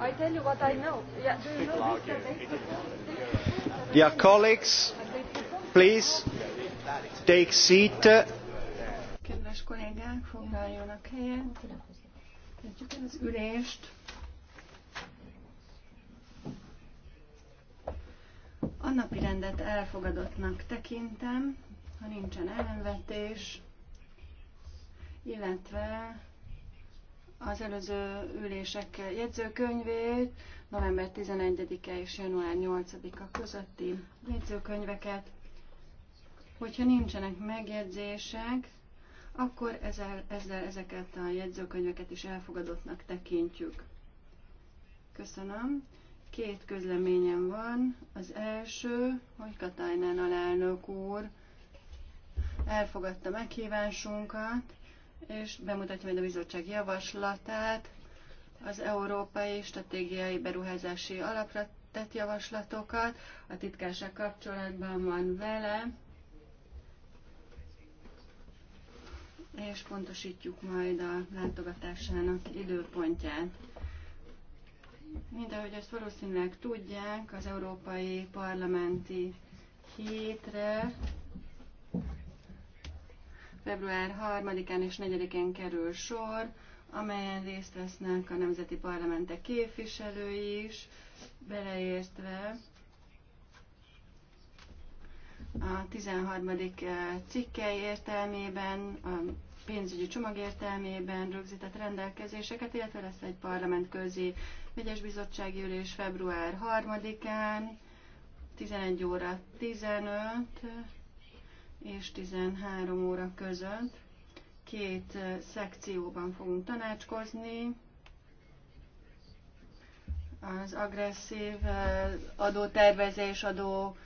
I tell you what I know. Yeah, do you know this? Dear colleagues, please take seat. Kedves kollégák, foglaljanak helyet. az ülést. A napi rendet elfogadottnak tekintem, ha nincsen ellenvetés, illetve az előző ülések jegyzőkönyvét, november 11-e és január 8-a közötti jegyzőkönyveket. Hogyha nincsenek megjegyzések, akkor ezzel, ezzel ezeket a jegyzőkönyveket is elfogadottnak tekintjük. Köszönöm. Két közleményem van. Az első, hogy Katajnán alelnök úr elfogadta meghívásunkat, és bemutatja majd a bizottság javaslatát, az Európai Stratégiai Beruházási Alapra tett javaslatokat, a titkárság kapcsolatban van vele, és pontosítjuk majd a látogatásának időpontját. Mint ahogy ezt valószínűleg tudják, az Európai Parlamenti hétre február 3-án és 4-én kerül sor, amelyen részt vesznek a nemzeti parlamentek képviselői is, beleértve a 13. Eh, cikkei értelmében, a pénzügyi csomag értelmében rögzített rendelkezéseket, illetve lesz egy parlamentközi vegyes bizottsági ülés február 3-án, 11 óra 15 és 13 óra között. Két szekcióban fogunk tanácskozni. Az agresszív adótervezés, adó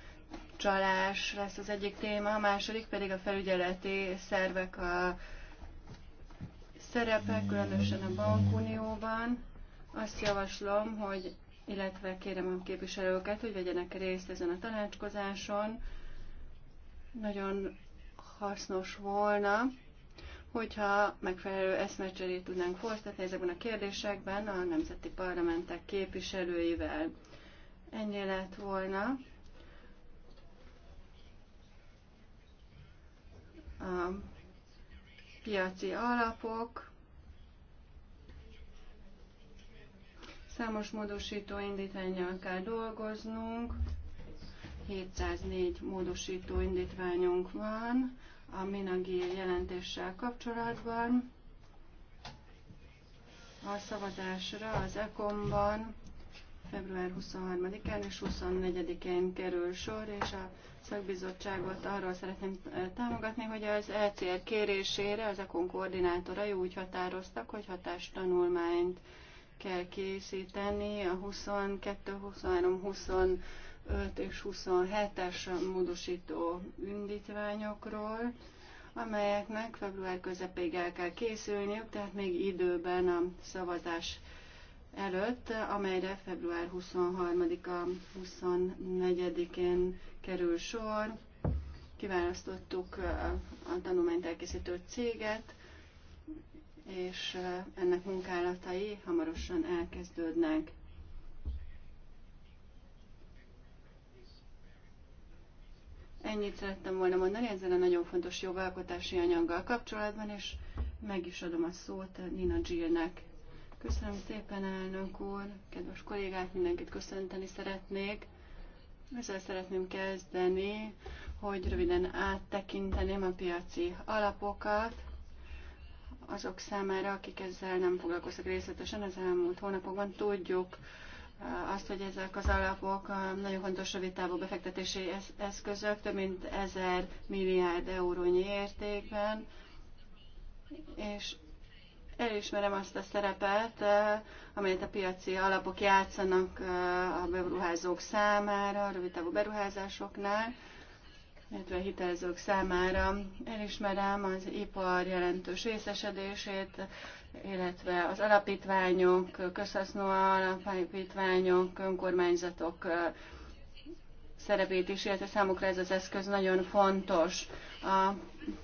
csalás lesz az egyik téma, a második pedig a felügyeleti szervek a szerepe, különösen a bankunióban. Azt javaslom, hogy illetve kérem a képviselőket, hogy vegyenek részt ezen a tanácskozáson, nagyon hasznos volna, hogyha megfelelő eszmecserét tudnánk folytatni ezekben a kérdésekben a nemzeti parlamentek képviselőivel. Ennyi lett volna. A piaci alapok, számos módosító indítványjal kell dolgoznunk, 704 módosító indítványunk van a Minagír jelentéssel kapcsolatban. A szavazásra az ECOM-ban február 23-án és 24-én kerül sor, és a szakbizottságot arról szeretném támogatni, hogy az ECR kérésére az ECOM koordinátora úgy határoztak, hogy hatástanulmányt kell készíteni a 22, 23, 20 5 és 27-es módosító indítványokról, amelyeknek február közepéig el kell készülniük, tehát még időben a szavazás előtt, amelyre február 23-a 24-én kerül sor. Kiválasztottuk a tanulmányt elkészítő céget, és ennek munkálatai hamarosan elkezdődnek. Ennyit szerettem volna mondani ezzel a nagyon fontos jogalkotási anyaggal kapcsolatban, és meg is adom a szót Nina Gillnek. Köszönöm szépen, elnök úr, kedves kollégák, mindenkit köszönteni szeretnék. Ezzel szeretném kezdeni, hogy röviden áttekinteném a piaci alapokat azok számára, akik ezzel nem foglalkoztak részletesen az elmúlt hónapokban. Tudjuk, azt, hogy ezek az alapok nagyon fontos rövid távú befektetési eszközök, több mint ezer milliárd eurónyi értékben, és elismerem azt a szerepet, amelyet a piaci alapok játszanak a beruházók számára, a rövid távú beruházásoknál, illetve a hitelzők számára. Elismerem az ipar jelentős részesedését, illetve az alapítványok, közhasznú alapítványok, önkormányzatok szerepét is, illetve számukra ez az eszköz nagyon fontos. A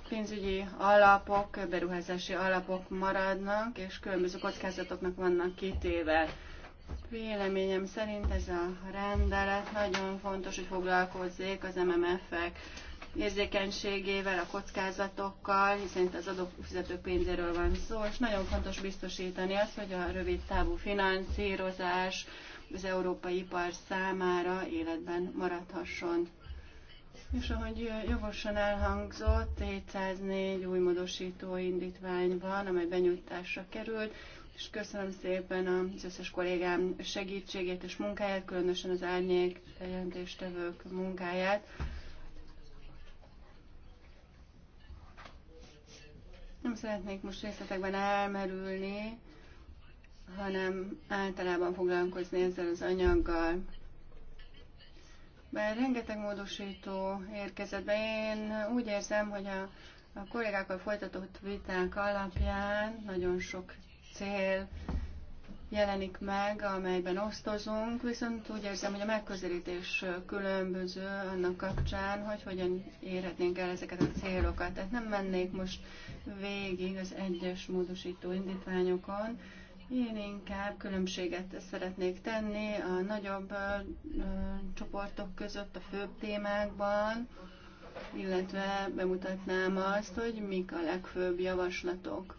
pénzügyi alapok, beruházási alapok maradnak, és különböző kockázatoknak vannak kitéve. Véleményem szerint ez a rendelet nagyon fontos, hogy foglalkozzék az MMF-ek érzékenységével, a kockázatokkal, hiszen itt az adófizetők pénzéről van szó, és nagyon fontos biztosítani azt, hogy a rövid távú finanszírozás az európai ipar számára életben maradhasson. És ahogy jogosan elhangzott, 704 új módosító indítvány van, amely benyújtásra került, és köszönöm szépen az összes kollégám segítségét és munkáját, különösen az árnyék jelentéstevők munkáját. Nem szeretnék most részletekben elmerülni, hanem általában foglalkozni ezzel az anyaggal. mert rengeteg módosító érkezett be, én úgy érzem, hogy a, a kollégákkal folytatott viták alapján nagyon sok cél jelenik meg, amelyben osztozunk, viszont úgy érzem, hogy a megközelítés különböző annak kapcsán, hogy hogyan érhetnénk el ezeket a célokat. Tehát nem mennék most végig az egyes módosító indítványokon, én inkább különbséget szeretnék tenni a nagyobb csoportok között, a főbb témákban, illetve bemutatnám azt, hogy mik a legfőbb javaslatok.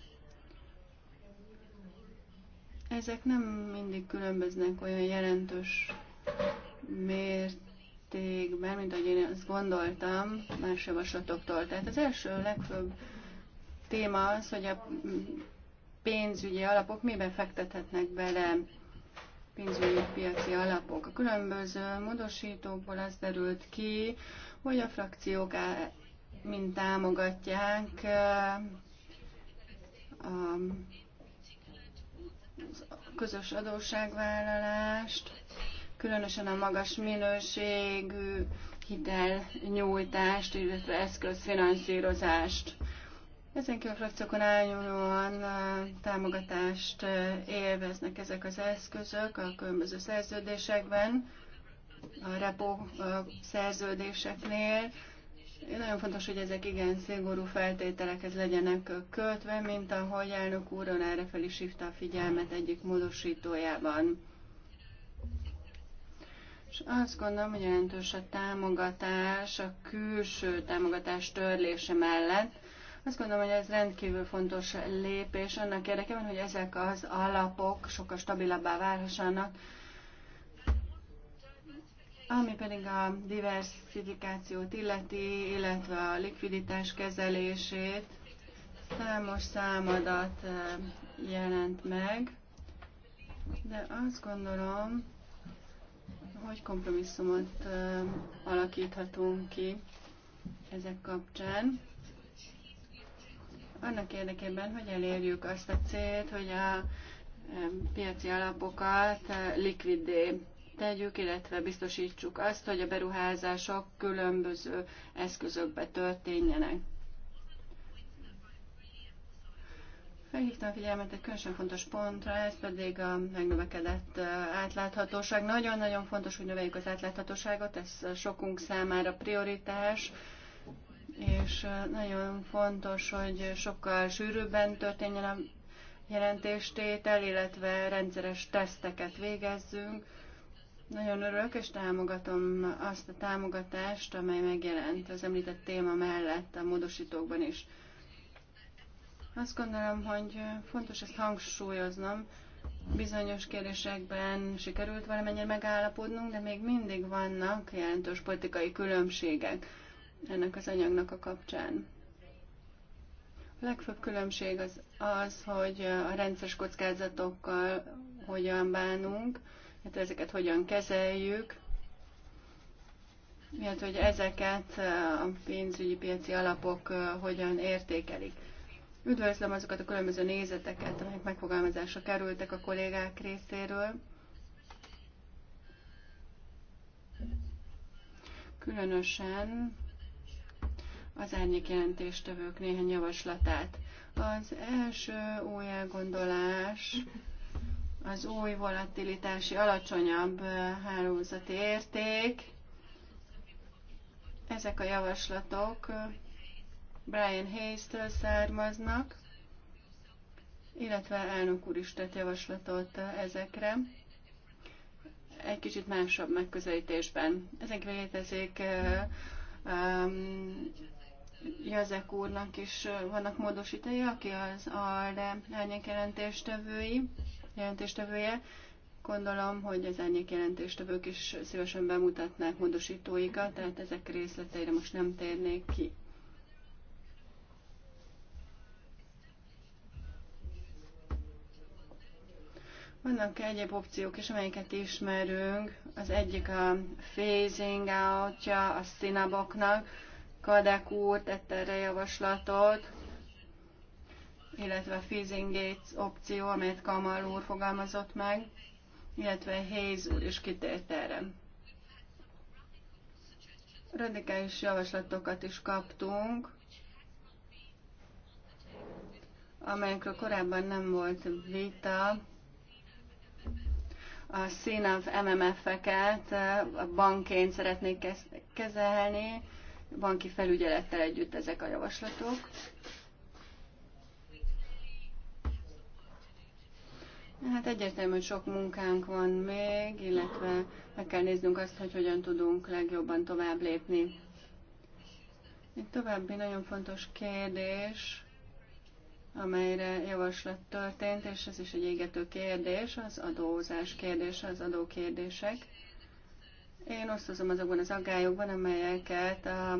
Ezek nem mindig különböznek olyan jelentős mértékben, mint ahogy én azt gondoltam más javaslatoktól. Tehát az első legfőbb téma az, hogy a pénzügyi alapok miben fektethetnek bele pénzügyi piaci alapok. A különböző módosítókból az derült ki, hogy a frakciók mint támogatják a közös adósságvállalást, különösen a magas minőségű hitelnyújtást, illetve eszközfinanszírozást. Ezen a frakciókon álnyúlóan támogatást élveznek ezek az eszközök a különböző szerződésekben, a repo szerződéseknél, nagyon fontos, hogy ezek igen szigorú feltételekhez legyenek költve, mint ahogy elnök úron erre fel is hívta a figyelmet egyik módosítójában. És azt gondolom, hogy jelentős a támogatás, a külső támogatás törlése mellett. Azt gondolom, hogy ez rendkívül fontos lépés annak érdekében, hogy ezek az alapok sokkal stabilabbá válhassanak, ami pedig a diversifikációt illeti, illetve a likviditás kezelését, számos számadat jelent meg, de azt gondolom, hogy kompromisszumot alakíthatunk ki ezek kapcsán. Annak érdekében, hogy elérjük azt a célt, hogy a piaci alapokat likvidé tegyük, illetve biztosítsuk azt, hogy a beruházások különböző eszközökbe történjenek. Felhívtam a figyelmet egy különösen fontos pontra, ez pedig a megnövekedett átláthatóság. Nagyon-nagyon fontos, hogy növeljük az átláthatóságot, ez sokunk számára prioritás, és nagyon fontos, hogy sokkal sűrűbben történjen a jelentéstétel, illetve rendszeres teszteket végezzünk nagyon örülök, és támogatom azt a támogatást, amely megjelent az említett téma mellett a módosítókban is. Azt gondolom, hogy fontos ezt hangsúlyoznom. Bizonyos kérdésekben sikerült valamennyire megállapodnunk, de még mindig vannak jelentős politikai különbségek ennek az anyagnak a kapcsán. A legfőbb különbség az, az hogy a rendszeres kockázatokkal hogyan bánunk, hát ezeket hogyan kezeljük, illetve hogy ezeket a pénzügyi piaci alapok hogyan értékelik. Üdvözlöm azokat a különböző nézeteket, amelyek megfogalmazásra kerültek a kollégák részéről. Különösen az árnyék jelentéstevők néhány javaslatát. Az első új elgondolás az új volatilitási alacsonyabb hálózati érték. Ezek a javaslatok Brian Hayes-től származnak, illetve elnök úr is tett javaslatot ezekre egy kicsit másabb megközelítésben. Ezen kívül létezik um, Jazek úrnak is vannak módosítói, aki az ALDE árnyékjelentéstevői. tevői jelentéstevője. Gondolom, hogy az árnyék jelentéstevők is szívesen bemutatnák módosítóikat, tehát ezek részleteire most nem térnék ki. Vannak egyéb opciók is, amelyeket ismerünk. Az egyik a phasing outja a színaboknak. Kadek úr tette erre javaslatot illetve a Fizing gates opció, amelyet Kamal úr fogalmazott meg, illetve Hayes úr is kitért erre. Radikális javaslatokat is kaptunk, amelyekről korábban nem volt vita. A színav MMF-eket eh, a bankként szeretnék kezelni, banki felügyelettel együtt ezek a javaslatok. Hát egyértelmű, hogy sok munkánk van még, illetve meg kell néznünk azt, hogy hogyan tudunk legjobban tovább lépni. Egy további nagyon fontos kérdés, amelyre javaslat történt, és ez is egy égető kérdés, az adózás kérdése, az adó kérdések. Én osztozom azokban az aggályokban, amelyeket a, a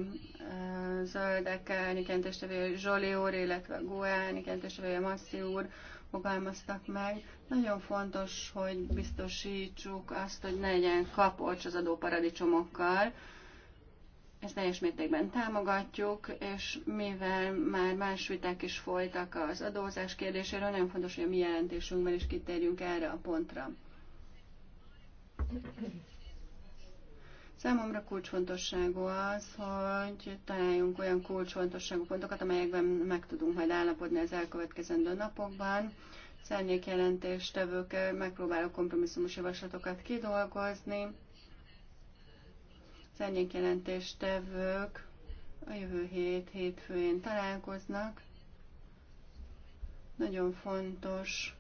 zöldek elnyikentéstevő Zsoli úr, illetve a GUE elnyikentéstevője Masszi úr fogalmaztak meg. Nagyon fontos, hogy biztosítsuk azt, hogy ne legyen kapocs az adóparadicsomokkal. Ezt teljes mértékben támogatjuk, és mivel már más viták is folytak az adózás kérdéséről, nagyon fontos, hogy a mi jelentésünkben is kitérjünk erre a pontra. Számomra kulcsfontosságú az, hogy találjunk olyan kulcsfontosságú pontokat, amelyekben meg tudunk majd állapodni az elkövetkezendő napokban. jelentéstevők, eh, megpróbálok kompromisszumos javaslatokat kidolgozni. jelentéstevők a jövő hét hétfőjén találkoznak. Nagyon fontos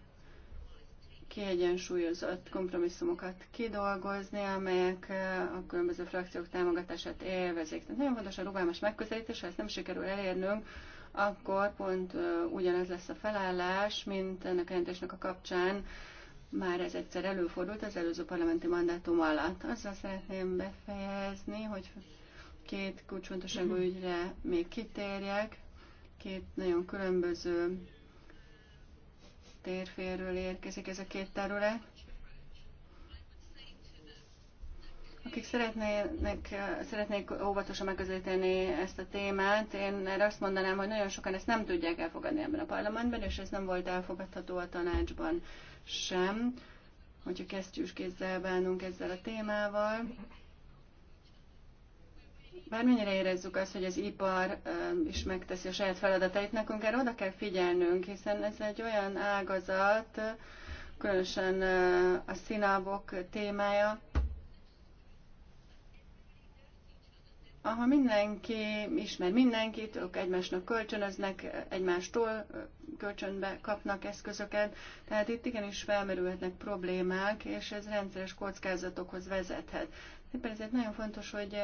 kiegyensúlyozott kompromisszumokat kidolgozni, amelyek eh, a különböző frakciók támogatását élvezik. Tehát nagyon fontos a rugalmas megközelítés, ha ezt nem sikerül elérnünk, akkor pont eh, ugyanez lesz a felállás, mint ennek a jelentésnek a kapcsán már ez egyszer előfordult az előző parlamenti mandátum alatt. Azzal szeretném befejezni, hogy két kulcsfontosságú mhm. ügyre még kitérjek, két nagyon különböző térféről érkezik ez a két terület. Akik szeretnének, szeretnék óvatosan megközelíteni ezt a témát, én erre azt mondanám, hogy nagyon sokan ezt nem tudják elfogadni ebben a parlamentben, és ez nem volt elfogadható a tanácsban sem, hogyha kesztyűs kézzel bánunk ezzel a témával. Bármennyire érezzük azt, hogy az ipar is megteszi a saját feladatait, nekünk erre oda kell figyelnünk, hiszen ez egy olyan ágazat, különösen a színabok témája, ahol mindenki ismer mindenkit, ők egymásnak kölcsönöznek, egymástól kölcsönbe kapnak eszközöket, tehát itt igenis felmerülhetnek problémák, és ez rendszeres kockázatokhoz vezethet. Éppen ezért nagyon fontos, hogy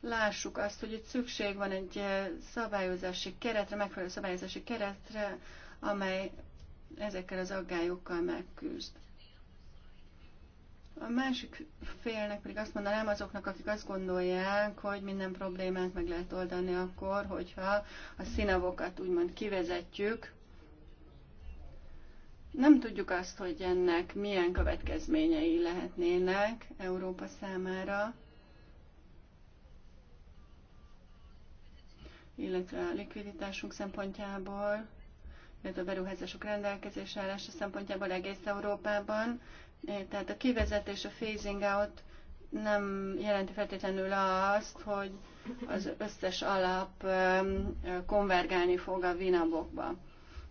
lássuk azt, hogy itt szükség van egy eh, szabályozási keretre, megfelelő szabályozási keretre, amely ezekkel az aggályokkal megküzd. A másik félnek pedig azt mondanám azoknak, akik azt gondolják, hogy minden problémát meg lehet oldani akkor, hogyha a színavokat úgymond kivezetjük. Nem tudjuk azt, hogy ennek milyen következményei lehetnének Európa számára. illetve a likviditásunk szempontjából, illetve a beruházások rendelkezés állása szempontjából egész Európában. Tehát a kivezetés, a phasing out nem jelenti feltétlenül azt, hogy az összes alap konvergálni fog a vinabokba.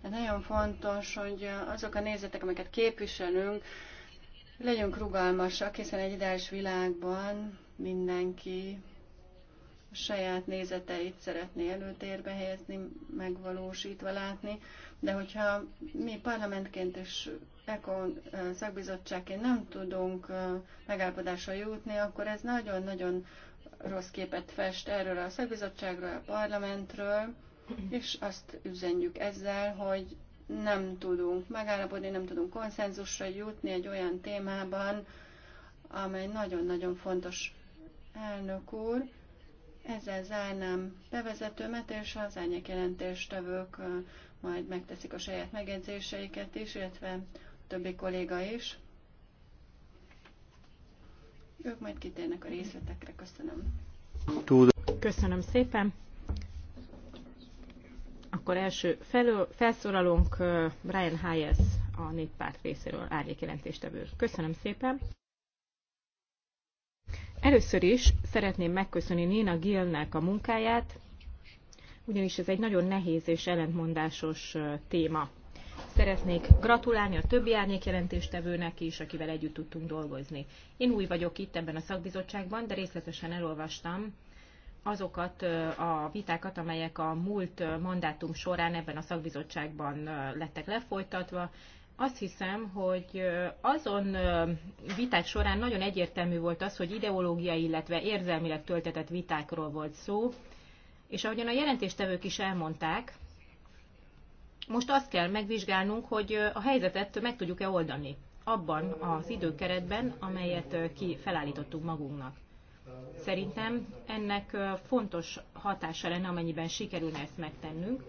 Tehát nagyon fontos, hogy azok a nézetek, amiket képviselünk, legyünk rugalmasak, hiszen egy ideális világban mindenki saját nézeteit szeretné előtérbe helyezni, megvalósítva látni, de hogyha mi parlamentként és ECON szakbizottságként nem tudunk megállapodásra jutni, akkor ez nagyon-nagyon rossz képet fest erről a szakbizottságról, a parlamentről, és azt üzenjük ezzel, hogy nem tudunk megállapodni, nem tudunk konszenzusra jutni egy olyan témában, amely nagyon-nagyon fontos elnök úr. Ezzel zárnám bevezetőmet, és az árnyék jelentéstevők majd megteszik a saját megjegyzéseiket is, illetve a többi kolléga is. Ők majd kitérnek a részletekre. Köszönöm. Köszönöm szépen. Akkor első felől, felszólalónk Brian Hayes a néppárt részéről árnyék jelentéstevő. Köszönöm szépen. Először is szeretném megköszönni Nina Gilnek a munkáját, ugyanis ez egy nagyon nehéz és ellentmondásos téma. Szeretnék gratulálni a többi árnyékjelentéstevőnek is, akivel együtt tudtunk dolgozni. Én új vagyok itt ebben a szakbizottságban, de részletesen elolvastam azokat a vitákat, amelyek a múlt mandátum során ebben a szakbizottságban lettek lefolytatva, azt hiszem, hogy azon viták során nagyon egyértelmű volt az, hogy ideológiai, illetve érzelmileg töltetett vitákról volt szó, és ahogyan a jelentéstevők is elmondták, most azt kell megvizsgálnunk, hogy a helyzetet meg tudjuk-e oldani abban az időkeretben, amelyet ki felállítottuk magunknak. Szerintem ennek fontos hatása lenne, amennyiben sikerülne ezt megtennünk,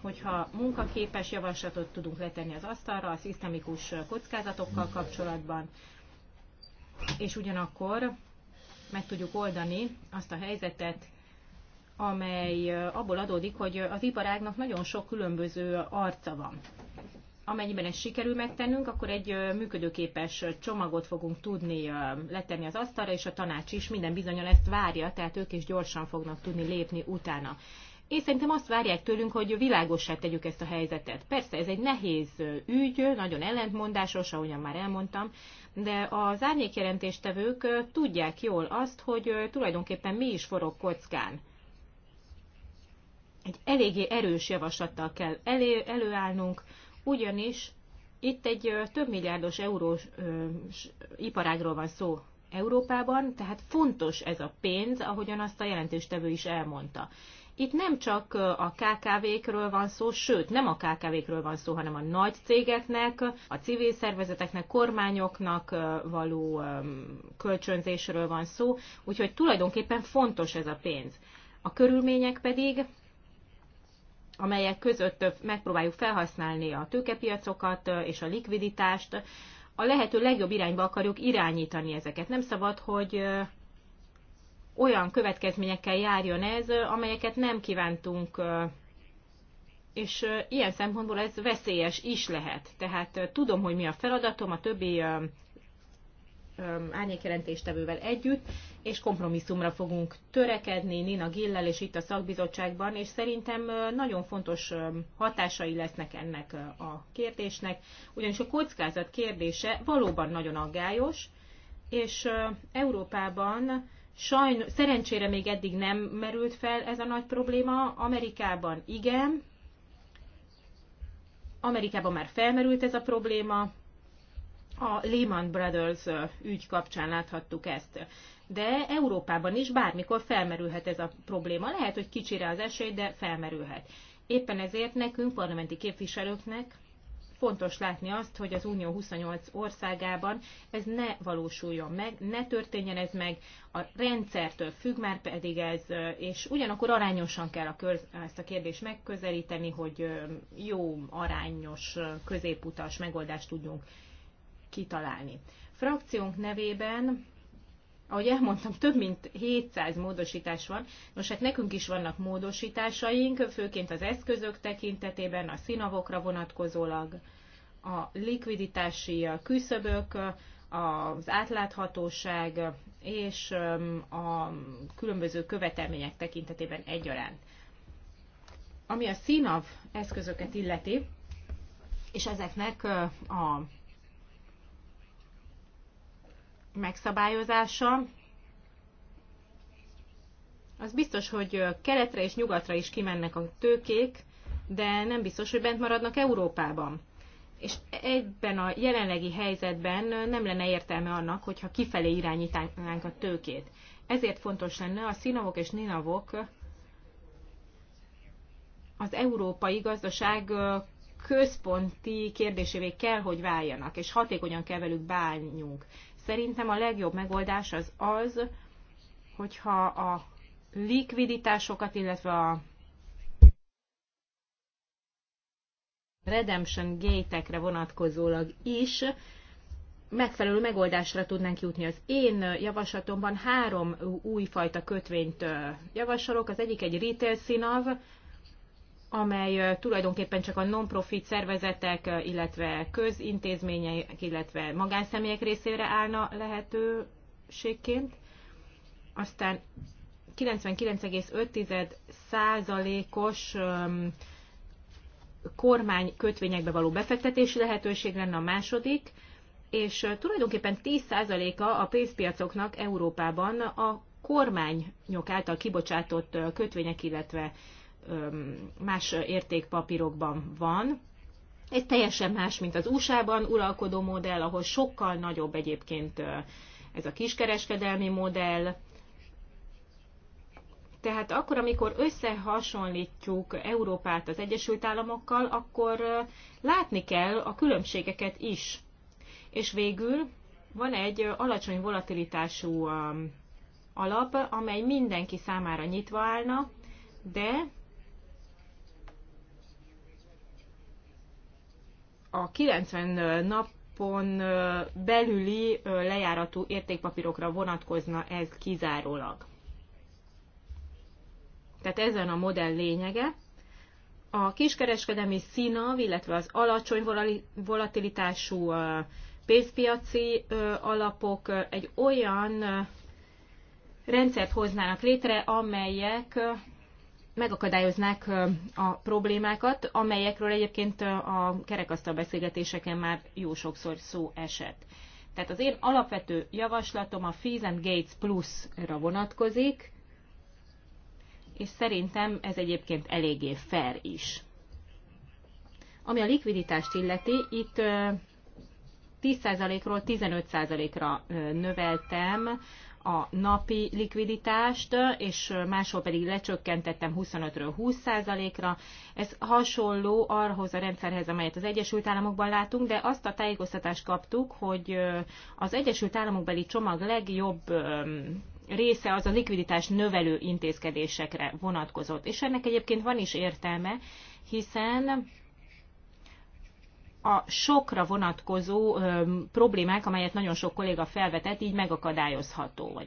hogyha munkaképes javaslatot tudunk letenni az asztalra a szisztemikus kockázatokkal kapcsolatban, és ugyanakkor meg tudjuk oldani azt a helyzetet, amely abból adódik, hogy az iparágnak nagyon sok különböző arca van. Amennyiben ezt sikerül megtennünk, akkor egy működőképes csomagot fogunk tudni letenni az asztalra, és a tanács is minden bizonyal ezt várja, tehát ők is gyorsan fognak tudni lépni utána. Én szerintem azt várják tőlünk, hogy világossá tegyük ezt a helyzetet. Persze ez egy nehéz ügy, nagyon ellentmondásos, ahogyan már elmondtam, de az árnyékjelentéstevők tudják jól azt, hogy tulajdonképpen mi is forog kockán. Egy eléggé erős javaslattal kell elő, előállnunk, ugyanis itt egy több milliárdos eurós iparágról van szó Európában, tehát fontos ez a pénz, ahogyan azt a jelentéstevő is elmondta. Itt nem csak a KKV-kről van szó, sőt, nem a KKV-kről van szó, hanem a nagy cégeknek, a civil szervezeteknek, kormányoknak való kölcsönzésről van szó, úgyhogy tulajdonképpen fontos ez a pénz. A körülmények pedig amelyek között megpróbáljuk felhasználni a tőkepiacokat és a likviditást, a lehető legjobb irányba akarjuk irányítani ezeket. Nem szabad, hogy olyan következményekkel járjon ez, amelyeket nem kívántunk, és ilyen szempontból ez veszélyes is lehet. Tehát tudom, hogy mi a feladatom, a többi árnyékjelentéstevővel együtt, és kompromisszumra fogunk törekedni Nina Gillel és itt a szakbizottságban, és szerintem nagyon fontos hatásai lesznek ennek a kérdésnek, ugyanis a kockázat kérdése valóban nagyon aggályos, és Európában Sajn, szerencsére még eddig nem merült fel ez a nagy probléma. Amerikában igen. Amerikában már felmerült ez a probléma. A Lehman Brothers ügy kapcsán láthattuk ezt. De Európában is bármikor felmerülhet ez a probléma. Lehet, hogy kicsire az esély, de felmerülhet. Éppen ezért nekünk, parlamenti képviselőknek fontos látni azt, hogy az Unió 28 országában ez ne valósuljon meg, ne történjen ez meg, a rendszertől függ már pedig ez, és ugyanakkor arányosan kell a köz, ezt a kérdést megközelíteni, hogy jó, arányos, középutas megoldást tudjunk kitalálni. Frakciónk nevében ahogy elmondtam, több mint 700 módosítás van. Most hát nekünk is vannak módosításaink, főként az eszközök tekintetében, a színavokra vonatkozólag, a likviditási küszöbök, az átláthatóság és a különböző követelmények tekintetében egyaránt. Ami a színav eszközöket illeti, és ezeknek a megszabályozása, az biztos, hogy keletre és nyugatra is kimennek a tőkék, de nem biztos, hogy bent maradnak Európában. És egyben a jelenlegi helyzetben nem lenne értelme annak, hogyha kifelé irányítanánk a tőkét. Ezért fontos lenne a szinavok és ninavok az európai gazdaság központi kérdésévé kell, hogy váljanak, és hatékonyan kell velük bánjunk. Szerintem a legjobb megoldás az az, hogyha a likviditásokat, illetve a redemption gate-ekre vonatkozólag is megfelelő megoldásra tudnánk jutni. Az én javaslatomban három újfajta kötvényt javasolok. Az egyik egy retail színav, amely tulajdonképpen csak a non-profit szervezetek, illetve közintézmények, illetve magánszemélyek részére állna lehetőségként. Aztán 99,5 százalékos kormány kötvényekbe való befektetési lehetőség lenne a második, és tulajdonképpen 10%-a a pénzpiacoknak Európában a kormányok által kibocsátott kötvények, illetve más értékpapírokban van. Ez teljesen más, mint az USA-ban uralkodó modell, ahol sokkal nagyobb egyébként ez a kiskereskedelmi modell. Tehát akkor, amikor összehasonlítjuk Európát az Egyesült Államokkal, akkor látni kell a különbségeket is. És végül van egy alacsony volatilitású alap, amely mindenki számára nyitva állna, de a 90 napon belüli lejáratú értékpapírokra vonatkozna ez kizárólag. Tehát ezen a modell lényege. A kiskereskedemi színav, illetve az alacsony volatilitású pénzpiaci alapok egy olyan rendszert hoznának létre, amelyek megakadályoznák a problémákat, amelyekről egyébként a kerekasztal beszélgetéseken már jó sokszor szó esett. Tehát az én alapvető javaslatom a Fees and Gates Plus-ra vonatkozik, és szerintem ez egyébként eléggé fair is. Ami a likviditást illeti, itt 10%-ról 15%-ra növeltem a napi likviditást, és máshol pedig lecsökkentettem 25-ről 20%-ra. Ez hasonló arhoz a rendszerhez, amelyet az Egyesült Államokban látunk, de azt a tájékoztatást kaptuk, hogy az Egyesült Államokbeli csomag legjobb része az a likviditás növelő intézkedésekre vonatkozott. És ennek egyébként van is értelme, hiszen a sokra vonatkozó ö, problémák, amelyet nagyon sok kolléga felvetett, így megakadályozható. Vagy.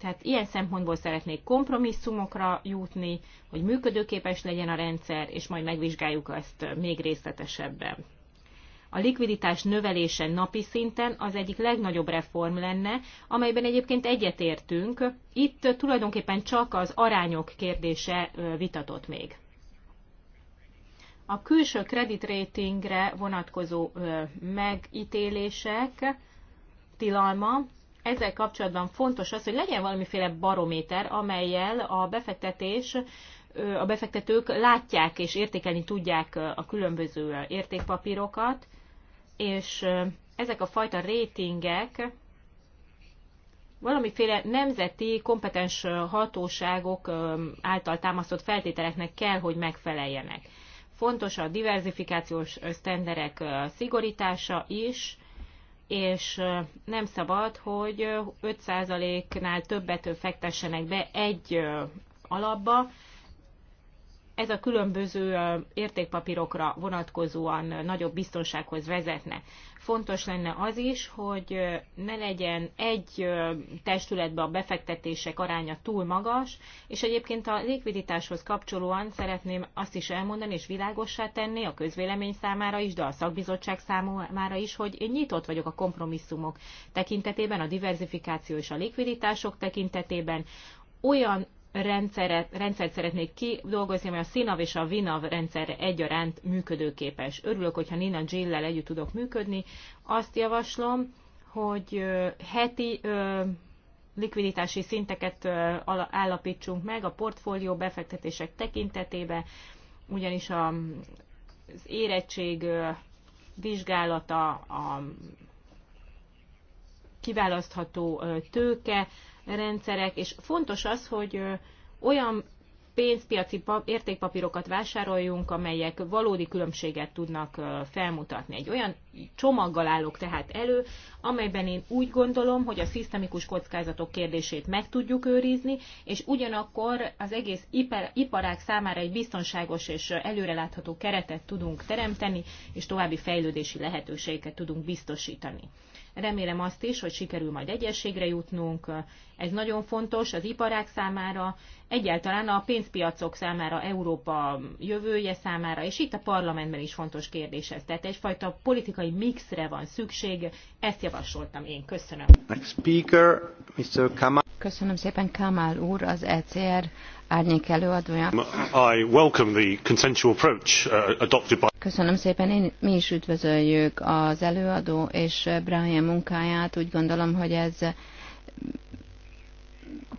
Tehát ilyen szempontból szeretnék kompromisszumokra jutni, hogy működőképes legyen a rendszer, és majd megvizsgáljuk ezt még részletesebben. A likviditás növelése napi szinten az egyik legnagyobb reform lenne, amelyben egyébként egyetértünk. Itt tulajdonképpen csak az arányok kérdése vitatott még. A külső kreditratingre vonatkozó megítélések tilalma, ezzel kapcsolatban fontos az, hogy legyen valamiféle barométer, amelyel a befektetés a befektetők látják és értékelni tudják a különböző értékpapírokat, és ezek a fajta rétingek valamiféle nemzeti kompetens hatóságok által támasztott feltételeknek kell, hogy megfeleljenek. Fontos a diversifikációs sztenderek szigorítása is, és nem szabad, hogy 5%-nál többet fektessenek be egy alapba, ez a különböző értékpapírokra vonatkozóan nagyobb biztonsághoz vezetne. Fontos lenne az is, hogy ne legyen egy testületbe a befektetések aránya túl magas, és egyébként a likviditáshoz kapcsolóan szeretném azt is elmondani és világossá tenni a közvélemény számára is, de a szakbizottság számára is, hogy én nyitott vagyok a kompromisszumok tekintetében, a diversifikáció és a likviditások tekintetében, olyan rendszeret, rendszert szeretnék kidolgozni, mert a SINAV és a VINAV rendszerre egyaránt működőképes. Örülök, hogyha Nina Jill-lel együtt tudok működni. Azt javaslom, hogy heti likviditási szinteket állapítsunk meg a portfólió befektetések tekintetében, ugyanis az érettség vizsgálata, a kiválasztható tőke rendszerek, és fontos az, hogy olyan pénzpiaci értékpapírokat vásároljunk, amelyek valódi különbséget tudnak felmutatni. Egy olyan csomaggal állok tehát elő, amelyben én úgy gondolom, hogy a szisztemikus kockázatok kérdését meg tudjuk őrizni, és ugyanakkor az egész iparág számára egy biztonságos és előrelátható keretet tudunk teremteni, és további fejlődési lehetőségeket tudunk biztosítani. Remélem azt is, hogy sikerül majd egyességre jutnunk. Ez nagyon fontos az iparák számára, egyáltalán a pénzpiacok számára, Európa jövője számára, és itt a parlamentben is fontos kérdés ez. Tehát egyfajta politikai mixre van szükség, ezt javasoltam én. Köszönöm. Next speaker, Mr. Kamal. Köszönöm szépen, Kamal úr, az ECR árnyék előadója. I welcome the consensual approach uh, adopted by... Köszönöm szépen, Én, mi is üdvözöljük az előadó és Brian munkáját. Úgy gondolom, hogy ez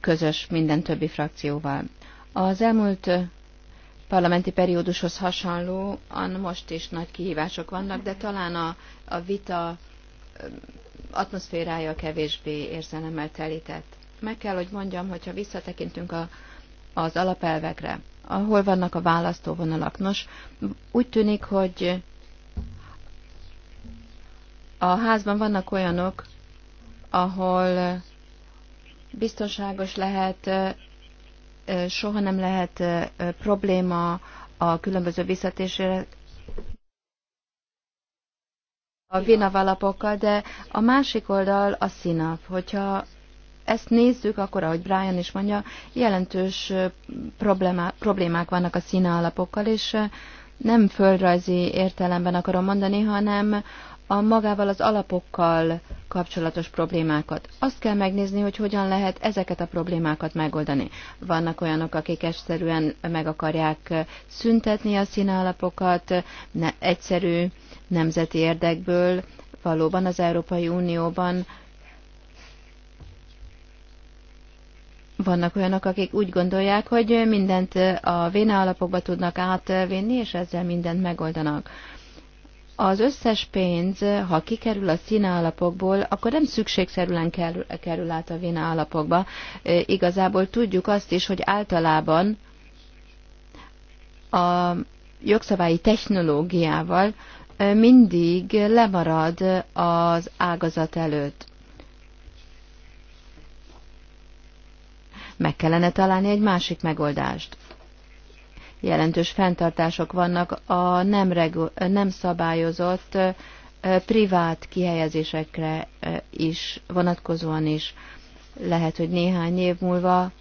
közös minden többi frakcióval. Az elmúlt parlamenti periódushoz hasonlóan most is nagy kihívások vannak, de talán a, a vita atmoszférája kevésbé érzelemmel telített. Meg kell, hogy mondjam, hogyha visszatekintünk a az alapelvekre. ahol vannak a választóvonalak? Nos, úgy tűnik, hogy a házban vannak olyanok, ahol biztonságos lehet, soha nem lehet probléma a különböző visszatérésre a vinavalapokkal, de a másik oldal a színav. Hogyha ezt nézzük, akkor, ahogy Brian is mondja, jelentős problémá, problémák vannak a színe alapokkal, és nem földrajzi értelemben akarom mondani, hanem a magával az alapokkal kapcsolatos problémákat. Azt kell megnézni, hogy hogyan lehet ezeket a problémákat megoldani. Vannak olyanok, akik egyszerűen meg akarják szüntetni a alapokat, ne, egyszerű nemzeti érdekből, valóban az Európai Unióban vannak olyanok, akik úgy gondolják, hogy mindent a véna alapokba tudnak átvinni, és ezzel mindent megoldanak. Az összes pénz, ha kikerül a színe alapokból, akkor nem szükségszerűen kerül át a véna alapokba. E, igazából tudjuk azt is, hogy általában a jogszabályi technológiával e, mindig lemarad az ágazat előtt Meg kellene találni egy másik megoldást. Jelentős fenntartások vannak a nem, regu- nem szabályozott privát kihelyezésekre is vonatkozóan is. Lehet, hogy néhány év múlva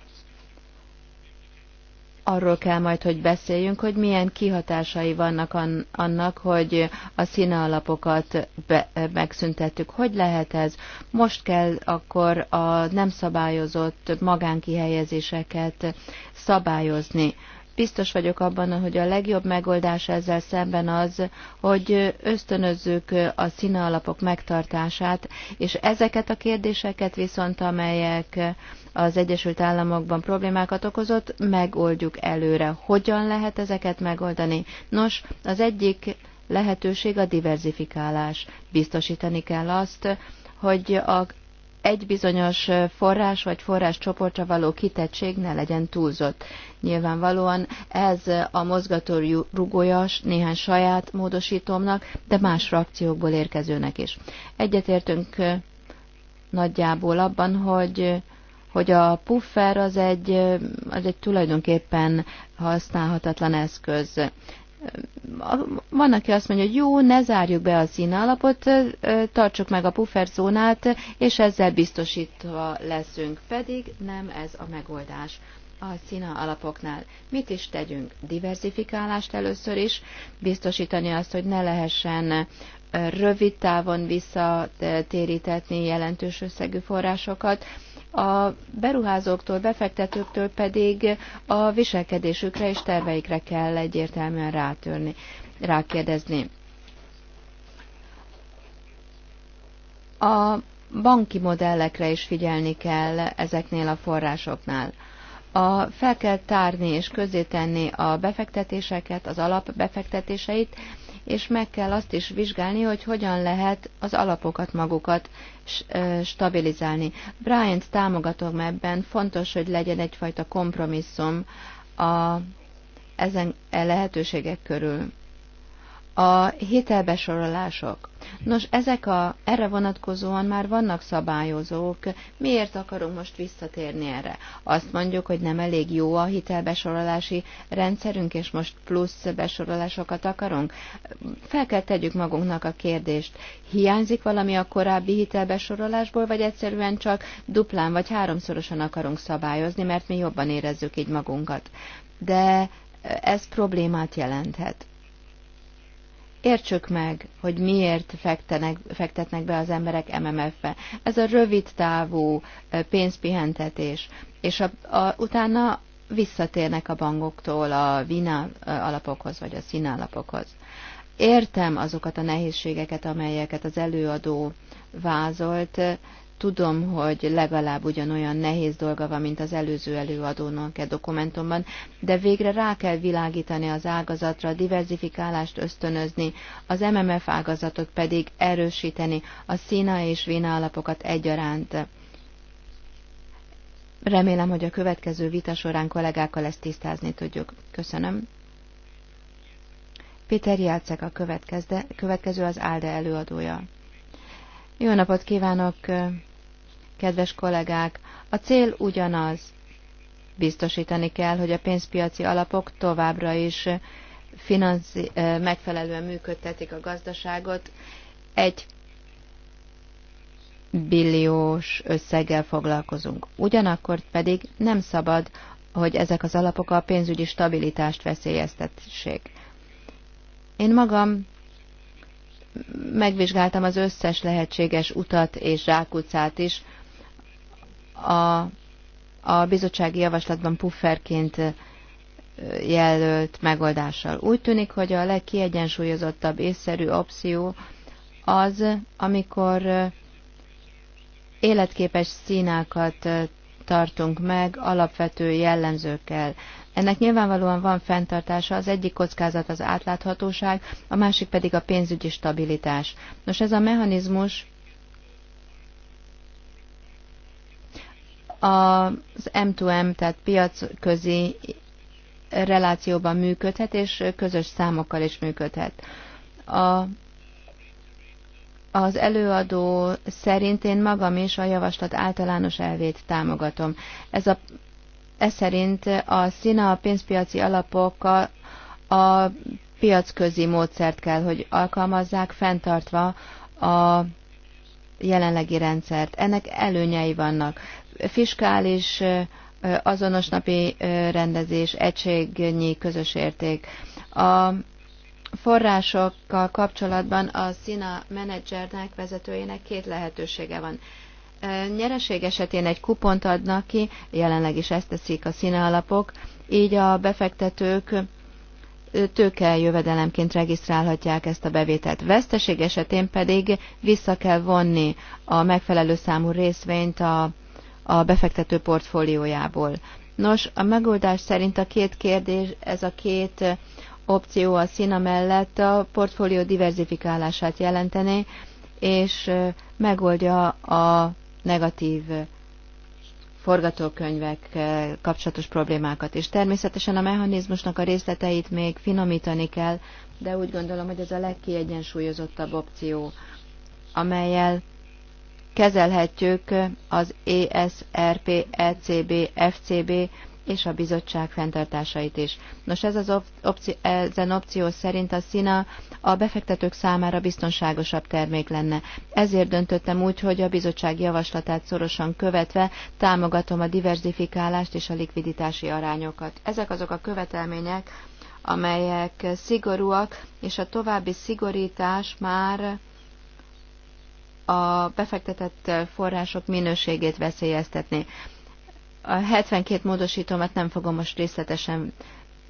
arról kell majd, hogy beszéljünk, hogy milyen kihatásai vannak annak, hogy a színe alapokat be, megszüntettük. Hogy lehet ez? Most kell akkor a nem szabályozott magánkihelyezéseket szabályozni. Biztos vagyok abban, hogy a legjobb megoldás ezzel szemben az, hogy ösztönözzük a színe alapok megtartását, és ezeket a kérdéseket viszont, amelyek az Egyesült Államokban problémákat okozott, megoldjuk előre. Hogyan lehet ezeket megoldani? Nos, az egyik lehetőség a diversifikálás. Biztosítani kell azt, hogy a egy bizonyos forrás vagy csoportra való kitettség ne legyen túlzott. Nyilvánvalóan ez a mozgató rugójas néhány saját módosítomnak, de más frakciókból érkezőnek is. Egyetértünk nagyjából abban, hogy hogy a puffer az egy, az egy tulajdonképpen használhatatlan eszköz. Van, aki azt mondja, hogy jó, ne zárjuk be a színalapot, tartsuk meg a puffer zónát, és ezzel biztosítva leszünk, pedig nem ez a megoldás a szína alapoknál. Mit is tegyünk? Diversifikálást először is, biztosítani azt, hogy ne lehessen rövid távon visszatérítetni jelentős összegű forrásokat, a beruházóktól, befektetőktől pedig a viselkedésükre és terveikre kell egyértelműen rátörni, rákérdezni. A banki modellekre is figyelni kell ezeknél a forrásoknál. A, fel kell tárni és tenni a befektetéseket, az alapbefektetéseit, és meg kell azt is vizsgálni, hogy hogyan lehet az alapokat magukat stabilizálni. Bryant támogatom ebben, fontos, hogy legyen egyfajta kompromisszum a, ezen e lehetőségek körül. A hitelbesorolások. Nos, ezek a, erre vonatkozóan már vannak szabályozók. Miért akarunk most visszatérni erre? Azt mondjuk, hogy nem elég jó a hitelbesorolási rendszerünk, és most plusz besorolásokat akarunk? Fel kell tegyük magunknak a kérdést. Hiányzik valami a korábbi hitelbesorolásból, vagy egyszerűen csak duplán vagy háromszorosan akarunk szabályozni, mert mi jobban érezzük így magunkat? De ez problémát jelenthet Értsük meg, hogy miért fektenek, fektetnek be az emberek MMF-be. Ez a rövid távú pénzpihentetés, és a, a, utána visszatérnek a bankoktól a VINA alapokhoz, vagy a SZINA alapokhoz. Értem azokat a nehézségeket, amelyeket az előadó vázolt, Tudom, hogy legalább ugyanolyan nehéz dolga van, mint az előző előadónak a e dokumentumban, de végre rá kell világítani az ágazatra, diversifikálást ösztönözni, az MMF ágazatot pedig erősíteni, a szína és vína alapokat egyaránt. Remélem, hogy a következő vita során kollégákkal ezt tisztázni tudjuk. Köszönöm. Péter Jelcek a következő az ALDE előadója. Jó napot kívánok! kedves kollégák, a cél ugyanaz. Biztosítani kell, hogy a pénzpiaci alapok továbbra is finanszi- eh, megfelelően működtetik a gazdaságot. Egy billiós összeggel foglalkozunk. Ugyanakkor pedig nem szabad, hogy ezek az alapok a pénzügyi stabilitást veszélyeztessék. Én magam megvizsgáltam az összes lehetséges utat és zsákutcát is, a, a bizottsági javaslatban pufferként jelölt megoldással. Úgy tűnik, hogy a legkiegyensúlyozottabb észszerű opció az, amikor életképes színákat tartunk meg alapvető jellemzőkkel. Ennek nyilvánvalóan van fenntartása, az egyik kockázat az átláthatóság, a másik pedig a pénzügyi stabilitás. Nos, ez a mechanizmus az M2M, tehát piacközi relációban működhet, és közös számokkal is működhet. A, az előadó szerint én magam is a javaslat általános elvét támogatom. Ez, a, ez szerint a szína a pénzpiaci alapokkal a piacközi módszert kell, hogy alkalmazzák, fenntartva a jelenlegi rendszert. Ennek előnyei vannak fiskális azonos napi rendezés, egységnyi közös érték. A forrásokkal kapcsolatban a SZINA menedzsernek, vezetőjének két lehetősége van. Nyereség esetén egy kupont adnak ki, jelenleg is ezt teszik a SINA alapok, így a befektetők tőke jövedelemként regisztrálhatják ezt a bevételt. Veszteség esetén pedig vissza kell vonni a megfelelő számú részvényt a a befektető portfóliójából. Nos, a megoldás szerint a két kérdés, ez a két opció a szína mellett a portfólió diverzifikálását jelentené, és megoldja a negatív forgatókönyvek kapcsolatos problémákat. És természetesen a mechanizmusnak a részleteit még finomítani kell, de úgy gondolom, hogy ez a legkiegyensúlyozottabb opció, amelyel kezelhetjük az ESRP, ECB, FCB és a bizottság fenntartásait is. Nos, ez az opció, ezen opció szerint a szina a befektetők számára biztonságosabb termék lenne. Ezért döntöttem úgy, hogy a bizottság javaslatát szorosan követve támogatom a diversifikálást és a likviditási arányokat. Ezek azok a követelmények, amelyek szigorúak, és a további szigorítás már a befektetett források minőségét veszélyeztetni. A 72 módosítómat nem fogom most részletesen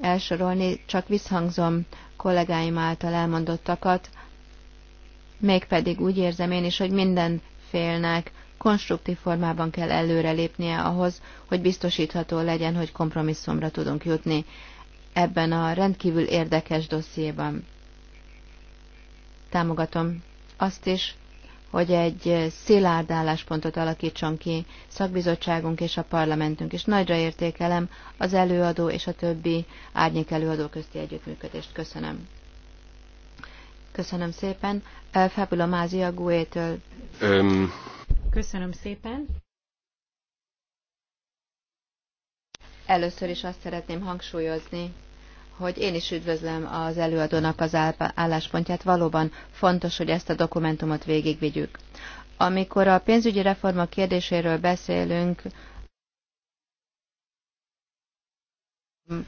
elsorolni, csak visszhangzom kollégáim által elmondottakat, mégpedig úgy érzem én is, hogy minden félnek konstruktív formában kell előrelépnie ahhoz, hogy biztosítható legyen, hogy kompromisszumra tudunk jutni ebben a rendkívül érdekes dossziéban. Támogatom azt is, hogy egy szilárd álláspontot alakítson ki szakbizottságunk és a parlamentünk, és nagyra értékelem az előadó és a többi árnyék előadó közti együttműködést. Köszönöm. Köszönöm szépen. Fábula Mázia Guétől. Um. Köszönöm szépen. Először is azt szeretném hangsúlyozni, hogy én is üdvözlöm az előadónak az álláspontját. Valóban fontos, hogy ezt a dokumentumot végigvigyük. Amikor a pénzügyi reforma kérdéséről beszélünk,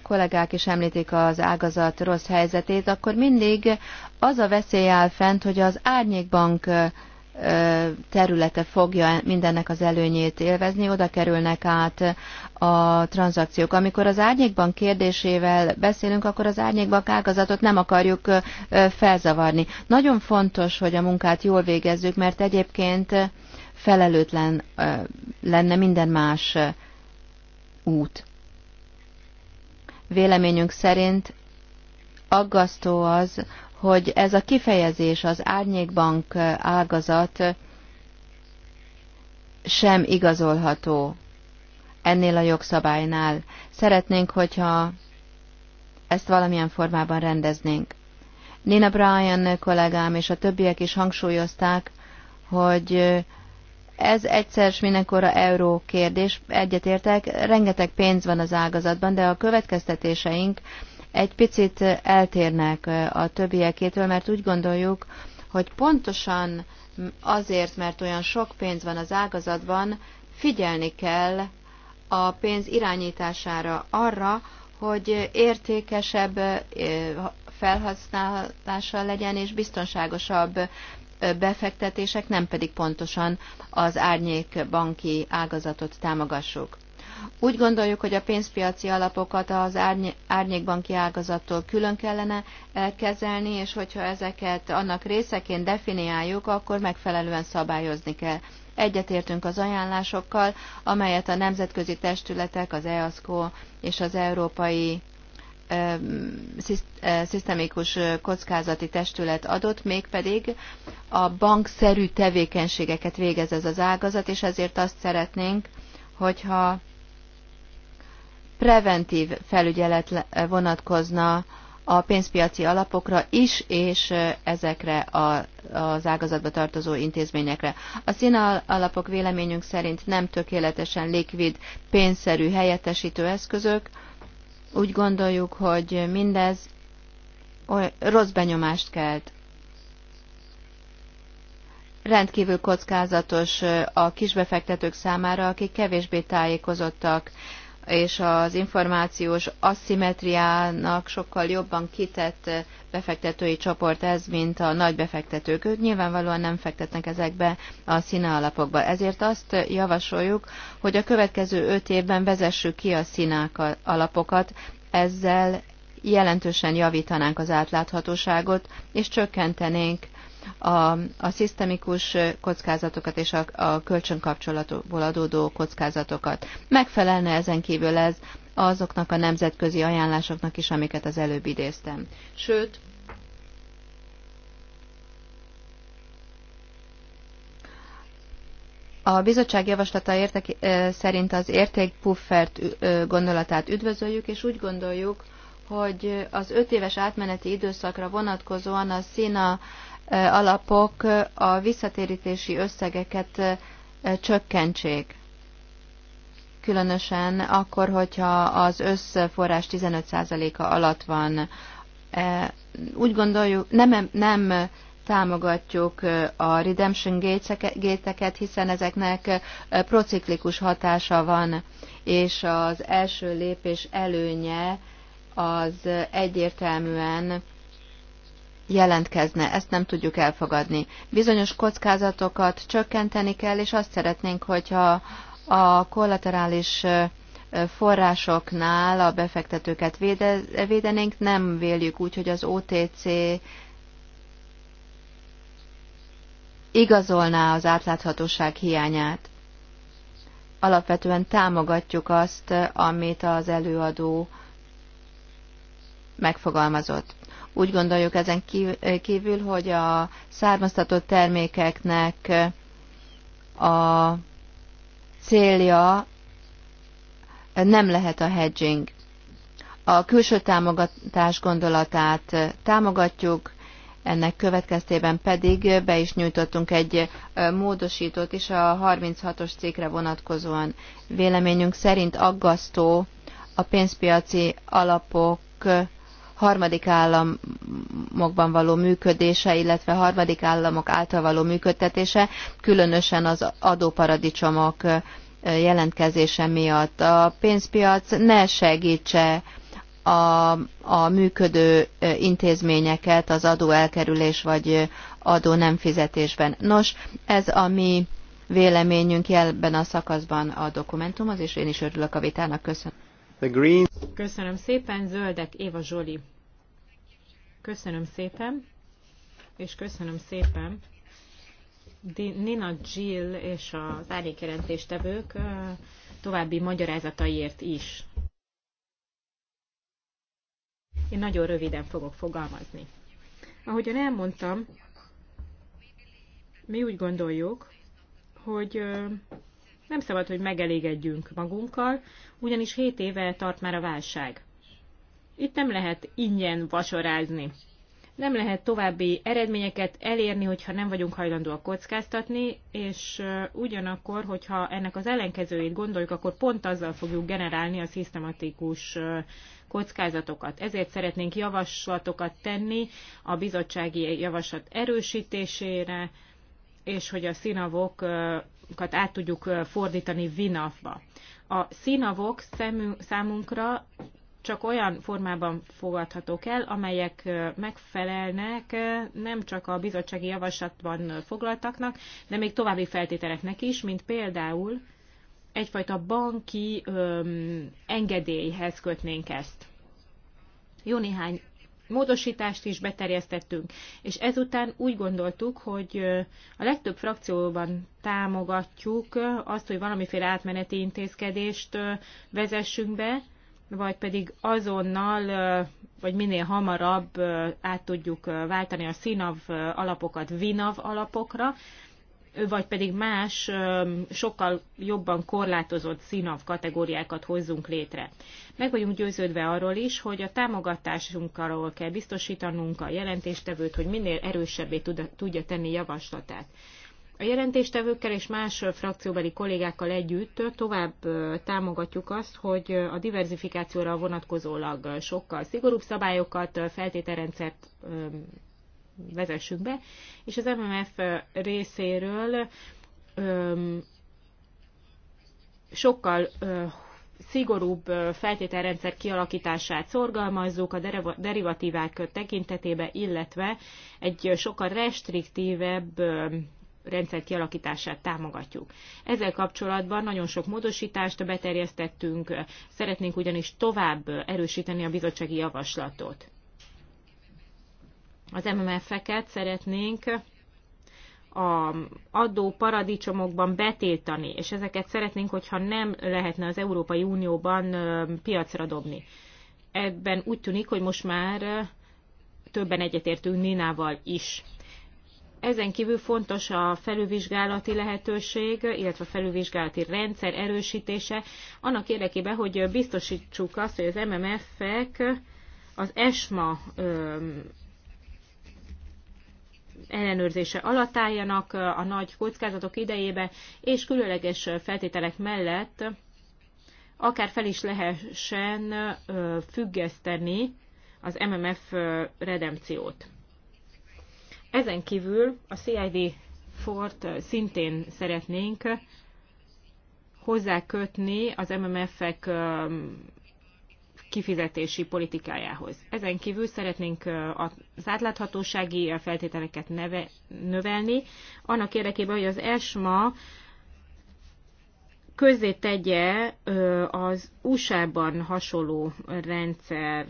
kollégák is említik az ágazat rossz helyzetét, akkor mindig az a veszély áll fent, hogy az árnyékbank területe fogja mindennek az előnyét élvezni, oda kerülnek át a tranzakciók. Amikor az árnyékban kérdésével beszélünk, akkor az árnyékban ágazatot nem akarjuk felzavarni. Nagyon fontos, hogy a munkát jól végezzük, mert egyébként felelőtlen lenne minden más út. Véleményünk szerint aggasztó az, hogy ez a kifejezés az árnyékbank ágazat sem igazolható ennél a jogszabálynál. Szeretnénk, hogyha ezt valamilyen formában rendeznénk. Nina Bryan kollégám és a többiek is hangsúlyozták, hogy ez egyszer s mindenkorra euró kérdés, egyetértek, rengeteg pénz van az ágazatban, de a következtetéseink egy picit eltérnek a többiekétől, mert úgy gondoljuk, hogy pontosan azért, mert olyan sok pénz van az ágazatban, figyelni kell a pénz irányítására, arra, hogy értékesebb felhasználása legyen és biztonságosabb befektetések, nem pedig pontosan az árnyék banki ágazatot támogassuk. Úgy gondoljuk, hogy a pénzpiaci alapokat az árny- árnyékbanki ágazattól külön kellene kezelni, és hogyha ezeket annak részeként definiáljuk, akkor megfelelően szabályozni kell. Egyetértünk az ajánlásokkal, amelyet a nemzetközi testületek, az EASCO és az Európai e, szisztemikus kockázati testület adott, mégpedig a bankszerű tevékenységeket végez ez az ágazat, és ezért azt szeretnénk, hogyha preventív felügyelet vonatkozna a pénzpiaci alapokra is, és ezekre a, az ágazatba tartozó intézményekre. A szín alapok véleményünk szerint nem tökéletesen likvid, pénzszerű helyettesítő eszközök. Úgy gondoljuk, hogy mindez rossz benyomást kelt rendkívül kockázatos a kisbefektetők számára, akik kevésbé tájékozottak és az információs asszimetriának sokkal jobban kitett befektetői csoport ez, mint a nagy befektetők. Ők nyilvánvalóan nem fektetnek ezekbe a színe alapokba. Ezért azt javasoljuk, hogy a következő öt évben vezessük ki a színák alapokat, ezzel jelentősen javítanánk az átláthatóságot, és csökkentenénk a, a szisztemikus kockázatokat és a, a kölcsönkapcsolatból adódó kockázatokat. Megfelelne ezen kívül ez azoknak a nemzetközi ajánlásoknak is, amiket az előbb idéztem. Sőt, A bizottság javaslata értek, szerint az értékpuffert gondolatát üdvözöljük, és úgy gondoljuk, hogy az öt éves átmeneti időszakra vonatkozóan a szína alapok a visszatérítési összegeket csökkentsék. Különösen akkor, hogyha az összforrás 15%-a alatt van. E, úgy gondoljuk, nem, nem támogatjuk a redemption géteket, hiszen ezeknek prociklikus hatása van, és az első lépés előnye az egyértelműen jelentkezne, ezt nem tudjuk elfogadni. Bizonyos kockázatokat csökkenteni kell, és azt szeretnénk, hogyha a kollaterális forrásoknál a befektetőket véde, védenénk, nem véljük úgy, hogy az OTC igazolná az átláthatóság hiányát. Alapvetően támogatjuk azt, amit az előadó megfogalmazott. Úgy gondoljuk ezen kívül, hogy a származtatott termékeknek a célja nem lehet a hedging. A külső támogatás gondolatát támogatjuk, ennek következtében pedig be is nyújtottunk egy módosítót is a 36-os cikkre vonatkozóan. Véleményünk szerint aggasztó a pénzpiaci alapok harmadik államokban való működése, illetve harmadik államok által való működtetése, különösen az adóparadicsomok jelentkezése miatt. A pénzpiac ne segítse a, a működő intézményeket az adóelkerülés vagy adó nem fizetésben. Nos, ez a mi véleményünk ebben a szakaszban a dokumentum, az és én is örülök a vitának. Köszönöm. The Köszönöm szépen, zöldek, Éva Zsoli. Köszönöm szépen, és köszönöm szépen Nina Jill és az árnyékjelentéstevők további magyarázataiért is. Én nagyon röviden fogok fogalmazni. Ahogyan elmondtam, mi úgy gondoljuk, hogy nem szabad, hogy megelégedjünk magunkkal, ugyanis 7 éve tart már a válság. Itt nem lehet ingyen vasorázni. Nem lehet további eredményeket elérni, hogyha nem vagyunk hajlandóak kockáztatni, és ugyanakkor, hogyha ennek az ellenkezőjét gondoljuk, akkor pont azzal fogjuk generálni a szisztematikus kockázatokat. Ezért szeretnénk javaslatokat tenni a bizottsági javaslat erősítésére, és hogy a színavok át tudjuk fordítani vinavba. A színavok számunkra csak olyan formában fogadhatók el, amelyek megfelelnek nem csak a bizottsági javaslatban foglaltaknak, de még további feltételeknek is, mint például egyfajta banki öm, engedélyhez kötnénk ezt. Jó néhány módosítást is beterjesztettünk, és ezután úgy gondoltuk, hogy a legtöbb frakcióban támogatjuk azt, hogy valamiféle átmeneti intézkedést vezessünk be, vagy pedig azonnal, vagy minél hamarabb át tudjuk váltani a sinav alapokat vinav alapokra, vagy pedig más, sokkal jobban korlátozott színav kategóriákat hozzunk létre. Meg vagyunk győződve arról is, hogy a támogatásunkról kell biztosítanunk a jelentéstevőt, hogy minél erősebbé tudja tenni javaslatát. A jelentéstevőkkel és más frakcióbeli kollégákkal együtt tovább támogatjuk azt, hogy a diversifikációra vonatkozólag sokkal szigorúbb szabályokat, feltételrendszert vezessünk be, és az MMF részéről öm, sokkal ö, szigorúbb feltételrendszer kialakítását szorgalmazzuk a derivatívák tekintetébe, illetve egy sokkal restriktívebb rendszer kialakítását támogatjuk. Ezzel kapcsolatban nagyon sok módosítást beterjesztettünk, szeretnénk ugyanis tovább erősíteni a bizottsági javaslatot az MMF-eket szeretnénk a adó paradicsomokban betiltani, és ezeket szeretnénk, hogyha nem lehetne az Európai Unióban piacra dobni. Ebben úgy tűnik, hogy most már többen egyetértünk Ninával is. Ezen kívül fontos a felülvizsgálati lehetőség, illetve a felülvizsgálati rendszer erősítése, annak érdekében, hogy biztosítsuk azt, hogy az MMF-ek az ESMA ellenőrzése alatt álljanak a nagy kockázatok idejébe, és különleges feltételek mellett akár fel is lehessen függeszteni az MMF redemciót. Ezen kívül a CID Fort szintén szeretnénk hozzákötni az MMF-ek kifizetési politikájához. Ezen kívül szeretnénk az átláthatósági feltételeket neve, növelni, annak érdekében, hogy az ESMA közzé tegye az USA-ban hasonló rendszer,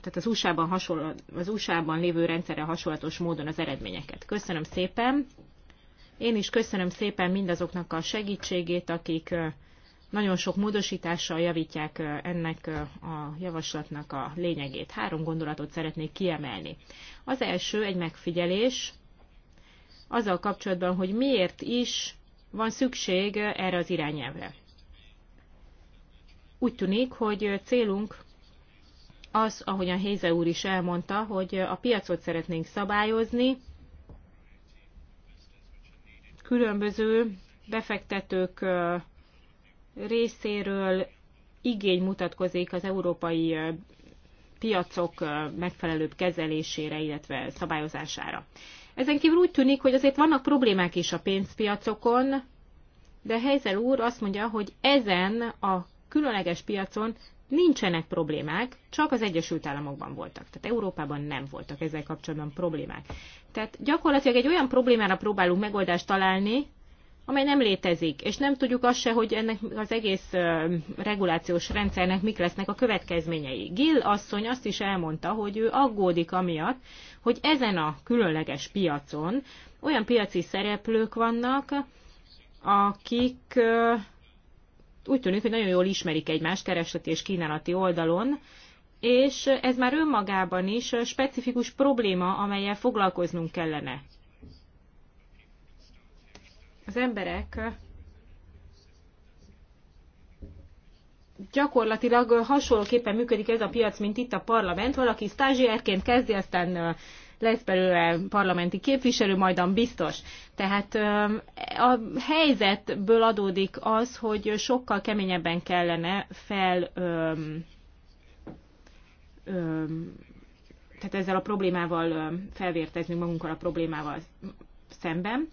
tehát az USA-ban, hasonló, az USA-ban lévő rendszerre hasonlatos módon az eredményeket. Köszönöm szépen! Én is köszönöm szépen mindazoknak a segítségét, akik nagyon sok módosítással javítják ennek a javaslatnak a lényegét. Három gondolatot szeretnék kiemelni. Az első egy megfigyelés, azzal kapcsolatban, hogy miért is van szükség erre az irányelvre. Úgy tűnik, hogy célunk az, a Héze úr is elmondta, hogy a piacot szeretnénk szabályozni, különböző befektetők részéről igény mutatkozik az európai piacok megfelelőbb kezelésére, illetve szabályozására. Ezen kívül úgy tűnik, hogy azért vannak problémák is a pénzpiacokon, de Heizel úr azt mondja, hogy ezen a különleges piacon nincsenek problémák, csak az Egyesült Államokban voltak. Tehát Európában nem voltak ezzel kapcsolatban problémák. Tehát gyakorlatilag egy olyan problémára próbálunk megoldást találni, amely nem létezik, és nem tudjuk azt se, hogy ennek az egész regulációs rendszernek mik lesznek a következményei. Gil asszony azt is elmondta, hogy ő aggódik amiatt, hogy ezen a különleges piacon olyan piaci szereplők vannak, akik úgy tűnik, hogy nagyon jól ismerik egymást keresleti és kínálati oldalon, és ez már önmagában is specifikus probléma, amelyel foglalkoznunk kellene az emberek gyakorlatilag hasonlóképpen működik ez a piac, mint itt a parlament. Valaki stázsierként kezdi, aztán lesz belőle parlamenti képviselő, majdan biztos. Tehát a helyzetből adódik az, hogy sokkal keményebben kellene fel öm, öm, tehát ezzel a problémával felvérteznünk magunkkal a problémával szemben.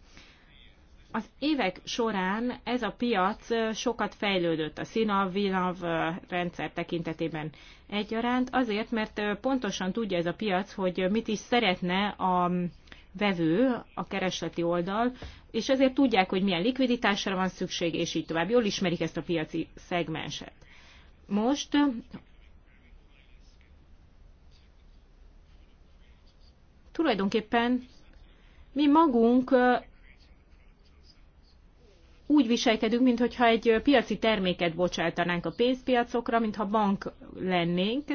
Az évek során ez a piac sokat fejlődött a színav-vinav rendszer tekintetében egyaránt, azért, mert pontosan tudja ez a piac, hogy mit is szeretne a vevő, a keresleti oldal, és ezért tudják, hogy milyen likviditásra van szükség, és így tovább. Jól ismerik ezt a piaci szegmenset. Most tulajdonképpen mi magunk úgy viselkedünk, mintha egy piaci terméket bocsájtanánk a pénzpiacokra, mintha bank lennénk.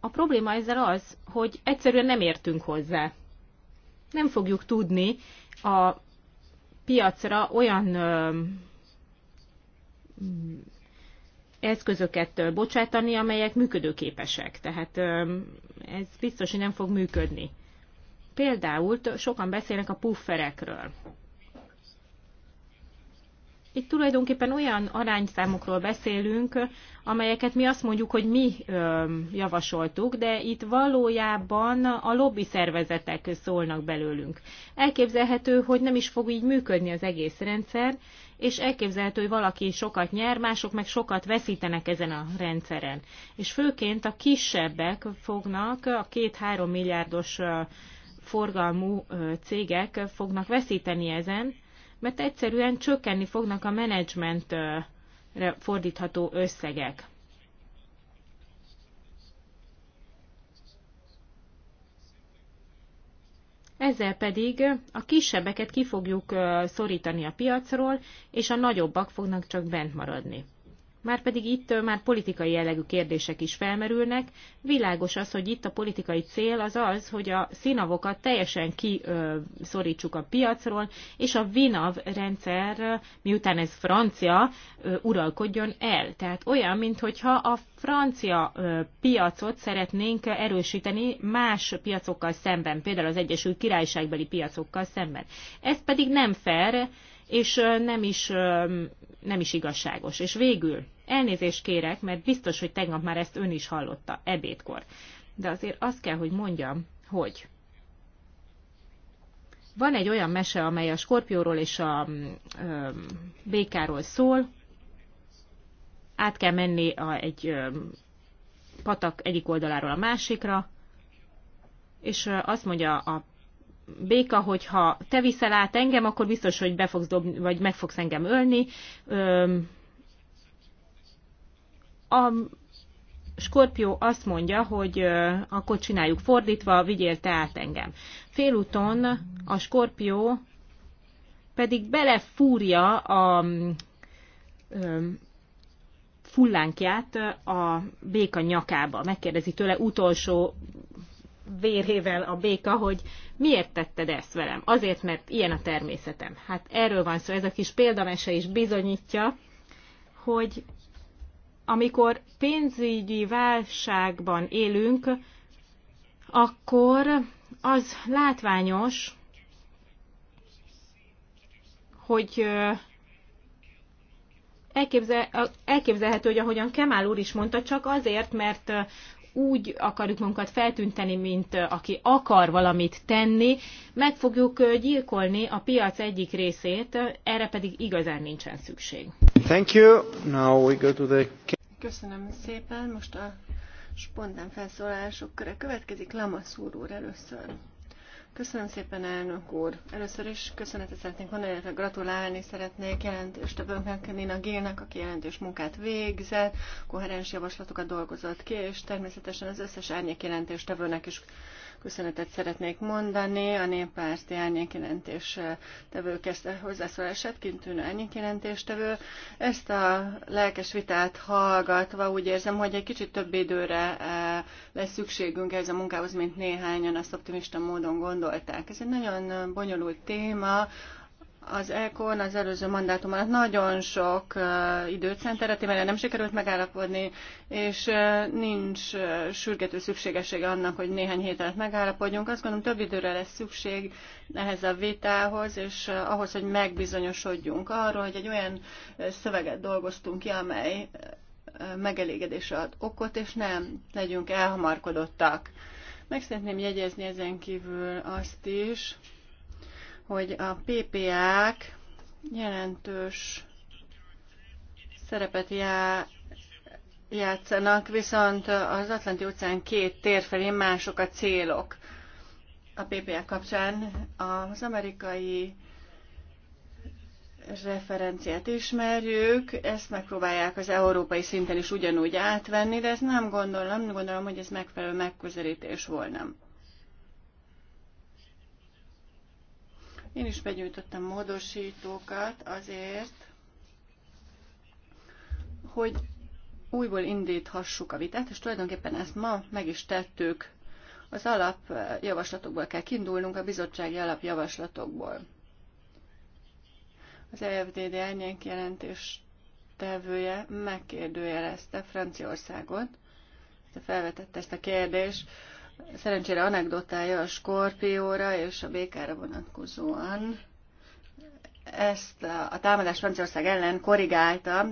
A probléma ezzel az, hogy egyszerűen nem értünk hozzá. Nem fogjuk tudni a piacra olyan ö, eszközöket bocsátani, amelyek működőképesek. Tehát ö, ez biztos, hogy nem fog működni. Például sokan beszélnek a pufferekről. Itt tulajdonképpen olyan arányszámokról beszélünk, amelyeket mi azt mondjuk, hogy mi ö, javasoltuk, de itt valójában a lobby szervezetek szólnak belőlünk. Elképzelhető, hogy nem is fog így működni az egész rendszer, és elképzelhető, hogy valaki sokat nyer, mások meg sokat veszítenek ezen a rendszeren. És főként a kisebbek fognak a két-három milliárdos forgalmú cégek fognak veszíteni ezen, mert egyszerűen csökkenni fognak a menedzsmentre fordítható összegek. Ezzel pedig a kisebbeket ki fogjuk szorítani a piacról, és a nagyobbak fognak csak bent maradni. Márpedig itt már politikai jellegű kérdések is felmerülnek. Világos az, hogy itt a politikai cél az az, hogy a színavokat teljesen kiszorítsuk a piacról, és a vinav rendszer, miután ez francia, uralkodjon el. Tehát olyan, mintha a francia piacot szeretnénk erősíteni más piacokkal szemben, például az Egyesült Királyságbeli piacokkal szemben. Ez pedig nem fair, és nem is, nem is igazságos. És végül Elnézést kérek, mert biztos, hogy tegnap már ezt ön is hallotta, ebédkor. De azért azt kell, hogy mondjam, hogy van egy olyan mese, amely a skorpióról és a mm, ö, békáról szól. Át kell menni a, egy ö, patak egyik oldaláról a másikra, és azt mondja a béka, hogy ha te viszel át engem, akkor biztos, hogy be fogsz dobni, vagy meg fogsz engem ölni. Ö, a Skorpió azt mondja, hogy akkor csináljuk fordítva, vigyél te át engem. Félúton a Skorpió pedig belefúrja a fullánkját a béka nyakába. Megkérdezi tőle utolsó vérével a béka, hogy miért tetted ezt velem? Azért, mert ilyen a természetem. Hát erről van szó, ez a kis példamese is bizonyítja, hogy amikor pénzügyi válságban élünk, akkor az látványos, hogy elképzel, elképzelhető, hogy ahogyan Kemál úr is mondta, csak azért, mert úgy akarjuk magunkat feltünteni, mint aki akar valamit tenni, meg fogjuk gyilkolni a piac egyik részét, erre pedig igazán nincsen szükség. Thank you. Now we go to the Köszönöm szépen. Most a spontán felszólalások köre következik. Lamaszúr úr először. Köszönöm szépen, elnök úr. Először is köszönetet szeretnék mondani, illetve gratulálni szeretnék jelentős többönknek, Nina Gélnek, aki jelentős munkát végzett, koherens javaslatokat dolgozott ki, és természetesen az összes árnyék jelentős tevőnek is köszönetet szeretnék mondani a néppárti árnyékjelentés tevő kezdte hozzászólását, kintűnő árnyékjelentés tevő. Ezt a lelkes vitát hallgatva úgy érzem, hogy egy kicsit több időre lesz szükségünk ez a munkához, mint néhányan azt optimista módon gondolták. Ez egy nagyon bonyolult téma, az ECON az előző mandátum alatt nagyon sok uh, időt szentelt, mert nem sikerült megállapodni, és uh, nincs uh, sürgető szükségessége annak, hogy néhány hét alatt megállapodjunk. Azt gondolom, több időre lesz szükség ehhez a vitához, és uh, ahhoz, hogy megbizonyosodjunk arról, hogy egy olyan uh, szöveget dolgoztunk ki, amely uh, megelégedésre ad okot, és nem legyünk elhamarkodottak. Meg szeretném jegyezni ezen kívül azt is, hogy a PPA-k jelentős szerepet já, játszanak, viszont az Atlanti óceán két tér felé mások a célok. A PPA kapcsán az amerikai referenciát ismerjük, ezt megpróbálják az európai szinten is ugyanúgy átvenni, de ezt nem gondolom, nem gondolom, hogy ez megfelelő megközelítés volna. Én is begyűjtöttem módosítókat azért, hogy újból indíthassuk a vitát, és tulajdonképpen ezt ma meg is tettük. Az alapjavaslatokból kell kiindulnunk, a bizottsági alapjavaslatokból. Az EFDD elnyénk jelentés tevője megkérdőjelezte Franciaországot, felvetette ezt a kérdést, Szerencsére anekdotája a skorpióra és a békára vonatkozóan. Ezt a támadás Franciaország ellen korrigálta,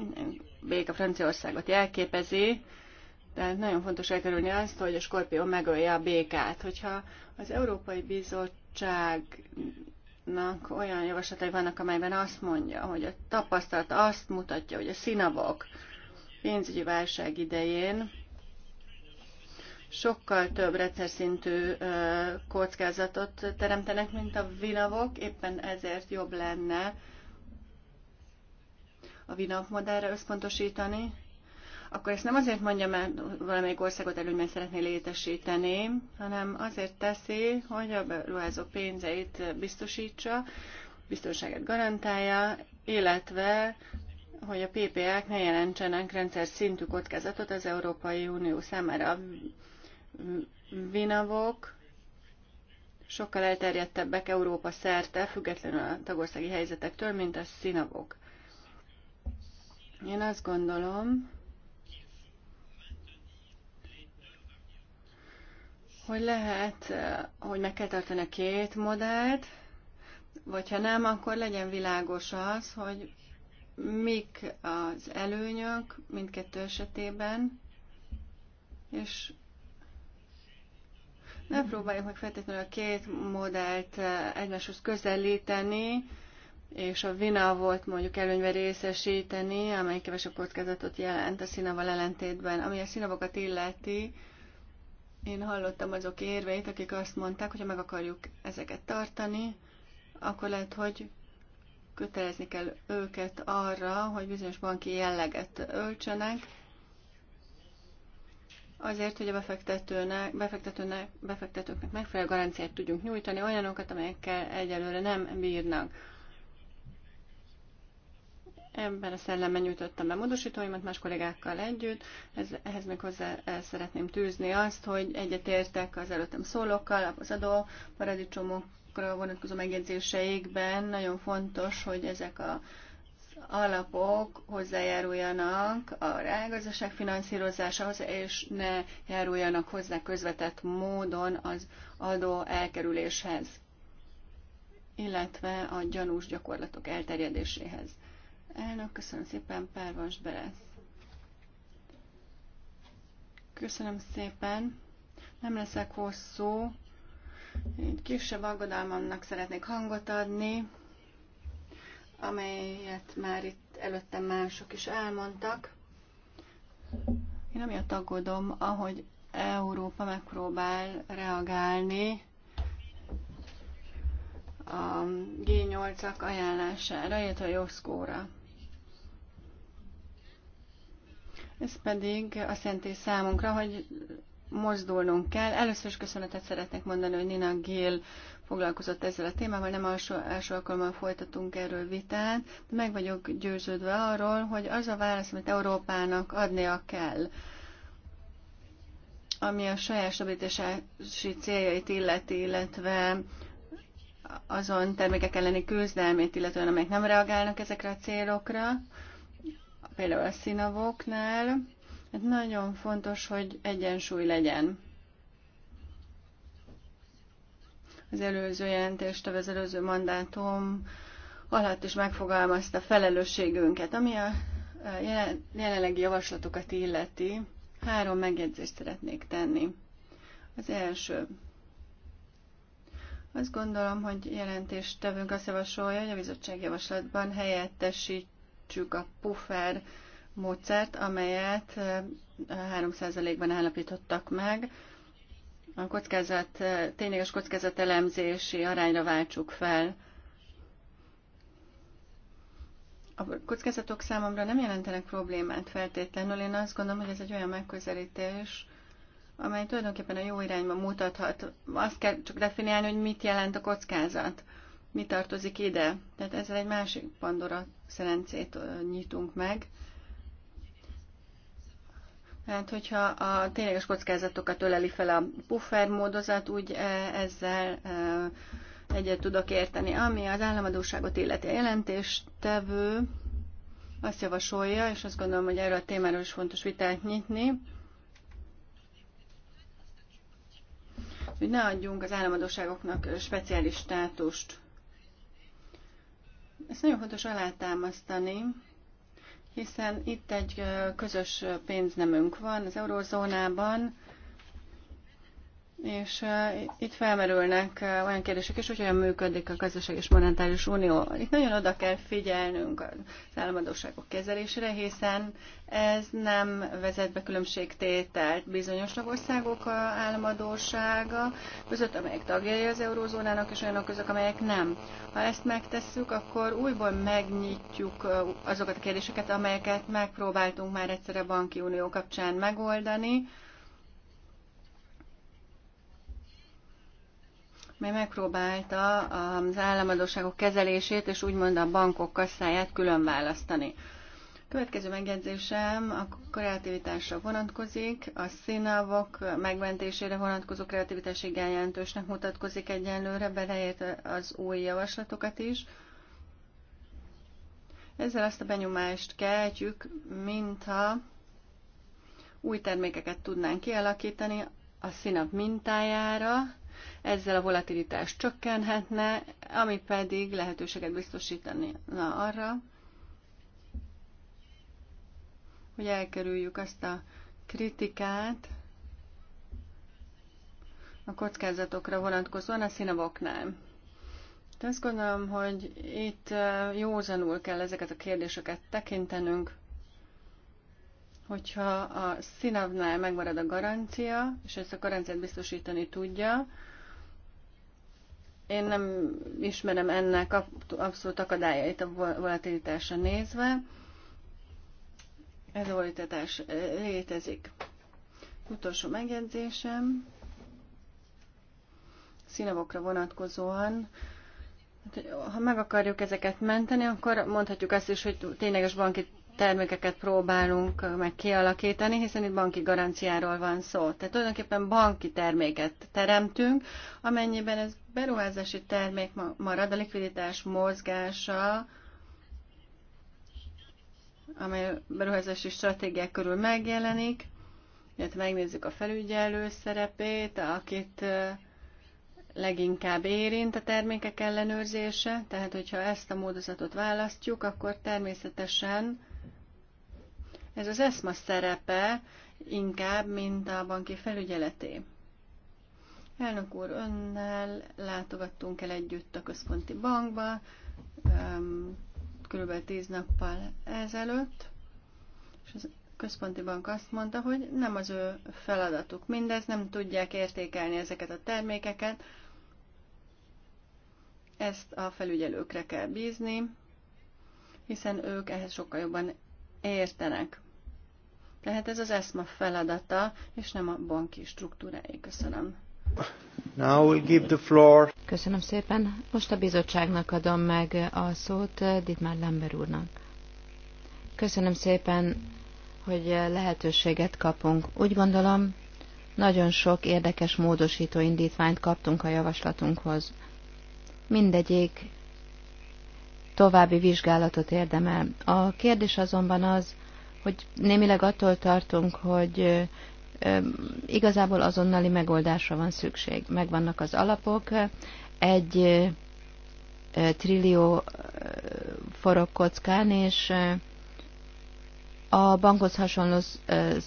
béka Franciaországot jelképezi, tehát nagyon fontos elkerülni azt, hogy a skorpió megölje a békát. Hogyha az Európai Bizottságnak olyan javaslatai vannak, amelyben azt mondja, hogy a tapasztalat azt mutatja, hogy a színavok pénzügyi válság idején sokkal több rendszer kockázatot teremtenek, mint a vinavok, éppen ezért jobb lenne a vinav modellre összpontosítani. Akkor ezt nem azért mondja, mert valamelyik országot előnyben szeretné létesíteni, hanem azért teszi, hogy a beruházó pénzeit biztosítsa, biztonságot garantálja, illetve hogy a PPA-k ne jelentsenek rendszer szintű kockázatot az Európai Unió számára vinavok sokkal elterjedtebbek Európa szerte, függetlenül a tagországi helyzetektől, mint a szinavok. Én azt gondolom, hogy lehet, hogy meg kell tartani a két modellt, vagy ha nem, akkor legyen világos az, hogy mik az előnyök mindkettő esetében, és nem próbáljuk meg feltétlenül a két modellt eh, egymáshoz közelíteni, és a vina volt mondjuk előnybe részesíteni, amely kevesebb kockázatot jelent a színaval ellentétben. Ami a színavokat illeti, én hallottam azok érveit, akik azt mondták, hogy ha meg akarjuk ezeket tartani, akkor lehet, hogy kötelezni kell őket arra, hogy bizonyos banki jelleget öltsenek, azért, hogy a befektetőnek, befektetőnek, befektetőknek megfelelő garanciát tudjunk nyújtani, olyanokat, amelyekkel egyelőre nem bírnak. Ebben a szellemben nyújtottam be módosítóimat más kollégákkal együtt. Ez, ehhez még hozzá szeretném tűzni azt, hogy egyetértek az előttem szólókkal, az adó paradicsomokra vonatkozó megjegyzéseikben. Nagyon fontos, hogy ezek a alapok hozzájáruljanak a reálgazdaság finanszírozásához, és ne járuljanak hozzá közvetett módon az adó elkerüléshez, illetve a gyanús gyakorlatok elterjedéséhez. Elnök, köszönöm szépen, Párvas Beresz. Köszönöm szépen. Nem leszek hosszú. Én kisebb aggodalmamnak szeretnék hangot adni amelyet már itt előttem mások is elmondtak. Én amiatt aggódom, ahogy Európa megpróbál reagálni a G8-ak ajánlására, illetve a Joszkóra. Ez pedig azt jelenti számunkra, hogy mozdulnunk kell. Először is köszönetet szeretnék mondani, hogy Nina Gill foglalkozott ezzel a témával, nem első, első alkalommal folytatunk erről vitát, de meg vagyok győződve arról, hogy az a válasz, amit Európának adnia kell, ami a saját stabilitási céljait illeti, illetve azon termékek elleni küzdelmét, illetően amelyek nem reagálnak ezekre a célokra, például a színavoknál, hát nagyon fontos, hogy egyensúly legyen. az előző jelentést, az előző mandátum alatt is megfogalmazta felelősségünket, ami a jelenlegi javaslatokat illeti. Három megjegyzést szeretnék tenni. Az első. Azt gondolom, hogy jelentéstevőnk azt javasolja, hogy a bizottság javaslatban helyettesítsük a puffer módszert, amelyet 3%-ban állapítottak meg, a kockázat, tényleges elemzési arányra váltsuk fel. A kockázatok számomra nem jelentenek problémát feltétlenül. Én azt gondolom, hogy ez egy olyan megközelítés, amely tulajdonképpen a jó irányba mutathat. Azt kell csak definiálni, hogy mit jelent a kockázat, mi tartozik ide. Tehát ezzel egy másik Pandora szerencét nyitunk meg. Hát, hogyha a tényleges kockázatokat öleli fel a puffer módozat, úgy e, ezzel e, egyet tudok érteni. Ami az államadóságot illeti jelentéstevő, azt javasolja, és azt gondolom, hogy erről a témáról is fontos vitát nyitni, hogy ne adjunk az államadóságoknak speciális státust. Ezt nagyon fontos alátámasztani, hiszen itt egy közös pénznemünk van az eurózónában, és uh, itt felmerülnek uh, olyan kérdések is, hogy hogyan működik a gazdaság és monetáris unió. Itt nagyon oda kell figyelnünk az államadóságok kezelésére, hiszen ez nem vezet be különbségtételt bizonyos tagországok államadósága között, amelyek tagjai az eurózónának, és olyanok között, amelyek nem. Ha ezt megtesszük, akkor újból megnyitjuk azokat a kérdéseket, amelyeket megpróbáltunk már egyszer a banki unió kapcsán megoldani, mely megpróbálta az államadóságok kezelését és úgymond a bankok kasszáját külön választani. Következő megjegyzésem a kreativitásra vonatkozik, a színavok megmentésére vonatkozó kreativitás igen jelentősnek mutatkozik egyenlőre, beleért az új javaslatokat is. Ezzel azt a benyomást keltjük, mintha új termékeket tudnánk kialakítani a színap mintájára, ezzel a volatilitás csökkenhetne, ami pedig lehetőséget biztosítani arra, hogy elkerüljük azt a kritikát a kockázatokra vonatkozóan a színavoknál. De azt gondolom, hogy itt józanul kell ezeket a kérdéseket tekintenünk, hogyha a színavnál megmarad a garancia, és ezt a garanciát biztosítani tudja, én nem ismerem ennek abszolút akadályait a volatilitásra nézve. Ez a volatilitás eh, létezik. Utolsó megjegyzésem. Színavokra vonatkozóan. Hát, ha meg akarjuk ezeket menteni, akkor mondhatjuk azt is, hogy tényleges banki termékeket próbálunk meg kialakítani, hiszen itt banki garanciáról van szó. Tehát tulajdonképpen banki terméket teremtünk, amennyiben ez beruházási termék marad, a likviditás mozgása, amely beruházási stratégiák körül megjelenik, illetve megnézzük a felügyelő szerepét, akit leginkább érint a termékek ellenőrzése, tehát hogyha ezt a módozatot választjuk, akkor természetesen ez az eszma szerepe inkább, mint a banki felügyeleté. Elnök úr, önnel látogattunk el együtt a központi bankba, kb. 10 nappal ezelőtt, és az központi bank azt mondta, hogy nem az ő feladatuk mindez, nem tudják értékelni ezeket a termékeket, ezt a felügyelőkre kell bízni, hiszen ők ehhez sokkal jobban értenek. Tehát ez az eszma feladata, és nem a banki struktúrája. Köszönöm. Now we give the floor. Köszönöm szépen. Most a bizottságnak adom meg a szót Dietmar Lember úrnak. Köszönöm szépen, hogy lehetőséget kapunk. Úgy gondolom, nagyon sok érdekes módosító indítványt kaptunk a javaslatunkhoz. Mindegyik további vizsgálatot érdemel. A kérdés azonban az, hogy némileg attól tartunk, hogy igazából azonnali megoldásra van szükség. Megvannak az alapok, egy trillió forog kockán, és a bankhoz hasonló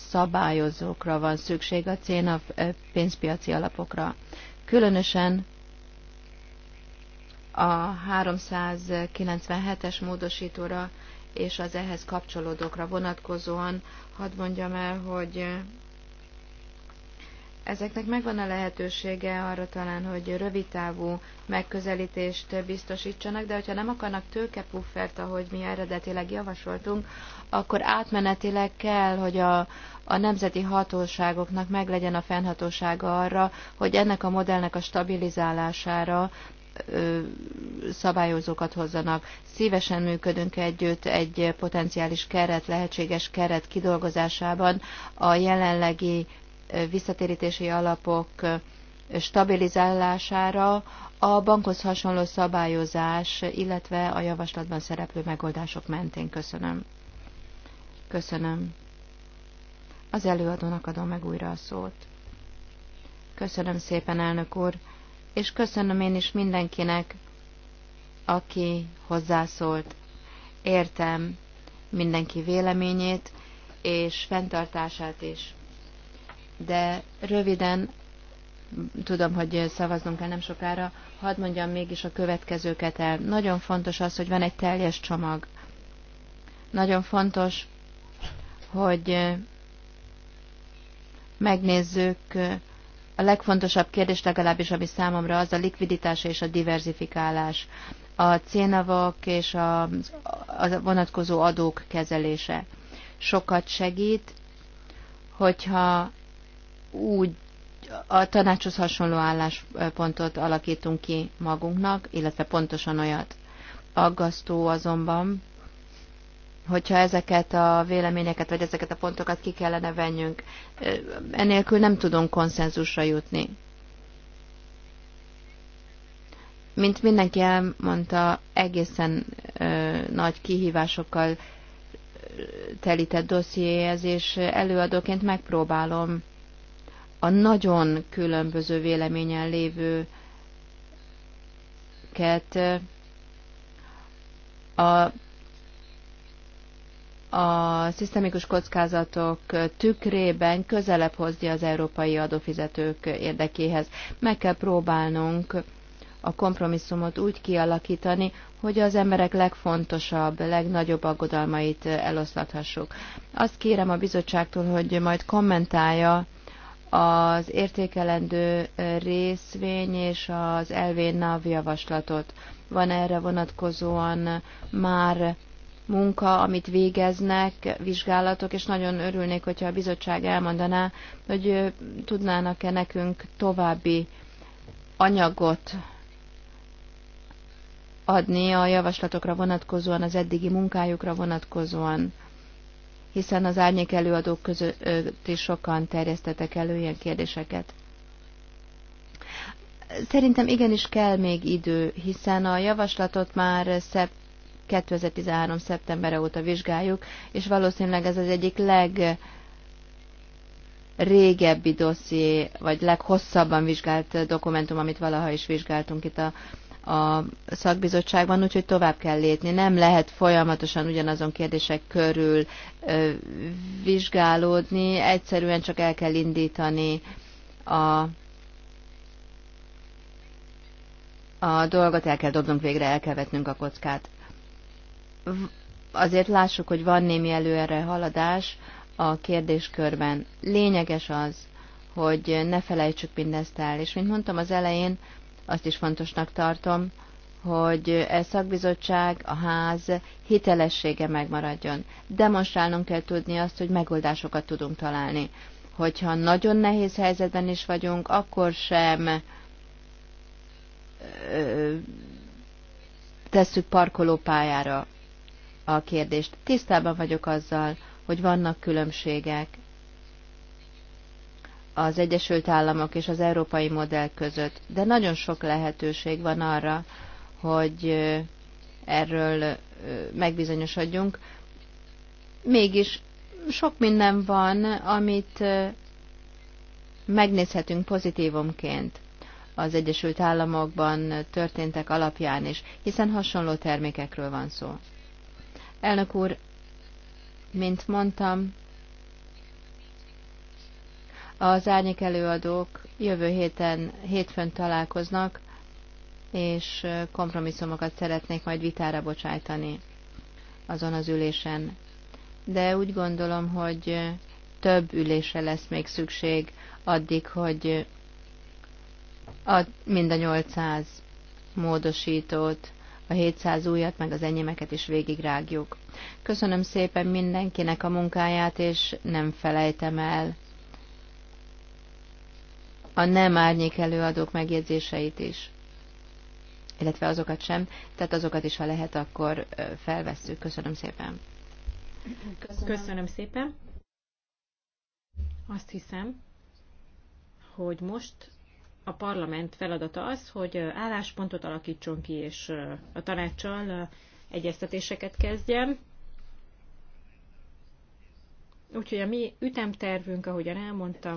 szabályozókra van szükség, a cén a pénzpiaci alapokra. Különösen a 397-es módosítóra és az ehhez kapcsolódókra vonatkozóan hadd mondjam el, hogy ezeknek megvan a lehetősége arra talán, hogy rövidtávú megközelítést biztosítsanak, de hogyha nem akarnak tőkepuffert, ahogy mi eredetileg javasoltunk, akkor átmenetileg kell, hogy a, a nemzeti hatóságoknak meglegyen a fennhatósága arra, hogy ennek a modellnek a stabilizálására szabályozókat hozzanak. Szívesen működünk együtt egy potenciális keret, lehetséges keret kidolgozásában a jelenlegi visszatérítési alapok stabilizálására, a bankhoz hasonló szabályozás, illetve a javaslatban szereplő megoldások mentén. Köszönöm. Köszönöm. Az előadónak adom meg újra a szót. Köszönöm szépen, elnök úr és köszönöm én is mindenkinek, aki hozzászólt. Értem mindenki véleményét és fenntartását is. De röviden, tudom, hogy szavaznunk kell nem sokára, hadd mondjam mégis a következőket el. Nagyon fontos az, hogy van egy teljes csomag. Nagyon fontos, hogy megnézzük a legfontosabb kérdés legalábbis, ami számomra az a likviditás és a diverzifikálás, a cénavak és a, a vonatkozó adók kezelése. Sokat segít, hogyha úgy a tanácshoz hasonló álláspontot alakítunk ki magunknak, illetve pontosan olyat. Aggasztó azonban, hogyha ezeket a véleményeket, vagy ezeket a pontokat ki kellene vennünk. Enélkül nem tudunk konszenzusra jutni. Mint mindenki elmondta, egészen ö, nagy kihívásokkal telített dossziéhez, és előadóként megpróbálom a nagyon különböző véleményen lévőket a a szisztemikus kockázatok tükrében közelebb hozni az európai adófizetők érdekéhez. Meg kell próbálnunk a kompromisszumot úgy kialakítani, hogy az emberek legfontosabb, legnagyobb aggodalmait eloszlathassuk. Azt kérem a bizottságtól, hogy majd kommentálja az értékelendő részvény és az elvén NAV javaslatot. Van erre vonatkozóan már munka, amit végeznek, vizsgálatok, és nagyon örülnék, hogyha a bizottság elmondaná, hogy tudnának-e nekünk további anyagot adni a javaslatokra vonatkozóan, az eddigi munkájukra vonatkozóan, hiszen az árnyék előadók között is sokan terjesztetek elő ilyen kérdéseket. Szerintem igenis kell még idő, hiszen a javaslatot már szept 2013. szeptembere óta vizsgáljuk, és valószínűleg ez az egyik leg régebbi dosszié, vagy leghosszabban vizsgált dokumentum, amit valaha is vizsgáltunk itt a, a szakbizottságban, úgyhogy tovább kell lépni. Nem lehet folyamatosan ugyanazon kérdések körül ö, vizsgálódni, egyszerűen csak el kell indítani a, a dolgot, el kell dobnunk végre, el kell vetnünk a kockát azért lássuk, hogy van némi előre haladás a kérdéskörben. Lényeges az, hogy ne felejtsük mindezt el. És mint mondtam az elején, azt is fontosnak tartom, hogy e szakbizottság, a ház hitelessége megmaradjon. Demonstrálnunk kell tudni azt, hogy megoldásokat tudunk találni. Hogyha nagyon nehéz helyzetben is vagyunk, akkor sem ö, tesszük parkolópályára a kérdést. Tisztában vagyok azzal, hogy vannak különbségek az Egyesült Államok és az európai modell között, de nagyon sok lehetőség van arra, hogy erről megbizonyosodjunk. Mégis sok minden van, amit megnézhetünk pozitívumként az Egyesült Államokban történtek alapján is, hiszen hasonló termékekről van szó. Elnök úr, mint mondtam, az árnyék előadók jövő héten, hétfőn találkoznak, és kompromisszumokat szeretnék majd vitára bocsájtani azon az ülésen. De úgy gondolom, hogy több ülésre lesz még szükség addig, hogy a, mind a 800 módosítót a 700 újat, meg az enyémeket is rágjuk. Köszönöm szépen mindenkinek a munkáját, és nem felejtem el a nem árnyék előadók megjegyzéseit is illetve azokat sem, tehát azokat is, ha lehet, akkor felvesszük. Köszönöm szépen. Köszönöm, Köszönöm szépen. Azt hiszem, hogy most a parlament feladata az, hogy álláspontot alakítson ki, és a tanácssal egyeztetéseket kezdjen. Úgyhogy a mi ütemtervünk, ahogyan elmondtam,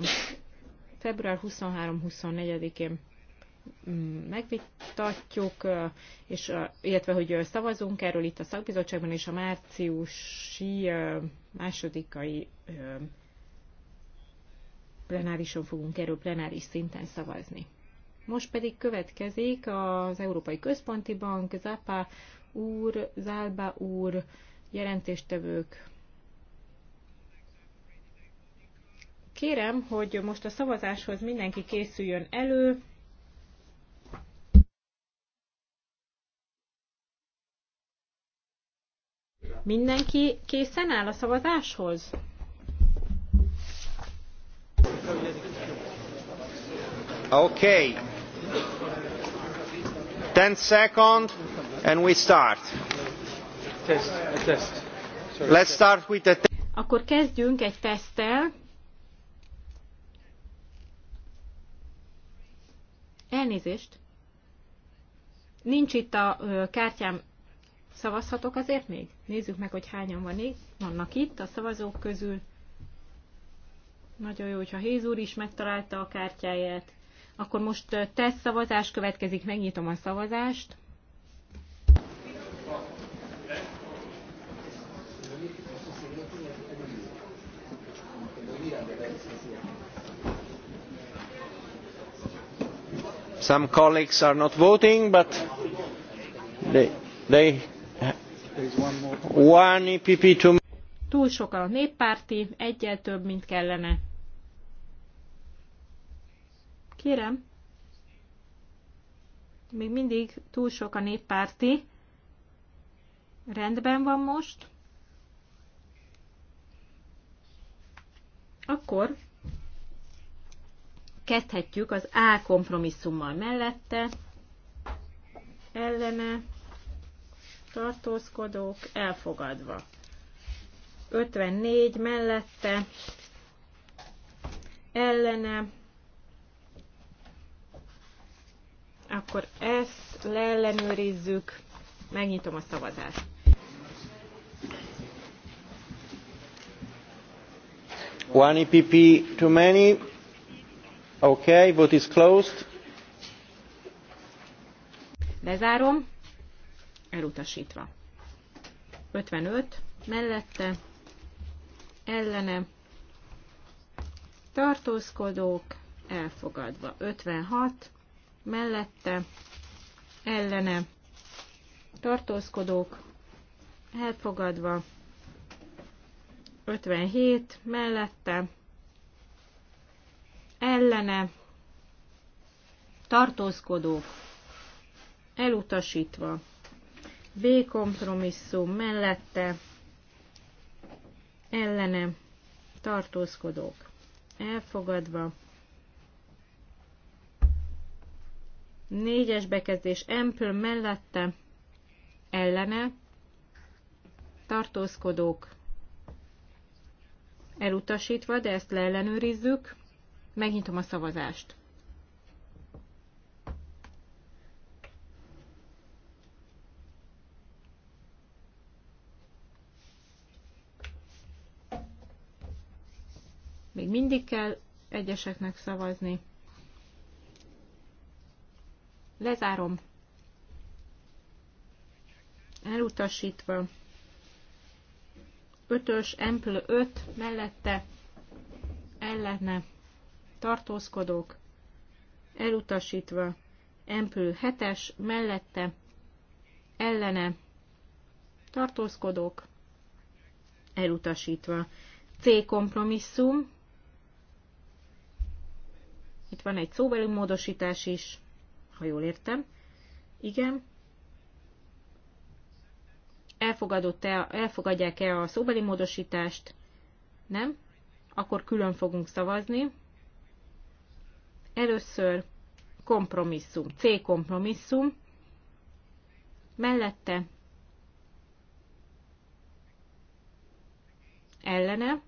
február 23-24-én mm, megvitatjuk, és, illetve hogy szavazunk erről itt a szakbizottságban, és a márciusi másodikai plenárison fogunk erről plenáris szinten szavazni. Most pedig következik az Európai Központi Bank, Zapa úr, Zálba úr, jelentéstevők. Kérem, hogy most a szavazáshoz mindenki készüljön elő. Mindenki készen áll a szavazáshoz? Okay. Ten seconds and we start. Test, a test. Sorry, Let's start with the Akkor kezdjünk egy teszttel. Elnézést. Nincs itt a ö, kártyám. Szavazhatok azért még? Nézzük meg, hogy hányan van itt. Vannak itt a szavazók közül. Nagyon jó, hogyha Héz úr is megtalálta a kártyáját. Akkor most tesz szavazás következik, megnyitom a szavazást. Some colleagues are not voting, but they, they one EPP to... Túl sok a néppárti, egyel több, mint kellene. Kérem, még mindig túl sok a néppárti. Rendben van most. Akkor kezdhetjük az A kompromisszummal mellette. Ellene tartózkodók elfogadva. 54 mellette ellene Akkor ezt leellenőrizzük, megnyitom a szavazást. One EPP too many. Okay, vote is closed. Lezárom, elutasítva. 55 mellette, ellene, tartózkodók, elfogadva. 56 mellette, ellene, tartózkodók, elfogadva, 57 mellette, ellene, tartózkodók, elutasítva, B kompromisszum mellette, ellene, tartózkodók, elfogadva, Négyes bekezdés Ample mellette ellene tartózkodók elutasítva, de ezt leellenőrizzük. Megnyitom a szavazást. Még mindig kell egyeseknek szavazni. Lezárom. Elutasítva. 5-ös, Ample 5 mellette ellene tartózkodók. Elutasítva. Empl 7-es mellette ellene tartózkodók. Elutasítva. C kompromisszum. Itt van egy szóbeli módosítás is ha jól értem. Igen. Elfogadott-e, elfogadják-e a szóbeli módosítást? Nem? Akkor külön fogunk szavazni. Először kompromisszum, C kompromisszum, mellette ellene,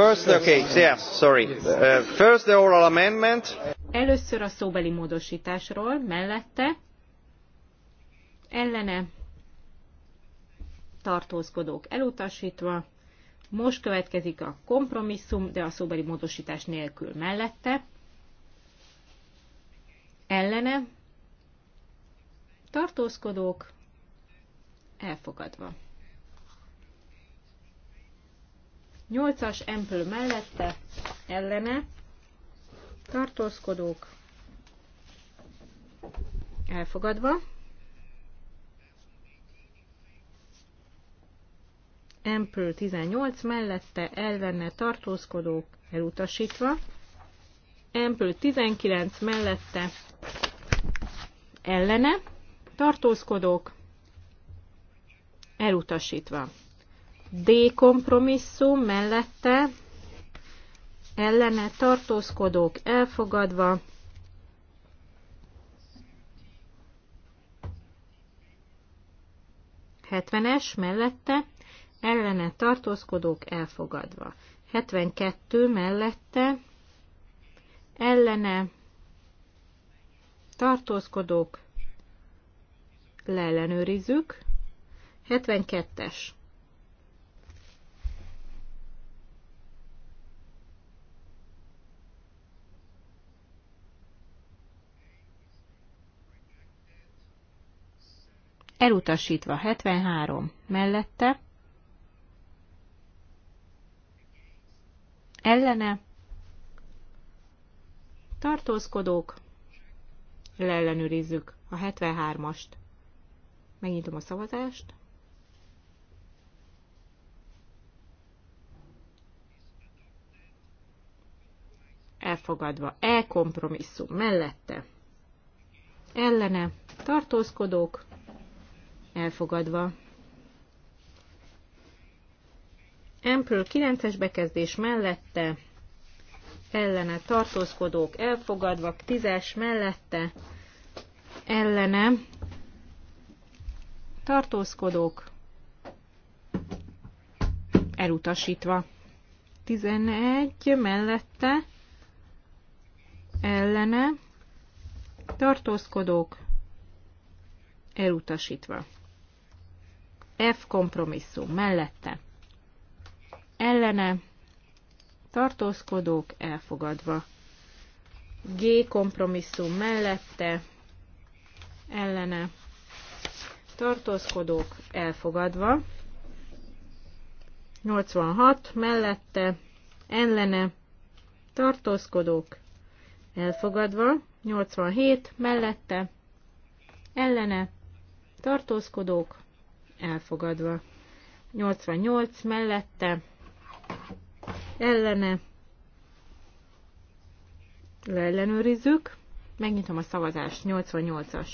Uh, Először a szóbeli módosításról, mellette, ellene, tartózkodók elutasítva, most következik a kompromisszum, de a szóbeli módosítás nélkül mellette, ellene, tartózkodók elfogadva. 8-as Ample mellette ellene tartózkodók elfogadva. Ample 18 mellette ellene tartózkodók elutasítva. Ample 19 mellette ellene tartózkodók elutasítva. D kompromisszum mellette ellene tartózkodók elfogadva, Hetvenes mellette ellene tartózkodók elfogadva. 72 mellette ellene tartózkodók leellenőrizzük. 72-es. elutasítva 73 mellette, ellene, tartózkodók, leellenőrizzük a 73-ast. Megnyitom a szavazást. Elfogadva, elkompromisszum mellette, ellene, tartózkodók, elfogadva. Emperor 9-es bekezdés mellette, ellene tartózkodók elfogadva, 10-es mellette, ellene tartózkodók elutasítva. 11 mellette ellene tartózkodók elutasítva. F kompromisszum mellette. Ellene tartózkodók elfogadva. G kompromisszum mellette. Ellene tartózkodók elfogadva. 86 mellette. Ellene tartózkodók elfogadva. 87 mellette. Ellene tartózkodók elfogadva. 88 mellette, ellene, leellenőrizzük, megnyitom a szavazást, 88-as.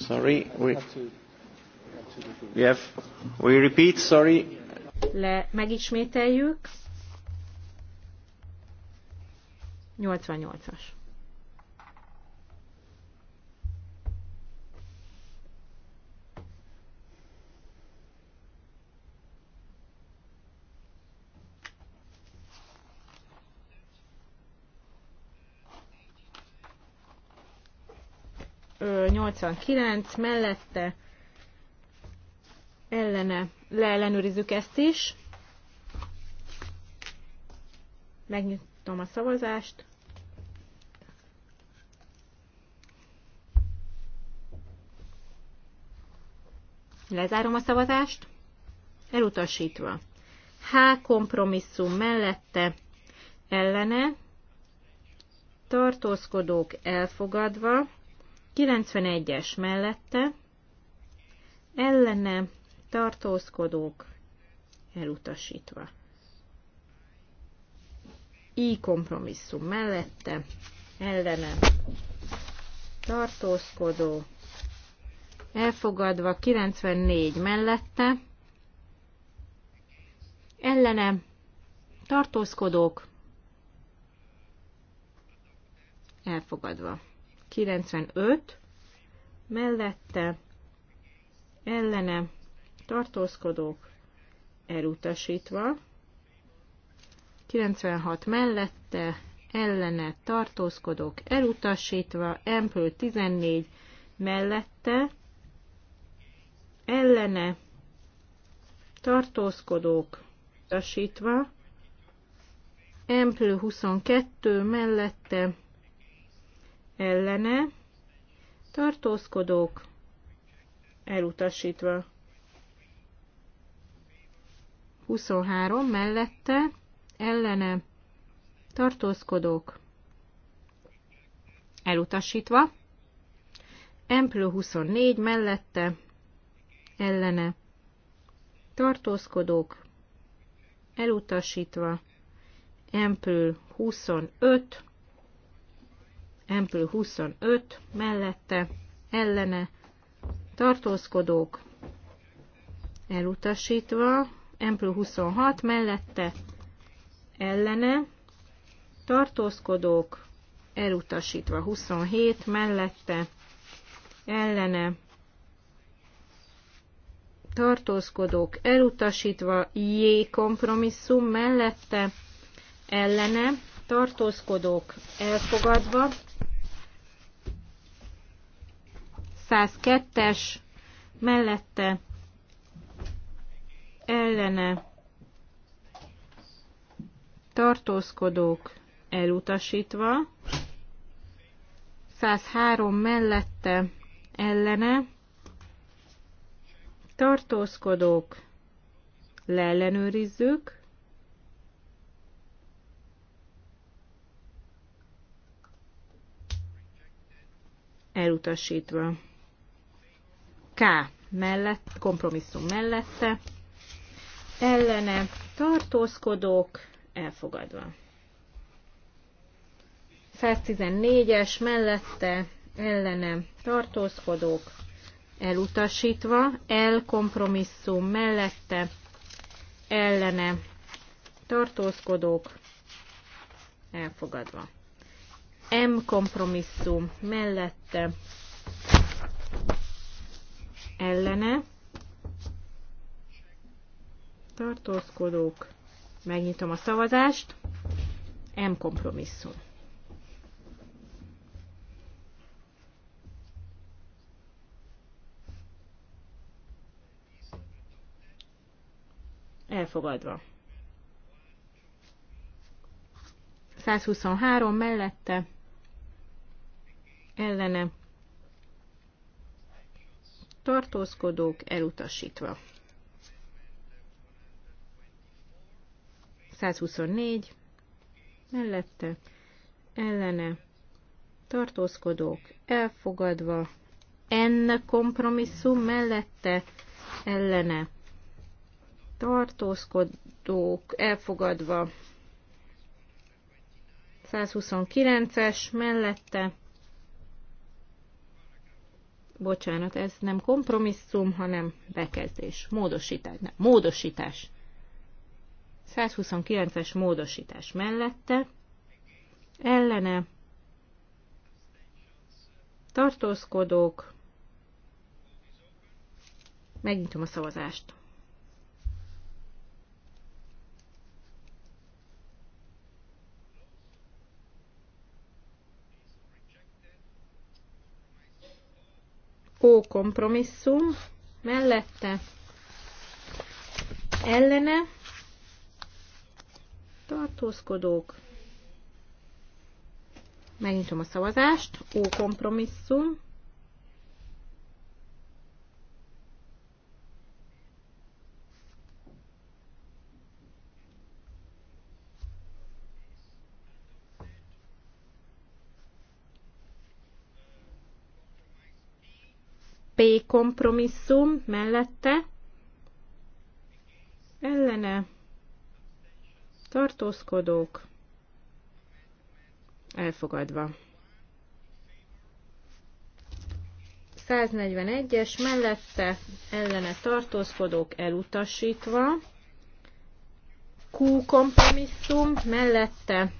Sorry, we, we have, we repeat, sorry. Le, megismételjük. 88-as. 89 mellette ellene leellenőrizzük ezt is. Megnyitom a szavazást. Lezárom a szavazást. Elutasítva. H kompromisszum mellette ellene tartózkodók elfogadva. 91-es mellette ellene tartózkodók elutasítva. I kompromisszum mellette ellene tartózkodó elfogadva 94 mellette ellene tartózkodók elfogadva. 95 mellette ellene tartózkodók elutasítva, 96 mellette ellene tartózkodók elutasítva, Ample 14 mellette ellene tartózkodók utasítva, Ample 22 mellette ellene, tartózkodók elutasítva. 23 mellette, ellene, tartózkodók elutasítva. Emplő 24 mellette, ellene, tartózkodók elutasítva. Emplő 25 Ample 25 mellette ellene tartózkodók elutasítva, Ample 26 mellette ellene tartózkodók elutasítva, 27 mellette ellene tartózkodók elutasítva, J kompromisszum mellette ellene tartózkodók elfogadva, 102-es mellette ellene tartózkodók elutasítva, 103 mellette ellene tartózkodók leellenőrizzük, elutasítva. K mellett, kompromisszum mellette, ellene tartózkodók elfogadva. 114-es mellette ellene tartózkodók elutasítva, el kompromisszum mellette ellene tartózkodók elfogadva. M kompromisszum mellette ellene tartózkodók, megnyitom a szavazást, M kompromisszum. Elfogadva. 123 mellette ellene tartózkodók elutasítva. 124 mellette ellene tartózkodók elfogadva, en kompromisszum mellette ellene tartózkodók elfogadva, 129-es mellette bocsánat, ez nem kompromisszum, hanem bekezdés, módosítás, nem, módosítás. 129-es módosítás mellette, ellene, tartózkodók, megnyitom a szavazást. O kompromisszum mellette ellene tartózkodók. Megnyitom a szavazást. Ó kompromisszum. P kompromisszum mellette ellene tartózkodók elfogadva. 141-es mellette ellene tartózkodók elutasítva. Q kompromisszum mellette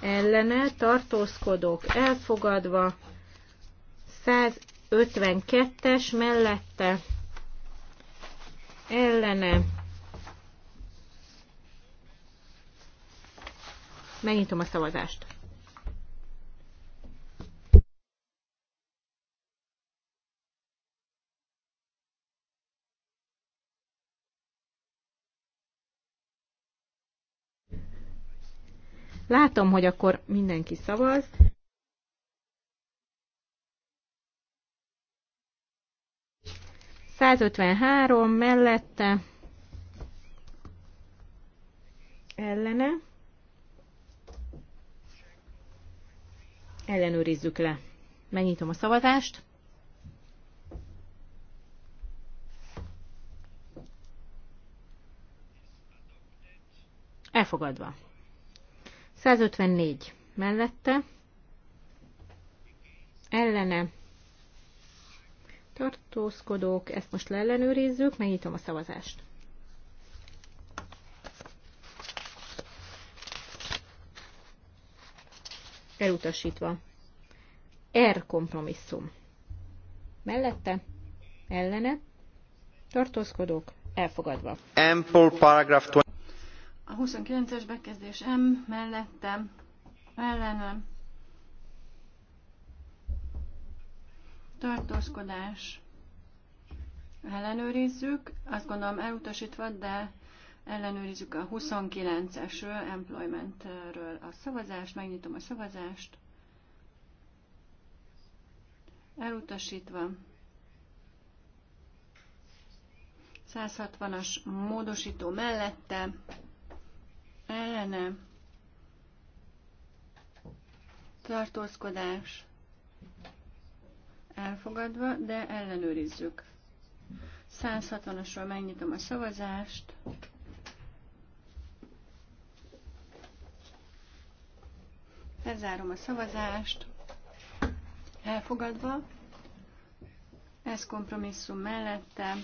ellene tartózkodók elfogadva. 100 52-es mellette ellene megnyitom a szavazást. Látom, hogy akkor mindenki szavaz. 153 mellette ellene. Ellenőrizzük le. Megnyitom a szavazást. Elfogadva. 154 mellette. Ellene tartózkodók, ezt most leellenőrizzük, megnyitom a szavazást. Elutasítva. R kompromisszum. Mellette, ellene, tartózkodók, elfogadva. Ample paragraph 20. A 29-es bekezdés M mellette, ellenem, tartózkodás ellenőrizzük, azt gondolom elutasítva, de ellenőrizzük a 29-es employmentről a szavazást, megnyitom a szavazást, elutasítva. 160-as módosító mellette, ellene, tartózkodás, elfogadva, de ellenőrizzük. 160-asról megnyitom a szavazást. Lezárom a szavazást. Elfogadva. Ez kompromisszum mellette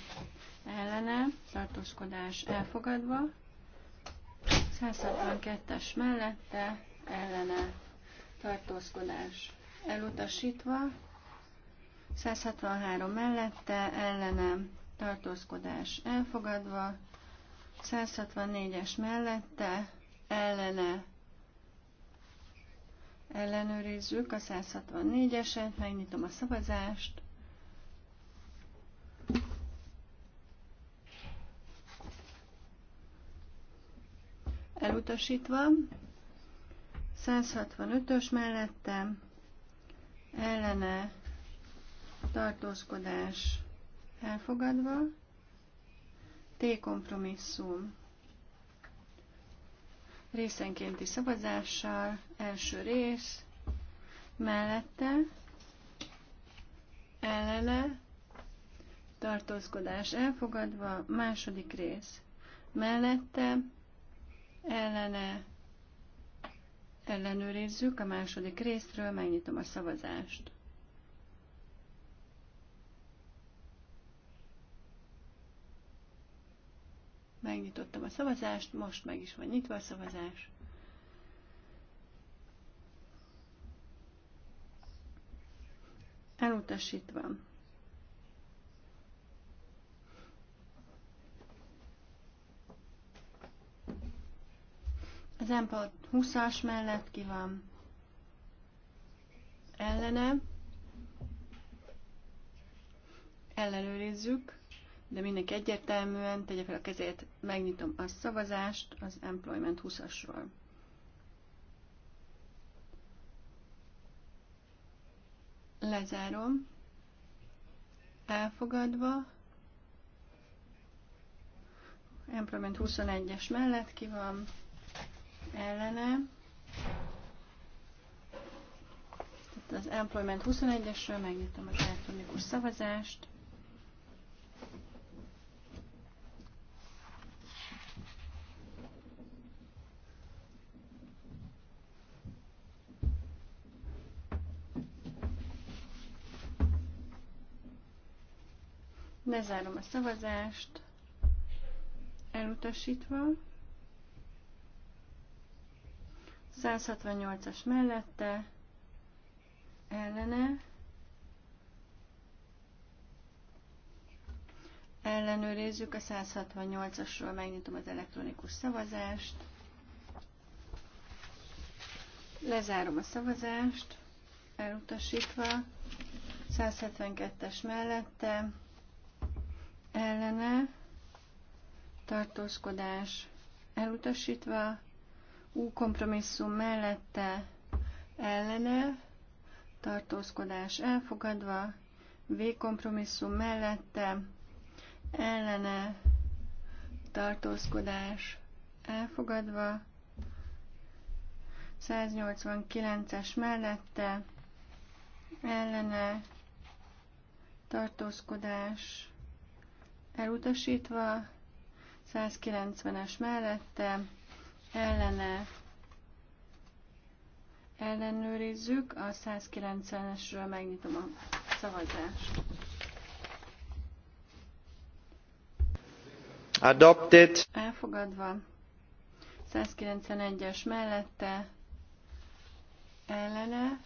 ellene, tartózkodás elfogadva. 162-es mellette ellene, tartózkodás elutasítva. 163 mellette, ellenem tartózkodás elfogadva, 164-es mellette, ellene ellenőrizzük a 164-eset, megnyitom a szavazást. Elutasítva, 165-ös mellettem, ellene tartózkodás elfogadva, T kompromisszum részenkénti szavazással, első rész, mellette, ellene, tartózkodás elfogadva, második rész, mellette, ellene, ellenőrizzük a második részről, megnyitom a szavazást. Megnyitottam a szavazást, most meg is van nyitva a szavazás. Elutasítva. Az empat 20-as mellett ki van ellene. Ellenőrizzük de mindenki egyértelműen tegye fel a kezét, megnyitom a szavazást az Employment 20-asról. Lezárom. Elfogadva. Employment 21-es mellett ki van ellene. Tehát az Employment 21-esről megnyitom az elektronikus szavazást. Lezárom a szavazást. Elutasítva. 168-as mellette. Ellene. Ellenőrizzük a 168-asról, megnyitom az elektronikus szavazást. Lezárom a szavazást, elutasítva. 172-es mellette ellene, tartózkodás elutasítva, U kompromisszum mellette ellene, tartózkodás elfogadva, V kompromisszum mellette ellene, tartózkodás elfogadva, 189-es mellette ellene, tartózkodás elutasítva, 190-es mellette, ellene ellenőrizzük, a 190-esről megnyitom a szavazást. Adopted. Elfogadva. 191-es mellette, ellene,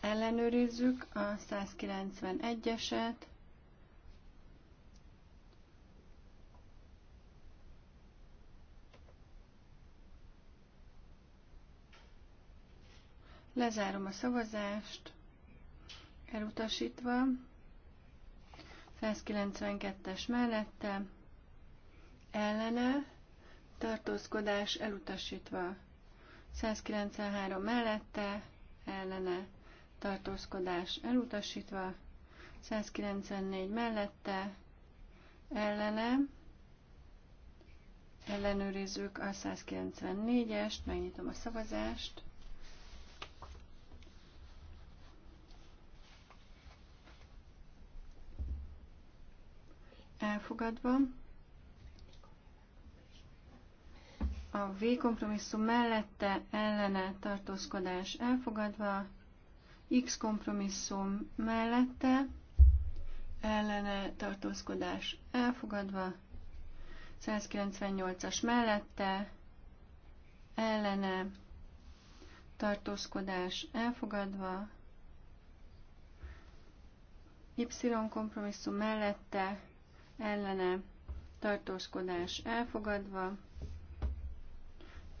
ellenőrizzük a 191-eset. Lezárom a szavazást, elutasítva. 192-es mellette, ellene, tartózkodás elutasítva. 193 mellette, ellene, tartózkodás elutasítva. 194 mellette, ellene, ellenőrizzük a 194-est, megnyitom a szavazást. elfogadva. A V kompromisszum mellette ellene tartózkodás elfogadva, X kompromisszum mellette ellene tartózkodás elfogadva, 198-as mellette ellene tartózkodás elfogadva, Y kompromisszum mellette ellene tartózkodás elfogadva,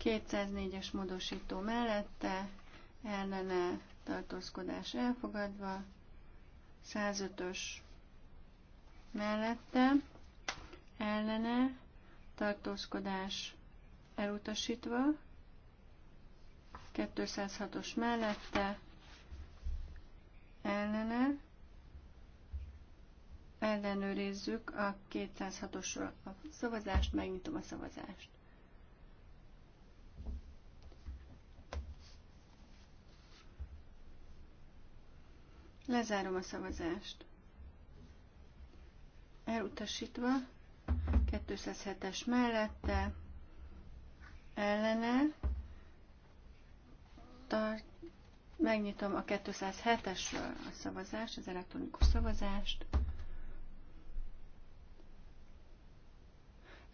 204-es módosító mellette ellene tartózkodás elfogadva, 105-ös mellette ellene tartózkodás elutasítva, 206-os mellette ellene Ellenőrizzük a 206 os a szavazást, megnyitom a szavazást. Lezárom a szavazást. Elutasítva 207-es mellette ellene tart, megnyitom a 207-esről a szavazást, az elektronikus szavazást.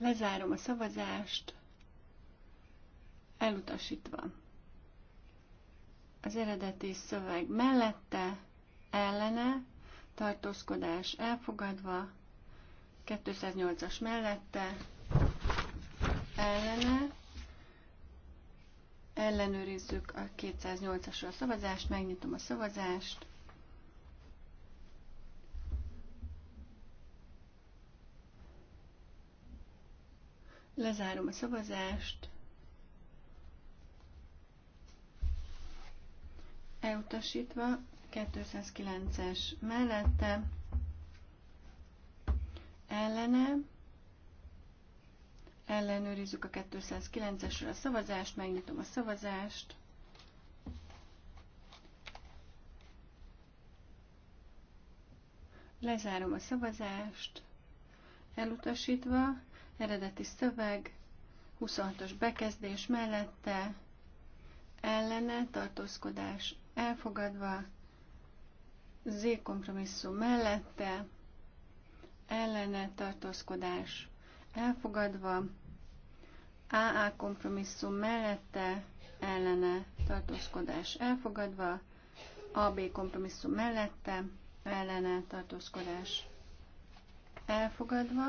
Lezárom a szavazást, elutasítva. Az eredeti szöveg mellette, ellene, tartózkodás elfogadva, 208-as mellette, ellene, ellenőrizzük a 208-asra a szavazást, megnyitom a szavazást, Lezárom a szavazást. Elutasítva 209-es mellette ellene ellenőrizzük a 209-esről a szavazást, megnyitom a szavazást. Lezárom a szavazást, elutasítva eredeti szöveg, 26-os bekezdés mellette, ellene, tartózkodás elfogadva, Z kompromisszum mellette, ellene, tartózkodás elfogadva, AA kompromisszum mellette, ellene, tartózkodás elfogadva, AB kompromisszum mellette, ellene, tartózkodás elfogadva,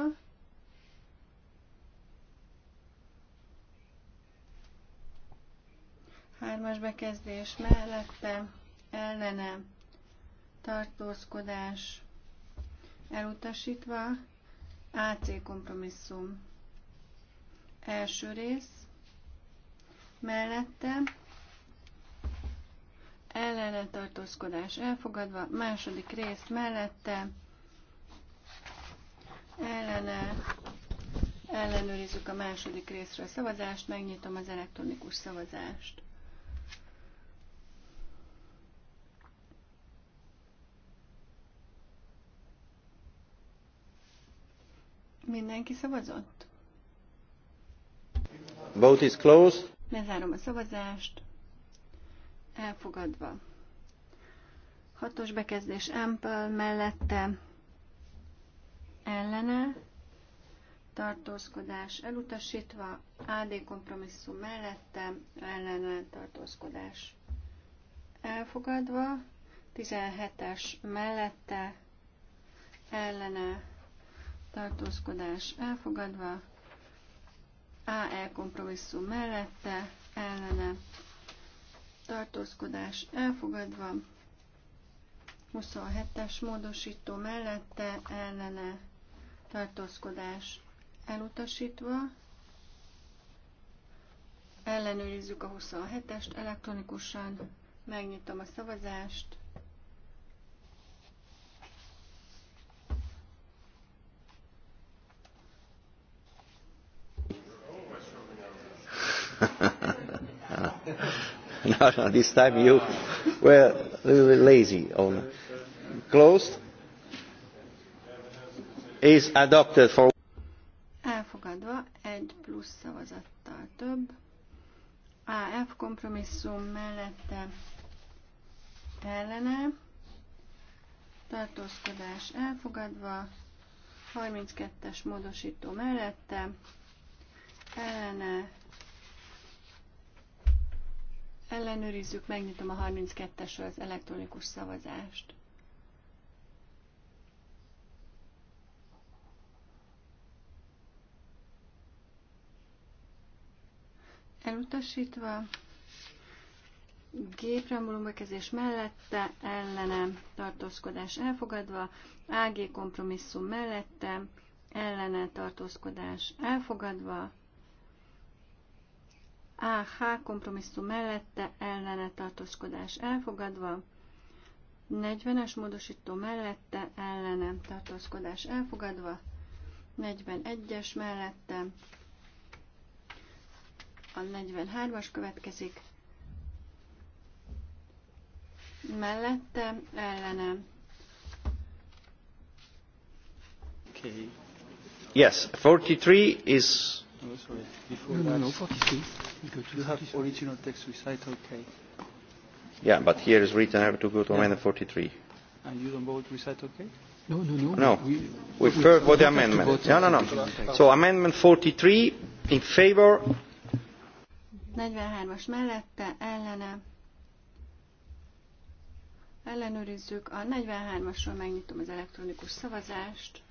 Hármas bekezdés mellette ellene tartózkodás elutasítva AC kompromisszum. Első rész mellette ellene tartózkodás elfogadva, második rész mellette ellene ellenőrizzük a második részre a szavazást, megnyitom az elektronikus szavazást. Mindenki szavazott? Vote is closed. Lezárom a szavazást. Elfogadva. Hatos bekezdés Ample mellette ellene, tartózkodás elutasítva, AD kompromisszum mellette ellene tartózkodás elfogadva, 17-es mellette ellene tartózkodás elfogadva, AE kompromisszum mellette, ellene, tartózkodás elfogadva, 27-es módosító mellette, ellene, tartózkodás elutasítva, ellenőrizzük a 27-est elektronikusan, megnyitom a szavazást, this time you were a little bit lazy on closed is adopted for elfogadva egy plusz szavazattal több AF kompromisszum mellette ellene tartózkodás elfogadva 32-es módosító mellette ellene Ellenőrizzük, megnyitom a 32-esről az elektronikus szavazást. Elutasítva, gépremulum bekezés mellette, ellenem tartózkodás elfogadva, AG kompromisszum mellette, ellene tartózkodás elfogadva, AH kompromisszum mellette ellene tartózkodás elfogadva, 40-es módosító mellette ellene tartózkodás elfogadva, 41-es mellette a 43-as következik, mellette ellene. Okay. Yes, 43 is No, no, 42. You have original text recital K. Yeah, but here is written I have to go to amendment 43. And you don't vote recital K? No, no, no. No. We, refer for the amendment. No, no, no. So amendment 43 in favor. 43-as mellette, ellene. Ellenőrizzük. A 43-asról megnyitom az elektronikus szavazást.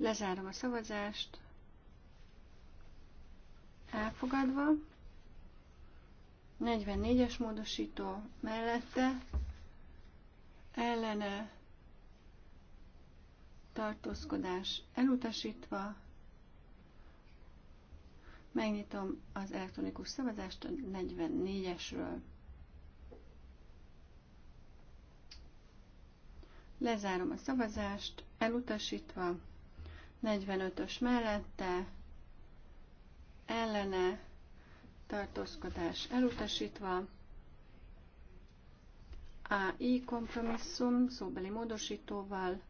Lezárom a szavazást. Elfogadva. 44-es módosító mellette. Ellene tartózkodás elutasítva. Megnyitom az elektronikus szavazást a 44-esről. Lezárom a szavazást, elutasítva. 45-ös mellette, ellene, tartózkodás elutasítva, AI kompromisszum szóbeli módosítóval,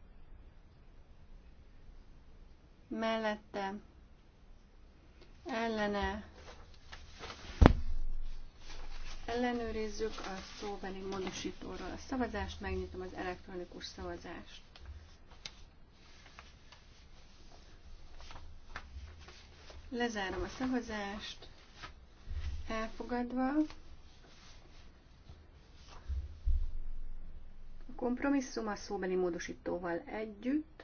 mellette, ellene, ellenőrizzük a szóbeli módosítóról a szavazást, megnyitom az elektronikus szavazást. Lezárom a szavazást. Elfogadva. A kompromisszum a szóbeli módosítóval együtt.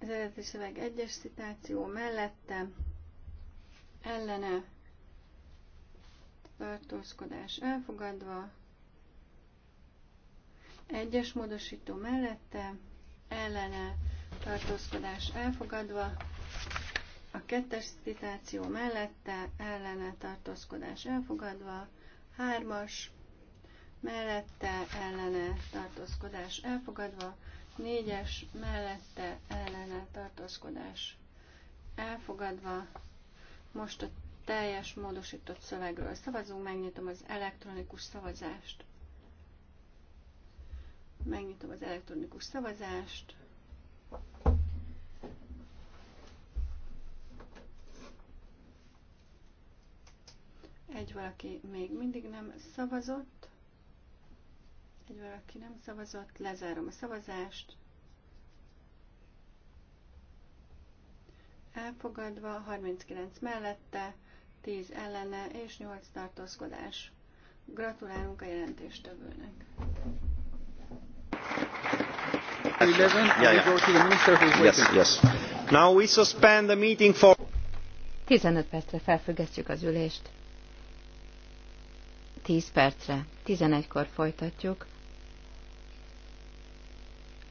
Az eredeti szöveg egyes citáció mellette ellene tartózkodás elfogadva, egyes módosító mellette, ellene tartózkodás elfogadva, a kettes citáció mellette, ellene tartózkodás elfogadva, hármas mellette, ellene tartózkodás elfogadva, négyes mellette, ellene tartózkodás elfogadva. Most a teljes módosított szövegről szavazunk, megnyitom az elektronikus szavazást. Megnyitom az elektronikus szavazást. Egy valaki még mindig nem szavazott. Egy valaki nem szavazott. Lezárom a szavazást. Elfogadva, 39 mellette, 10 ellene és 8 tartózkodás. Gratulálunk a jelentéstevőnek. Yeah, yeah. Now we suspend the meeting for 15 percre felfüggesztjük az ülést. 10 percre, 11-kor folytatjuk.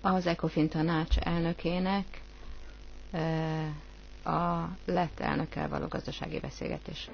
Az ECOFIN tanács elnökének eh, a lett elnökkel való gazdasági beszélgetés.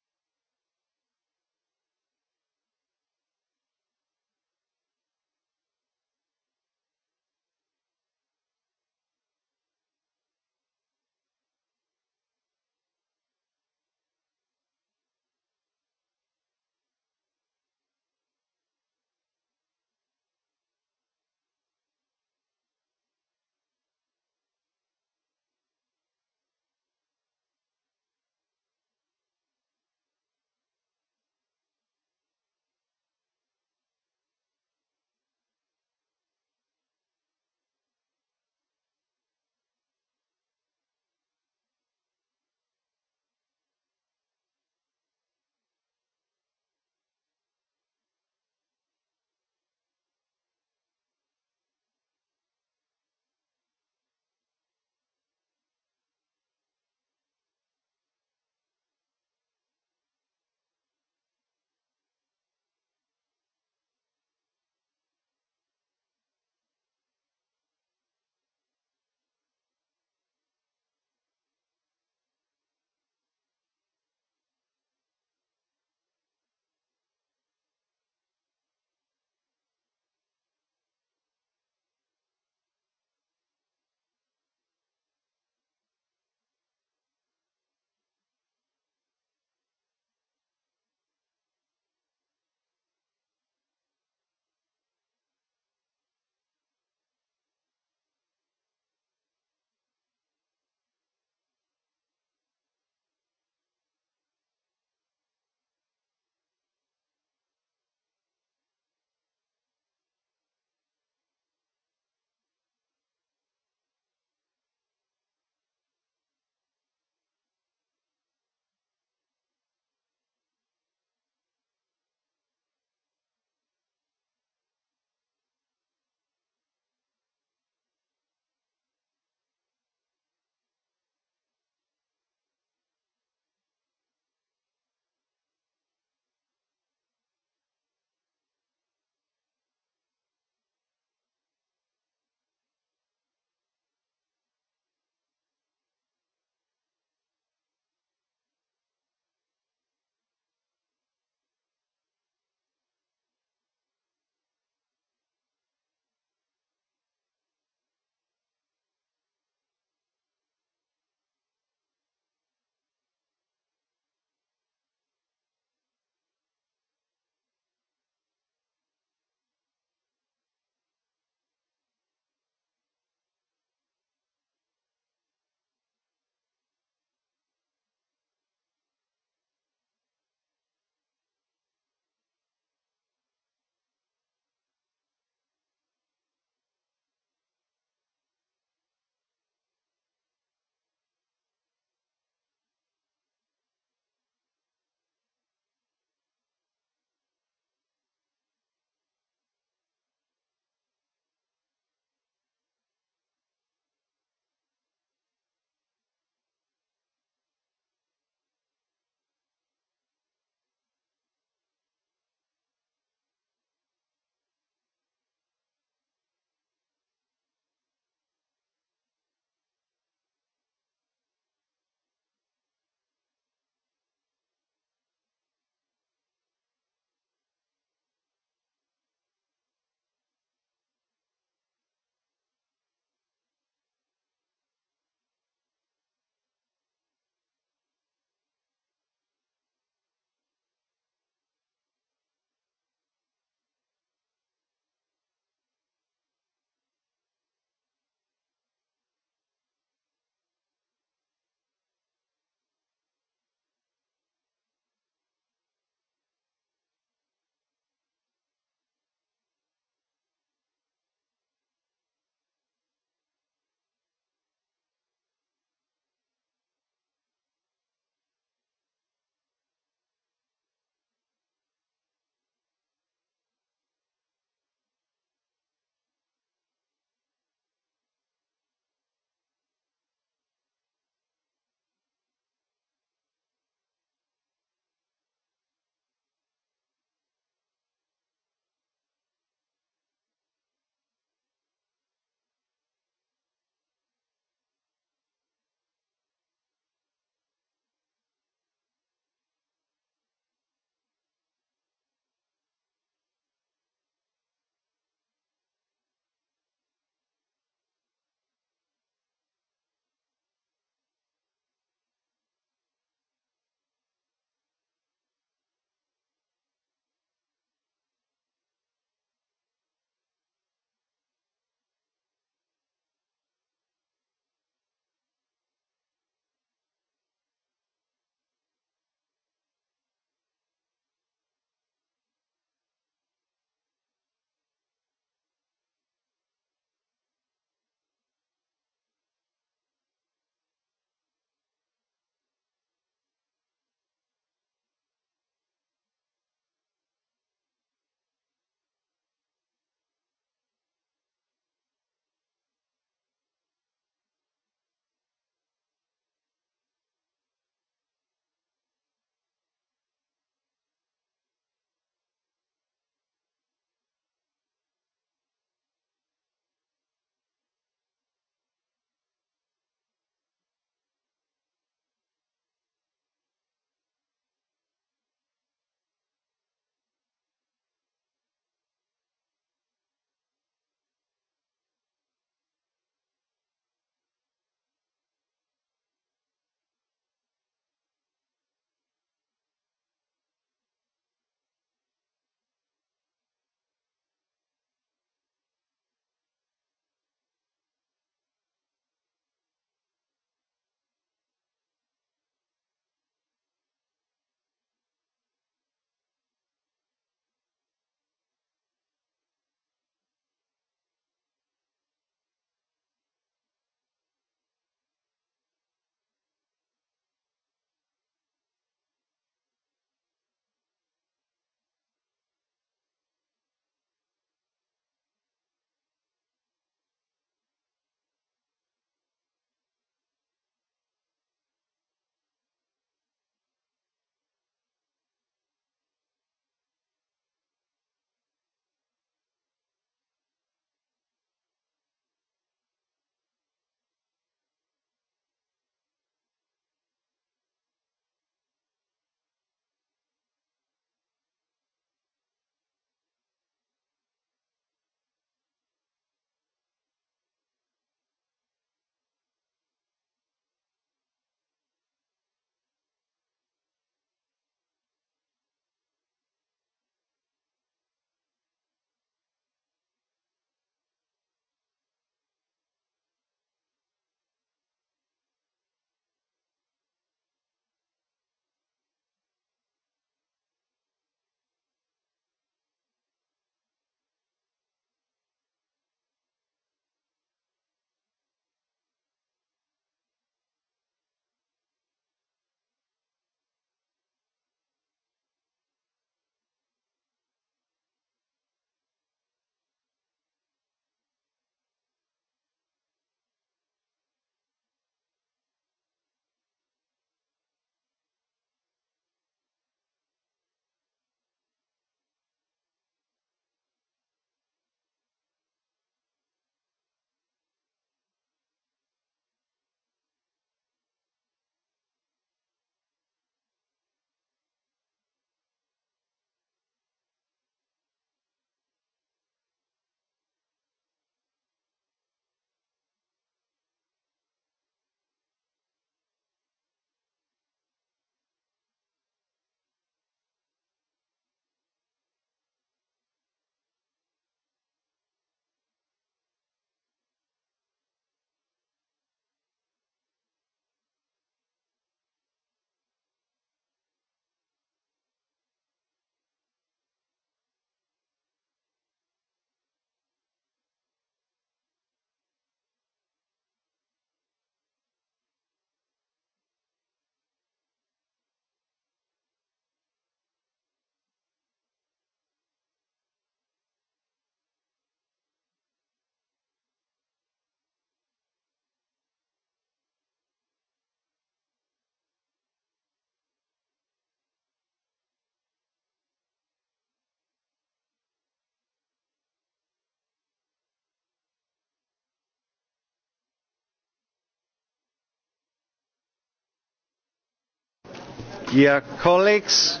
Dear colleagues,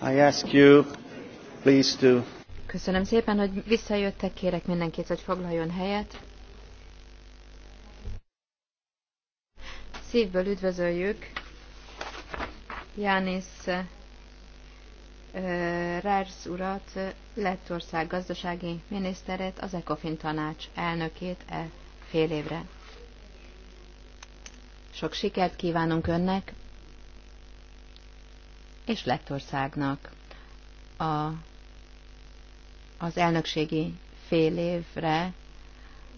I ask you please to... Köszönöm szépen, hogy visszajöttek, kérek mindenkit, hogy foglaljon helyet. Szívből üdvözöljük Jánis Rárs urat, Lettország gazdasági miniszterét, az ECOFIN tanács elnökét e fél évre. Sok sikert kívánunk önnek, és Lettországnak a, az elnökségi fél évre,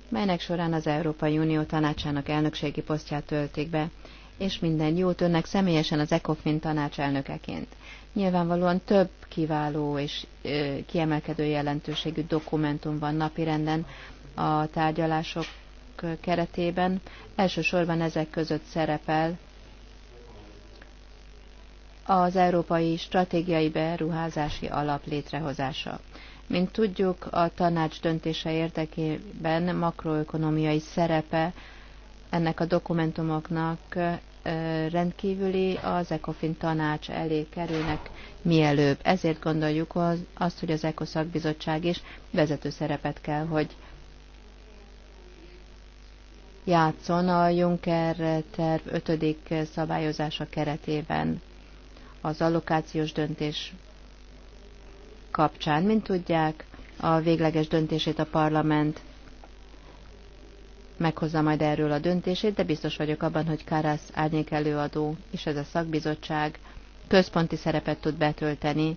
melynek során az Európai Unió tanácsának elnökségi posztját töltik be, és minden jót önnek személyesen az ECOFIN elnökeként. Nyilvánvalóan több kiváló és ö, kiemelkedő jelentőségű dokumentum van napirenden a tárgyalások keretében. Elsősorban ezek között szerepel az Európai Stratégiai Beruházási Alap létrehozása. Mint tudjuk, a tanács döntése érdekében makroökonomiai szerepe ennek a dokumentumoknak rendkívüli, az ECOFIN tanács elé kerülnek mielőbb. Ezért gondoljuk az, azt, hogy az ECOSZAK bizottság is vezető szerepet kell, hogy játszon a Juncker terv ötödik szabályozása keretében az allokációs döntés kapcsán. Mint tudják, a végleges döntését a parlament meghozza majd erről a döntését, de biztos vagyok abban, hogy Karász árnyék előadó és ez a szakbizottság központi szerepet tud betölteni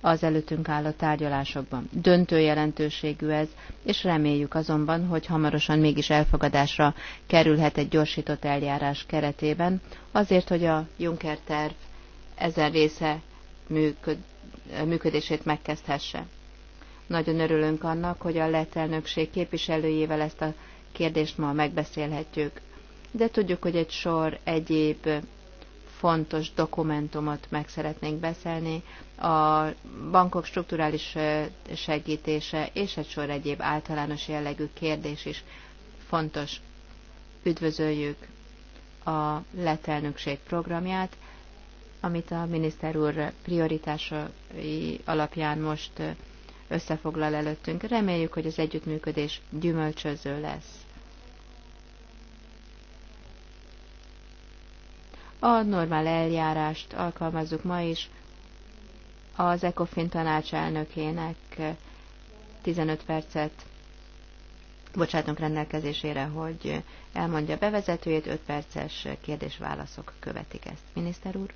az előttünk álló tárgyalásokban. Döntő jelentőségű ez, és reméljük azonban, hogy hamarosan mégis elfogadásra kerülhet egy gyorsított eljárás keretében, azért, hogy a Juncker terv ezen része működ, működését megkezdhesse. Nagyon örülünk annak, hogy a lett elnökség képviselőjével ezt a kérdést ma megbeszélhetjük. De tudjuk, hogy egy sor egyéb fontos dokumentumot meg szeretnénk beszélni, a bankok strukturális segítése és egy sor egyéb általános jellegű kérdés is fontos. Üdvözöljük a letelnökség programját, amit a miniszter úr prioritásai alapján most összefoglal előttünk. Reméljük, hogy az együttműködés gyümölcsöző lesz. A normál eljárást alkalmazzuk ma is. Az ECOFIN tanács elnökének 15 percet bocsátunk rendelkezésére, hogy elmondja bevezetőjét, 5 perces kérdés-válaszok követik ezt. Miniszter úr?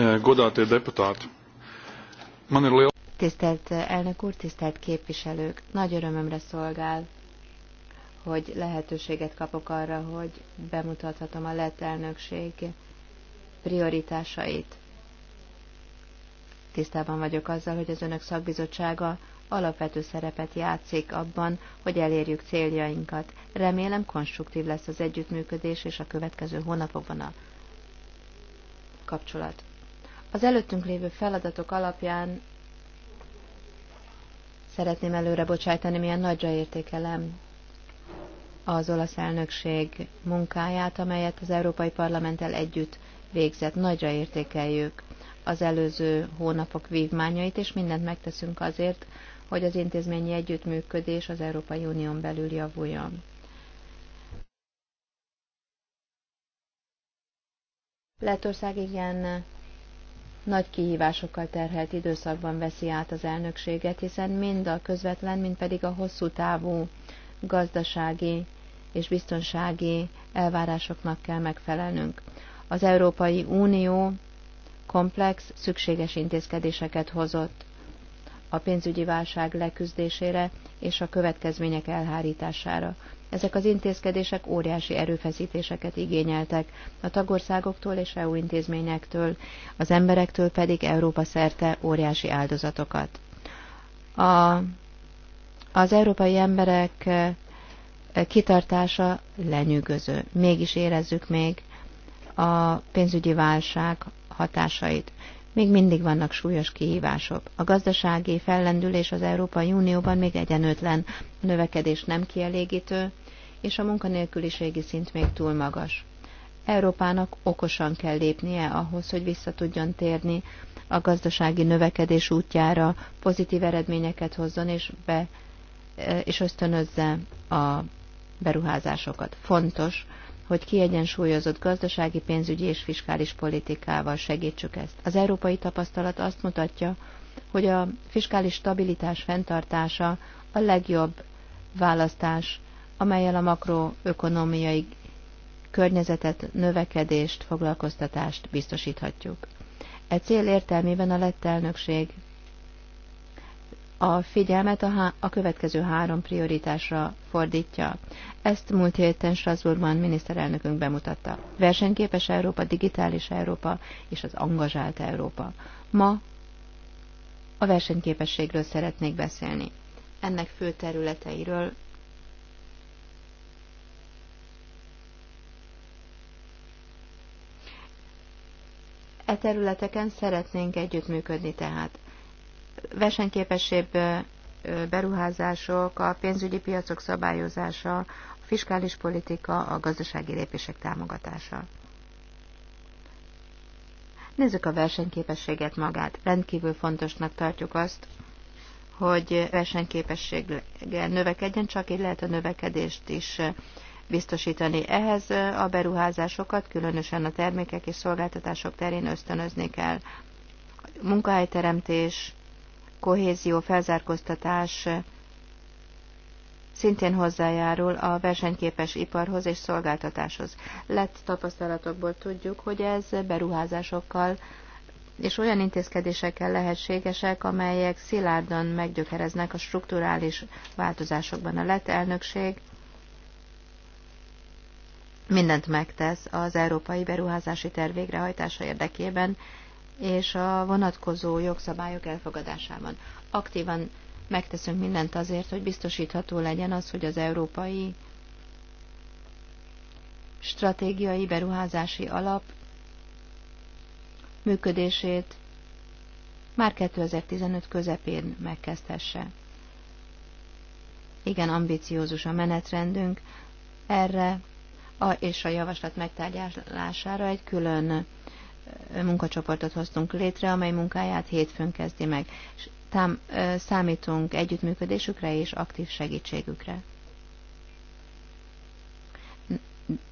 Eh, godātie deputát, Man ir Tisztelt eh, elnök úr, tisztelt képviselők! Nagy örömömre szolgál, hogy lehetőséget kapok arra, hogy bemutathatom a lett elnökség prioritásait. Tisztában vagyok azzal, hogy az önök szakbizottsága alapvető szerepet játszik abban, hogy elérjük céljainkat. Remélem konstruktív lesz az együttműködés és a következő hónapokban a kapcsolat. Az előttünk lévő feladatok alapján szeretném előre bocsájtani, milyen nagyra értékelem az olasz elnökség munkáját, amelyet az Európai Parlamenttel együtt végzett. Nagyra értékeljük az előző hónapok vívmányait, és mindent megteszünk azért, hogy az intézményi együttműködés az Európai Unión belül javuljon. Lettország igen nagy kihívásokkal terhelt időszakban veszi át az elnökséget, hiszen mind a közvetlen, mind pedig a hosszú távú gazdasági és biztonsági elvárásoknak kell megfelelnünk. Az Európai Unió komplex, szükséges intézkedéseket hozott a pénzügyi válság leküzdésére és a következmények elhárítására. Ezek az intézkedések óriási erőfeszítéseket igényeltek a tagországoktól és EU intézményektől, az emberektől pedig Európa szerte óriási áldozatokat. A, az európai emberek e, kitartása lenyűgöző. Mégis érezzük még a pénzügyi válság hatásait. Még mindig vannak súlyos kihívások. A gazdasági fellendülés az Európai Unióban még egyenőtlen, a növekedés nem kielégítő, és a munkanélküliségi szint még túl magas. Európának okosan kell lépnie ahhoz, hogy vissza tudjon térni a gazdasági növekedés útjára, pozitív eredményeket hozzon és, be, e, és ösztönözze a beruházásokat. Fontos, hogy kiegyensúlyozott gazdasági, pénzügyi és fiskális politikával segítsük ezt. Az európai tapasztalat azt mutatja, hogy a fiskális stabilitás fenntartása a legjobb választás amelyel a makroökonomiai környezetet, növekedést, foglalkoztatást biztosíthatjuk. E cél értelmében a lett elnökség a figyelmet a, há- a következő három prioritásra fordítja. Ezt múlt héten Strasbourgban miniszterelnökünk bemutatta. Versenyképes Európa, digitális Európa és az angazsált Európa. Ma a versenyképességről szeretnék beszélni. Ennek fő területeiről E területeken szeretnénk együttműködni tehát. Versenyképesebb beruházások, a pénzügyi piacok szabályozása, a fiskális politika, a gazdasági lépések támogatása. Nézzük a versenyképességet magát. Rendkívül fontosnak tartjuk azt, hogy versenyképesség növekedjen, csak így lehet a növekedést is biztosítani. Ehhez a beruházásokat, különösen a termékek és szolgáltatások terén ösztönözni kell. Munkahelyteremtés, kohézió, felzárkóztatás szintén hozzájárul a versenyképes iparhoz és szolgáltatáshoz. Lett tapasztalatokból tudjuk, hogy ez beruházásokkal és olyan intézkedésekkel lehetségesek, amelyek szilárdan meggyökereznek a strukturális változásokban. A lett elnökség mindent megtesz az Európai Beruházási Terv végrehajtása érdekében és a vonatkozó jogszabályok elfogadásában. Aktívan megteszünk mindent azért, hogy biztosítható legyen az, hogy az Európai Stratégiai Beruházási Alap működését már 2015 közepén megkezdhesse. Igen, ambiciózus a menetrendünk, erre a, és a javaslat megtárgyalására egy külön munkacsoportot hoztunk létre, amely munkáját hétfőn kezdi meg. Tám, számítunk együttműködésükre és aktív segítségükre.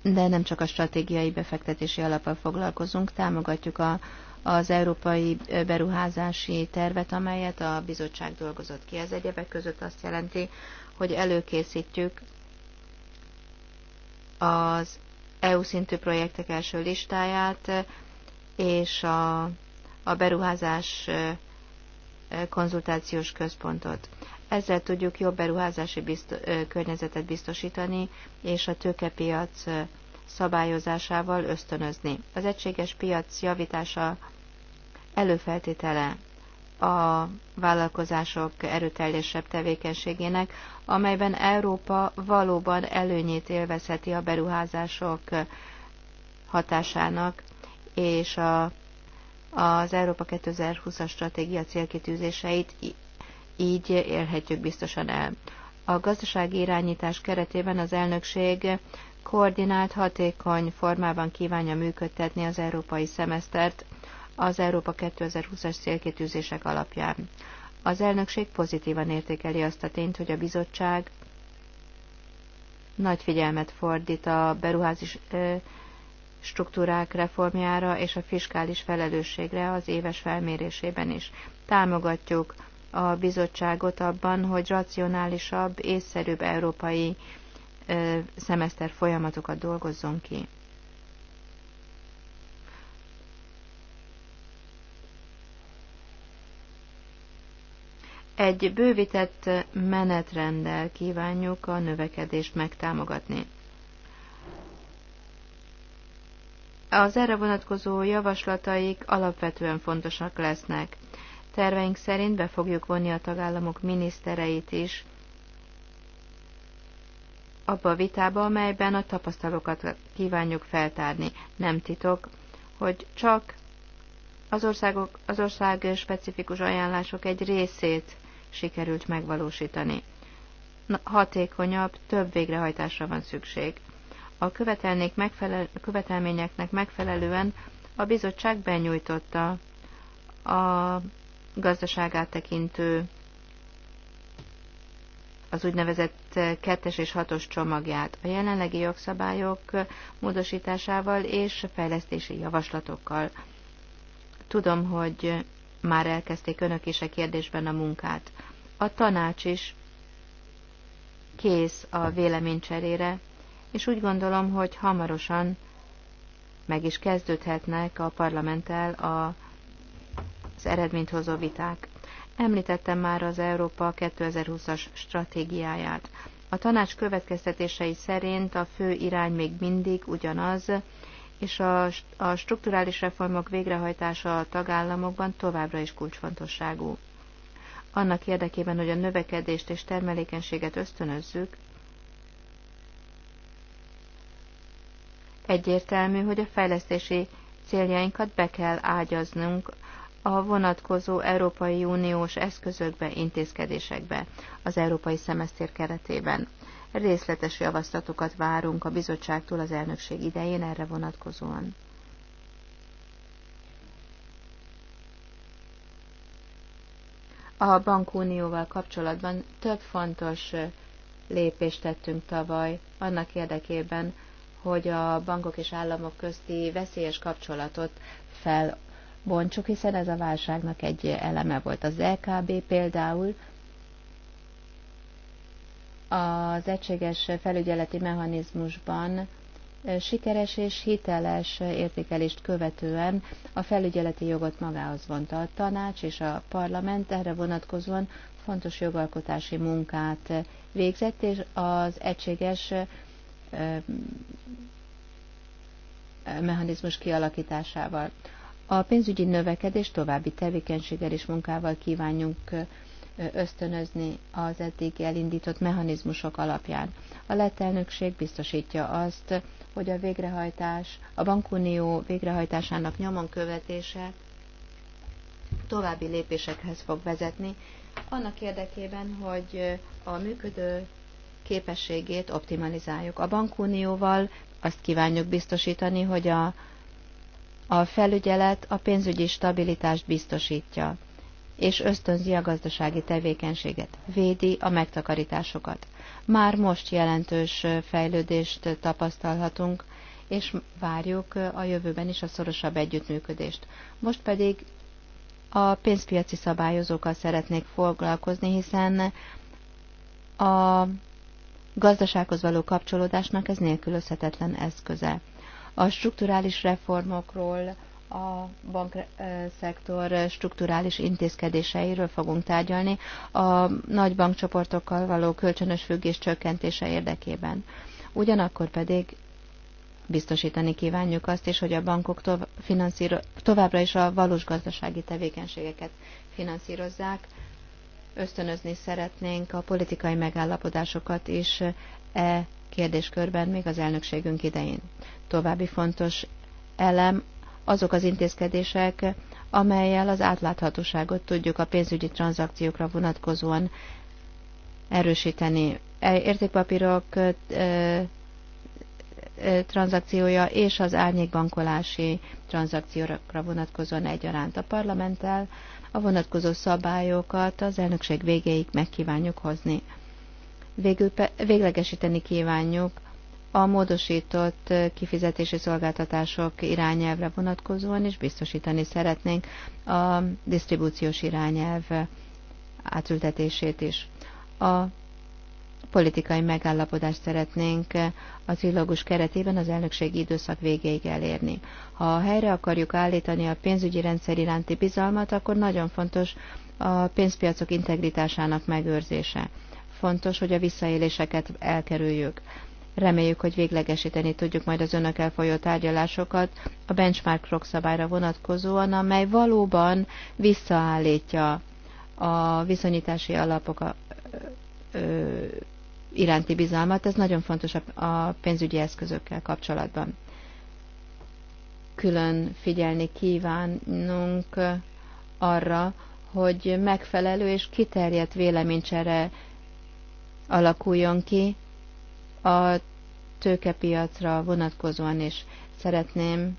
De nem csak a stratégiai befektetési alapban foglalkozunk, támogatjuk a, az európai beruházási tervet, amelyet a bizottság dolgozott ki. Ez egyebek között azt jelenti, hogy előkészítjük az EU szintű projektek első listáját és a, a beruházás konzultációs központot. Ezzel tudjuk jobb beruházási bizt, környezetet biztosítani, és a tőkepiac szabályozásával ösztönözni. Az egységes piac javítása előfeltétele a vállalkozások erőteljesebb tevékenységének, amelyben Európa valóban előnyét élvezheti a beruházások hatásának, és a, az Európa 2020-as stratégia célkitűzéseit így érhetjük biztosan el. A gazdasági irányítás keretében az elnökség koordinált, hatékony formában kívánja működtetni az európai szemesztert, az Európa 2020-as célkitűzések alapján. Az elnökség pozitívan értékeli azt a tényt, hogy a bizottság nagy figyelmet fordít a beruházás struktúrák reformjára és a fiskális felelősségre az éves felmérésében is. Támogatjuk a bizottságot abban, hogy racionálisabb, észszerűbb európai szemeszter folyamatokat dolgozzon ki. Egy bővített menetrenddel kívánjuk a növekedést megtámogatni. Az erre vonatkozó javaslataik alapvetően fontosak lesznek. Terveink szerint be fogjuk vonni a tagállamok minisztereit is abba a vitába, amelyben a tapasztalokat kívánjuk feltárni. Nem titok, hogy csak az, országok, az ország specifikus ajánlások egy részét sikerült megvalósítani. Hatékonyabb, több végrehajtásra van szükség. A követelnék megfelel, követelményeknek megfelelően a bizottság benyújtotta a gazdaságát tekintő az úgynevezett kettes és hatos csomagját a jelenlegi jogszabályok módosításával és fejlesztési javaslatokkal. Tudom, hogy már elkezdték önök is a kérdésben a munkát. A tanács is kész a véleménycserére, és úgy gondolom, hogy hamarosan meg is kezdődhetnek a parlamenttel a, az eredményt hozó viták. Említettem már az Európa 2020-as stratégiáját. A tanács következtetései szerint a fő irány még mindig ugyanaz, és a, a strukturális reformok végrehajtása a tagállamokban továbbra is kulcsfontosságú. Annak érdekében, hogy a növekedést és termelékenységet ösztönözzük, egyértelmű, hogy a fejlesztési céljainkat be kell ágyaznunk a vonatkozó Európai Uniós eszközökbe, intézkedésekbe az Európai Szemesztér keretében. Részletes javaslatokat várunk a bizottságtól az elnökség idején erre vonatkozóan. A bankunióval kapcsolatban több fontos lépést tettünk tavaly annak érdekében, hogy a bankok és államok közti veszélyes kapcsolatot felbontsuk, hiszen ez a válságnak egy eleme volt. Az LKB például az egységes felügyeleti mechanizmusban sikeres és hiteles értékelést követően a felügyeleti jogot magához vonta a tanács és a parlament erre vonatkozóan fontos jogalkotási munkát végzett, és az egységes mechanizmus kialakításával. A pénzügyi növekedés további tevékenységgel és munkával kívánjunk ösztönözni az eddig elindított mechanizmusok alapján. A lett elnökség biztosítja azt, hogy a végrehajtás, a bankunió végrehajtásának nyomon követése további lépésekhez fog vezetni, annak érdekében, hogy a működő képességét optimalizáljuk. A bankunióval azt kívánjuk biztosítani, hogy a, a felügyelet a pénzügyi stabilitást biztosítja és ösztönzi a gazdasági tevékenységet, védi a megtakarításokat. Már most jelentős fejlődést tapasztalhatunk, és várjuk a jövőben is a szorosabb együttműködést. Most pedig a pénzpiaci szabályozókkal szeretnék foglalkozni, hiszen a gazdasághoz való kapcsolódásnak ez nélkülözhetetlen eszköze. A strukturális reformokról, a bankszektor strukturális intézkedéseiről fogunk tárgyalni a nagy bankcsoportokkal való kölcsönös függés csökkentése érdekében. Ugyanakkor pedig biztosítani kívánjuk azt is, hogy a bankok tov- finanszíro- továbbra is a valós gazdasági tevékenységeket finanszírozzák. Ösztönözni szeretnénk a politikai megállapodásokat is e kérdéskörben még az elnökségünk idején. További fontos elem azok az intézkedések, amelyel az átláthatóságot tudjuk a pénzügyi tranzakciókra vonatkozóan erősíteni. E, értékpapírok tranzakciója és az árnyékbankolási tranzakciókra vonatkozóan egyaránt a parlamenttel, a vonatkozó szabályokat az elnökség végéig megkívánjuk hozni. Végül véglegesíteni kívánjuk a módosított kifizetési szolgáltatások irányelvre vonatkozóan is biztosítani szeretnénk a disztribúciós irányelv átültetését is. A politikai megállapodást szeretnénk a trilógus keretében az elnökségi időszak végéig elérni. Ha helyre akarjuk állítani a pénzügyi rendszer iránti bizalmat, akkor nagyon fontos a pénzpiacok integritásának megőrzése. Fontos, hogy a visszaéléseket elkerüljük. Reméljük, hogy véglegesíteni tudjuk majd az önök elfolyó tárgyalásokat a benchmark szabályra vonatkozóan, amely valóban visszaállítja a viszonyítási alapok a, ö, ö, iránti bizalmat. Ez nagyon fontos a, a pénzügyi eszközökkel kapcsolatban. Külön figyelni kívánunk arra, hogy megfelelő és kiterjedt véleménycsere alakuljon ki a tőkepiacra vonatkozóan is szeretném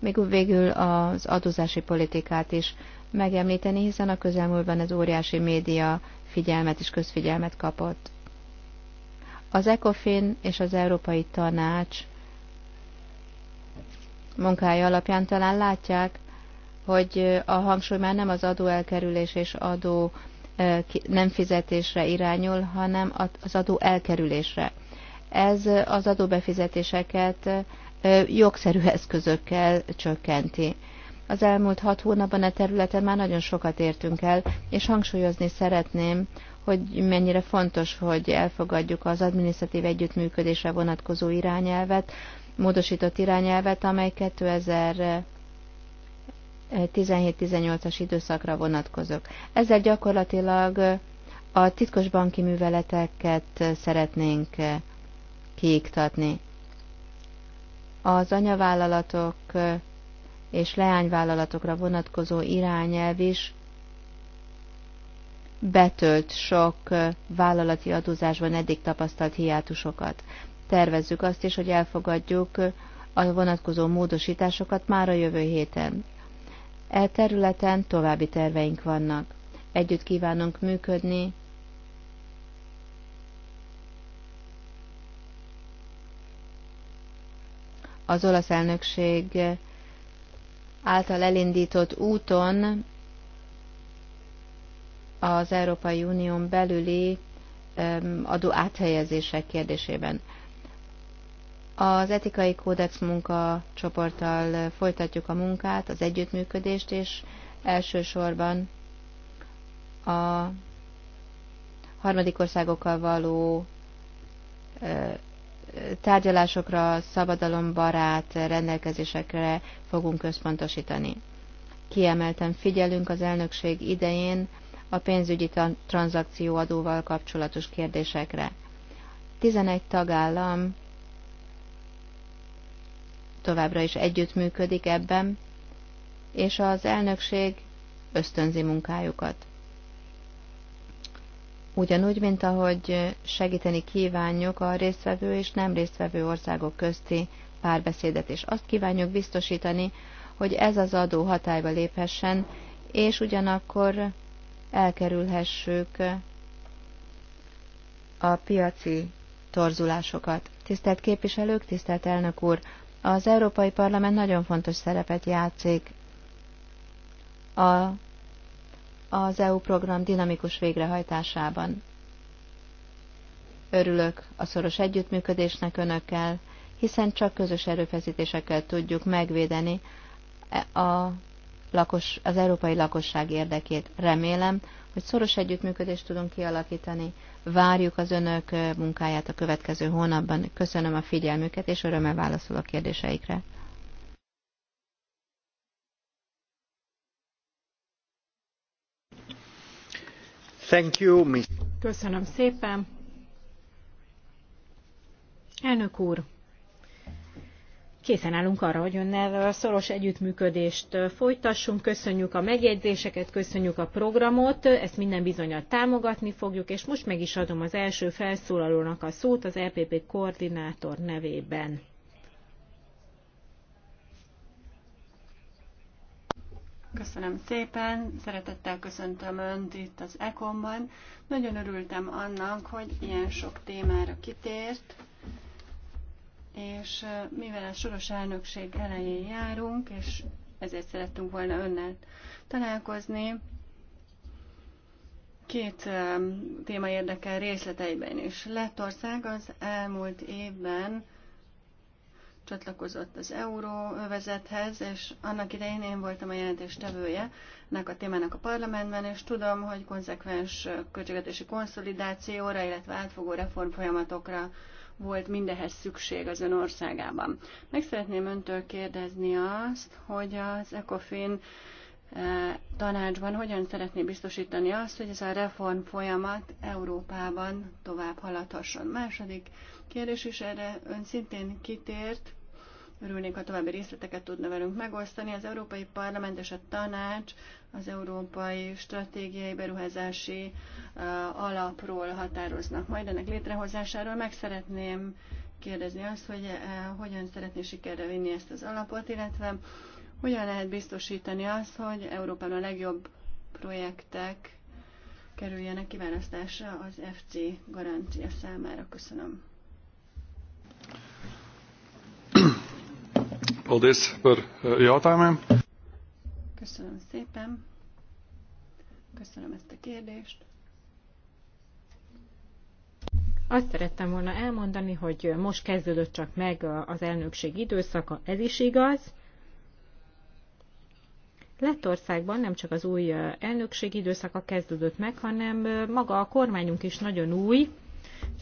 még végül az adózási politikát is megemlíteni, hiszen a közelmúltban ez óriási média figyelmet és közfigyelmet kapott. Az ECOFIN és az Európai Tanács munkája alapján talán látják, hogy a hangsúly már nem az adóelkerülés és adó eh, nem fizetésre irányul, hanem az adó elkerülésre ez az adóbefizetéseket jogszerű eszközökkel csökkenti. Az elmúlt hat hónapban a területen már nagyon sokat értünk el, és hangsúlyozni szeretném, hogy mennyire fontos, hogy elfogadjuk az adminisztratív együttműködésre vonatkozó irányelvet, módosított irányelvet, amely 2017-18-as időszakra vonatkozok. Ezzel gyakorlatilag a titkos banki műveleteket szeretnénk kiiktatni. Az anyavállalatok és leányvállalatokra vonatkozó irányelv is betölt sok vállalati adózásban eddig tapasztalt hiátusokat. Tervezzük azt is, hogy elfogadjuk a vonatkozó módosításokat már a jövő héten. E területen további terveink vannak. Együtt kívánunk működni az olasz elnökség által elindított úton az Európai Unión belüli adó áthelyezések kérdésében. Az etikai kódex munkacsoporttal folytatjuk a munkát, az együttműködést, és elsősorban a harmadik országokkal való tárgyalásokra, szabadalombarát rendelkezésekre fogunk központosítani. Kiemelten figyelünk az elnökség idején a pénzügyi tranzakcióadóval kapcsolatos kérdésekre. 11 tagállam továbbra is együttműködik ebben, és az elnökség ösztönzi munkájukat ugyanúgy, mint ahogy segíteni kívánjuk a résztvevő és nem résztvevő országok közti párbeszédet, és azt kívánjuk biztosítani, hogy ez az adó hatályba léphessen, és ugyanakkor elkerülhessük a piaci torzulásokat. Tisztelt képviselők, tisztelt elnök úr, az Európai Parlament nagyon fontos szerepet játszik a az EU program dinamikus végrehajtásában. Örülök a szoros együttműködésnek önökkel, hiszen csak közös erőfeszítésekkel tudjuk megvédeni a lakos, az európai lakosság érdekét. Remélem, hogy szoros együttműködést tudunk kialakítani. Várjuk az önök munkáját a következő hónapban. Köszönöm a figyelmüket, és örömmel válaszolok a kérdéseikre. Köszönöm szépen. Elnök úr, készen állunk arra, hogy önnel szoros együttműködést folytassunk. Köszönjük a megjegyzéseket, köszönjük a programot, ezt minden bizonnyal támogatni fogjuk, és most meg is adom az első felszólalónak a szót az EPP koordinátor nevében. Köszönöm szépen, szeretettel köszöntöm Önt itt az Ekonban. Nagyon örültem annak, hogy ilyen sok témára kitért, és mivel a soros elnökség elején járunk, és ezért szerettünk volna Önnel találkozni, két téma érdekel részleteiben is. Lettország az elmúlt évben csatlakozott az euróvezethez, és annak idején én voltam a jelentéstevője ennek a témának a parlamentben, és tudom, hogy konzekvens költségvetési konszolidációra, illetve átfogó reformfolyamatokra volt mindehez szükség az ön országában. Meg szeretném öntől kérdezni azt, hogy az ECOFIN eh, tanácsban hogyan szeretné biztosítani azt, hogy ez a reform folyamat Európában tovább haladhasson. Második kérdés is erre ön szintén kitért, Örülnék, ha további részleteket tudna velünk megosztani. Az Európai Parlament és a Tanács az Európai Stratégiai Beruházási Alapról határoznak. Majd ennek létrehozásáról meg szeretném kérdezni azt, hogy hogyan szeretné sikerre vinni ezt az alapot, illetve hogyan lehet biztosítani azt, hogy Európában a legjobb projektek kerüljenek kiválasztásra az FC garancia számára. Köszönöm. Paldies par eh, jautājumiem. Köszönöm szépen. Köszönöm ezt a kérdést. Azt szerettem volna elmondani, hogy most kezdődött csak meg az elnökség időszaka, ez is igaz. Lettországban nem csak az új eh, elnökség időszaka kezdődött meg, hanem eh, maga a kormányunk is nagyon új,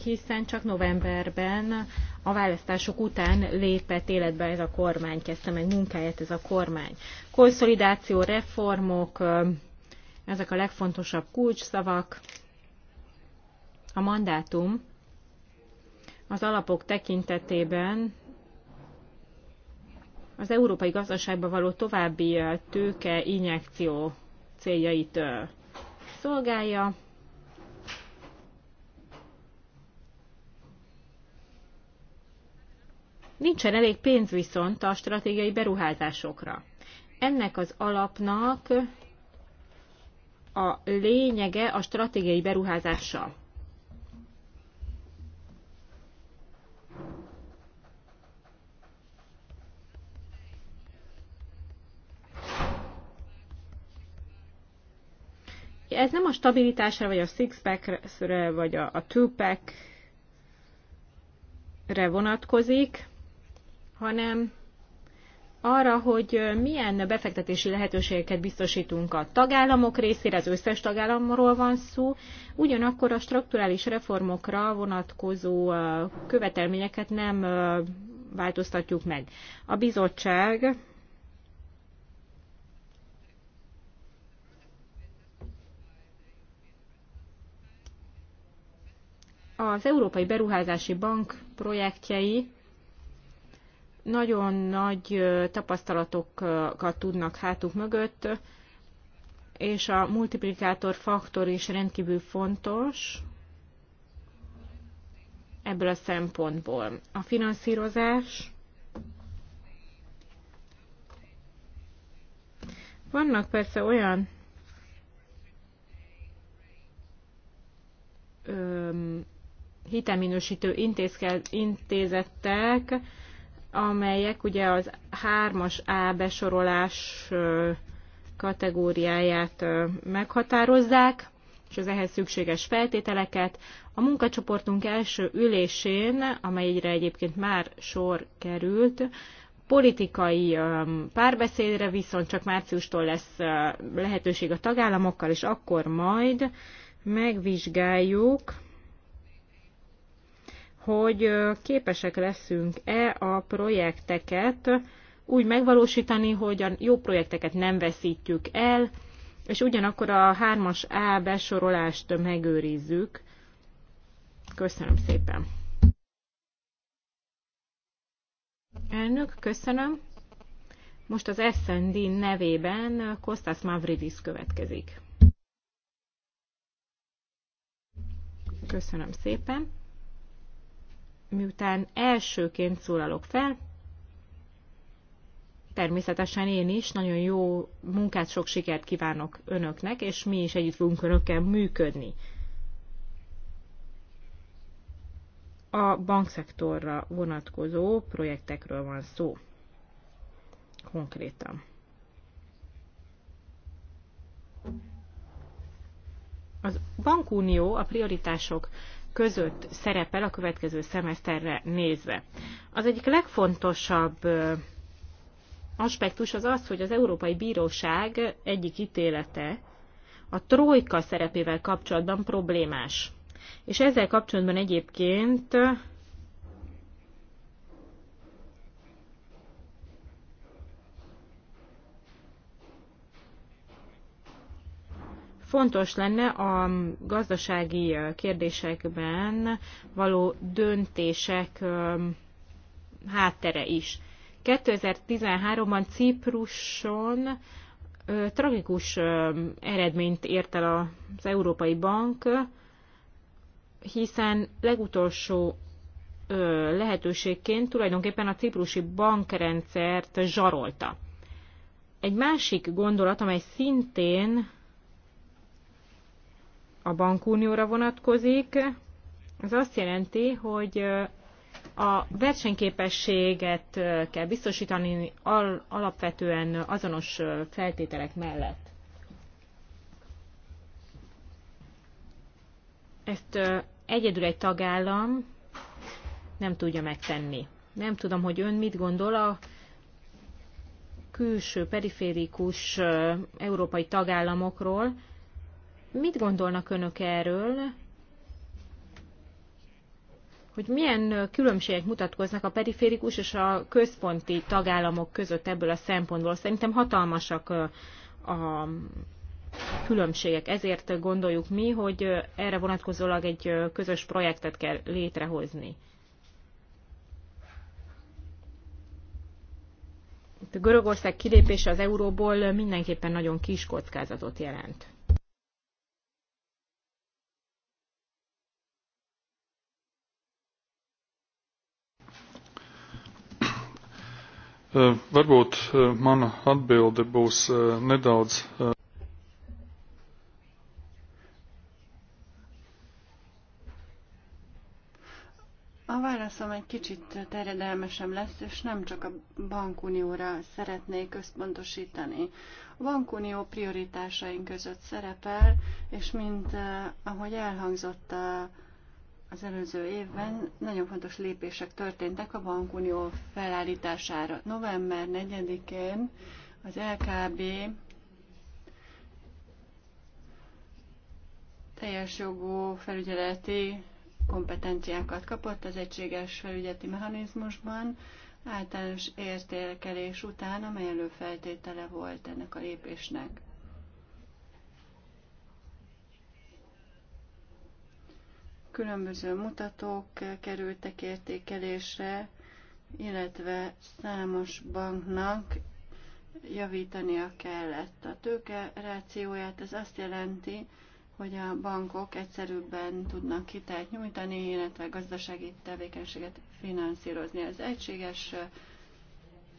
hiszen csak novemberben a választások után lépett életbe ez a kormány, kezdte meg munkáját ez a kormány. Konszolidáció, reformok, ezek a legfontosabb kulcsszavak. A mandátum az alapok tekintetében az európai gazdaságba való további tőke injekció céljait szolgálja. Nincsen elég pénz viszont a stratégiai beruházásokra. Ennek az alapnak a lényege a stratégiai beruházása. ez nem a stabilitásra, vagy a six-packre, vagy a, a two-packre vonatkozik, hanem arra, hogy milyen befektetési lehetőségeket biztosítunk a tagállamok részére, az összes tagállamról van szó, ugyanakkor a strukturális reformokra vonatkozó követelményeket nem változtatjuk meg. A bizottság az Európai Beruházási Bank projektjei nagyon nagy tapasztalatokat tudnak hátuk mögött, és a multiplikátor faktor is rendkívül fontos ebből a szempontból. A finanszírozás Vannak persze olyan öm, hitelminősítő intézke, intézettek, amelyek ugye az hármas A besorolás kategóriáját meghatározzák, és az ehhez szükséges feltételeket. A munkacsoportunk első ülésén, amelyre egyébként már sor került, politikai párbeszédre viszont csak márciustól lesz lehetőség a tagállamokkal, és akkor majd megvizsgáljuk hogy képesek leszünk-e a projekteket úgy megvalósítani, hogy a jó projekteket nem veszítjük el, és ugyanakkor a 3-as A besorolást megőrizzük. Köszönöm szépen. Elnök, köszönöm. Most az SND nevében Kostas Mavridis következik. Köszönöm szépen miután elsőként szólalok fel, természetesen én is nagyon jó munkát, sok sikert kívánok önöknek, és mi is együtt fogunk önökkel működni. A bankszektorra vonatkozó projektekről van szó konkrétan. Az bankunió a prioritások között szerepel a következő szemeszterre nézve. Az egyik legfontosabb aspektus az az, hogy az Európai Bíróság egyik ítélete a trojka szerepével kapcsolatban problémás. És ezzel kapcsolatban egyébként fontos lenne a gazdasági kérdésekben való döntések háttere is. 2013-ban Cipruson tragikus eredményt ért el az Európai Bank, hiszen legutolsó lehetőségként tulajdonképpen a ciprusi bankrendszert zsarolta. Egy másik gondolat, amely szintén a bankunióra vonatkozik, az azt jelenti, hogy a versenyképességet kell biztosítani al alapvetően azonos feltételek mellett. Ezt egyedül egy tagállam nem tudja megtenni. Nem tudom, hogy ön mit gondol a külső periférikus európai tagállamokról, Mit gondolnak önök erről, hogy milyen különbségek mutatkoznak a periférikus és a központi tagállamok között ebből a szempontból? Szerintem hatalmasak a különbségek. Ezért gondoljuk mi, hogy erre vonatkozólag egy közös projektet kell létrehozni. A Görögország kilépése az euróból mindenképpen nagyon kis kockázatot jelent. Varbūt mana atbilde būs nedaudz. A válaszom egy kicsit terjedelmesem lesz, és nem csak a bankunióra szeretnék összpontosítani. A bankunió prioritásaink között szerepel, és mint ahogy elhangzott a az előző évben nagyon fontos lépések történtek a bankunió felállítására. November 4-én az LKB teljes jogú felügyeleti kompetenciákat kapott az egységes felügyeleti mechanizmusban, általános értékelés után, amely előfeltétele volt ennek a lépésnek. Különböző mutatók kerültek értékelésre, illetve számos banknak javítania kellett a tőke rációját. Ez azt jelenti, hogy a bankok egyszerűbben tudnak hitelt nyújtani, illetve gazdasági tevékenységet finanszírozni. Az egységes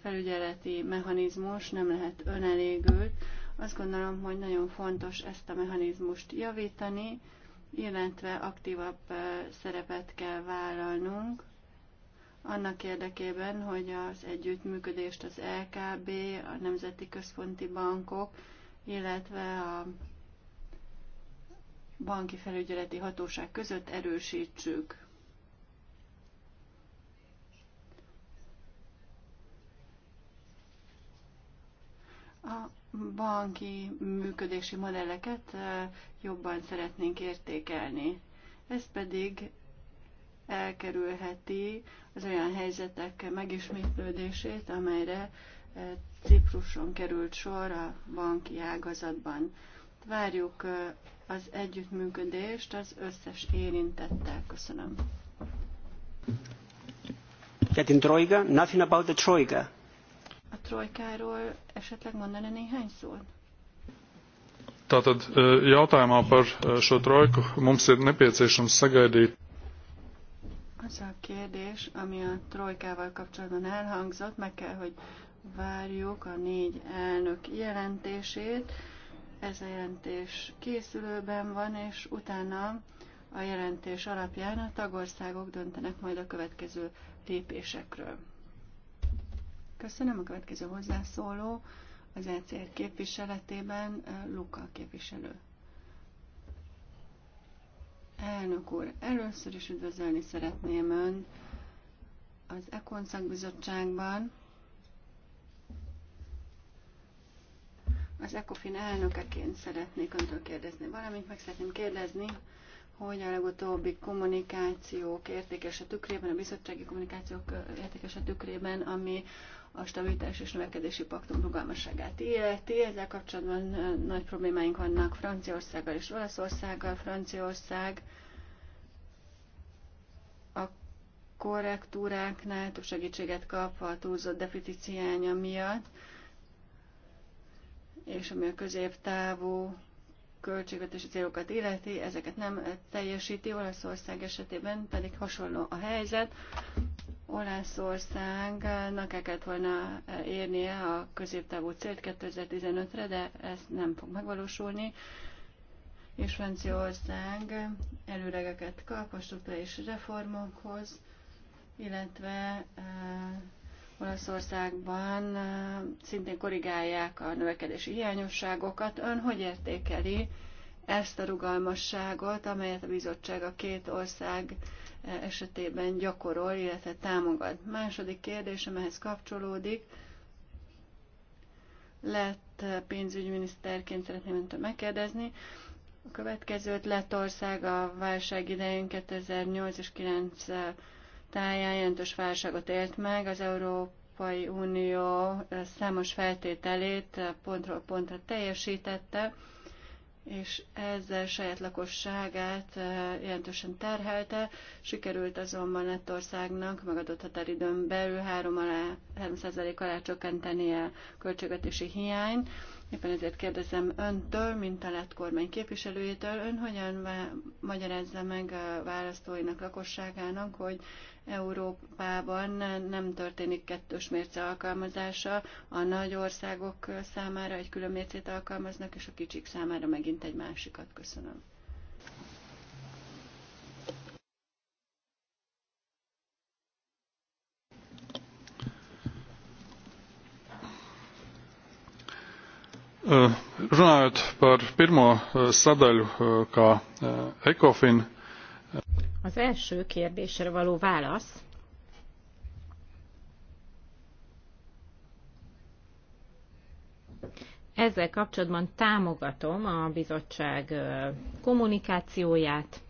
felügyeleti mechanizmus nem lehet önelégült. Azt gondolom, hogy nagyon fontos ezt a mechanizmust javítani, illetve aktívabb szerepet kell vállalnunk annak érdekében, hogy az együttműködést az LKB, a Nemzeti Központi Bankok, illetve a banki felügyeleti hatóság között erősítsük. A banki működési modelleket jobban szeretnénk értékelni. Ez pedig elkerülheti az olyan helyzetek megismétlődését, amelyre Cipruson került sor a banki ágazatban. Várjuk az együttműködést az összes érintettel. Köszönöm. That in Troika, nothing about the Troika a trojkáról esetleg mondaná néhány szót? Tātad jautājumā par šo trojku mums ir nepieciešams sagaidīt. Az a kérdés, ami a trojkával kapcsolatban elhangzott, meg kell, hogy várjuk a négy elnök jelentését. Ez a jelentés készülőben van, és utána a jelentés alapján a tagországok döntenek majd a következő lépésekről. Köszönöm. A következő hozzászóló az ECR képviseletében eh, Luka képviselő. Elnök úr, először is üdvözölni szeretném ön. az Econ szakbizottságban. Az ECOFIN elnökeként szeretnék Öntől kérdezni valamit, meg szeretném kérdezni, hogy a legutóbbi kommunikációk értékes a tükrében, a bizottsági kommunikációk értékes a tükrében, ami a stabilitás és növekedési paktum rugalmasságát illeti. Ezzel kapcsolatban nagy problémáink vannak Franciaországgal és Olaszországgal. Franciaország a korrektúráknál több segítséget kap a túlzott deficit hiánya miatt, és ami a középtávú költségvetési célokat illeti, ezeket nem teljesíti, Olaszország esetében pedig hasonló a helyzet. Olaszországnak el kellett volna eh, érnie a középtávú célt 2015-re, de ez nem fog megvalósulni és Franciaország előregeket kap a struktúrális reformokhoz, illetve eh, Olaszországban szintén korrigálják a növekedési hiányosságokat. Ön hogy értékeli ezt a rugalmasságot, amelyet a bizottság a két ország esetében gyakorol, illetve támogat? Második kérdésem ehhez kapcsolódik. Lett pénzügyminiszterként szeretném öntől megkérdezni. A következőt lett ország a válság idején 2008 és 2009 táján jelentős válságot élt meg, az Európai Unió eh, számos feltételét eh, pontról pontra teljesítette, és ezzel saját lakosságát eh, jelentősen terhelte. Sikerült azonban Lettországnak megadott határidőn belül 3 alá, 3% alá csökkenteni a költségvetési hiányt. Éppen ezért kérdezem öntől, mint a lett kormány képviselőjétől, ön hogyan magyarázza meg a választóinak, lakosságának, hogy Európában nem történik kettős mérce alkalmazása, a nagy országok számára egy külön mércét alkalmaznak, és a kicsik számára megint egy másikat. Köszönöm. Runājot par pirmo sadaļu, kā ECOFIN. Az első kérdésre való válasz Ezzel kapcsolatban támogatom a bizottság kommunikációját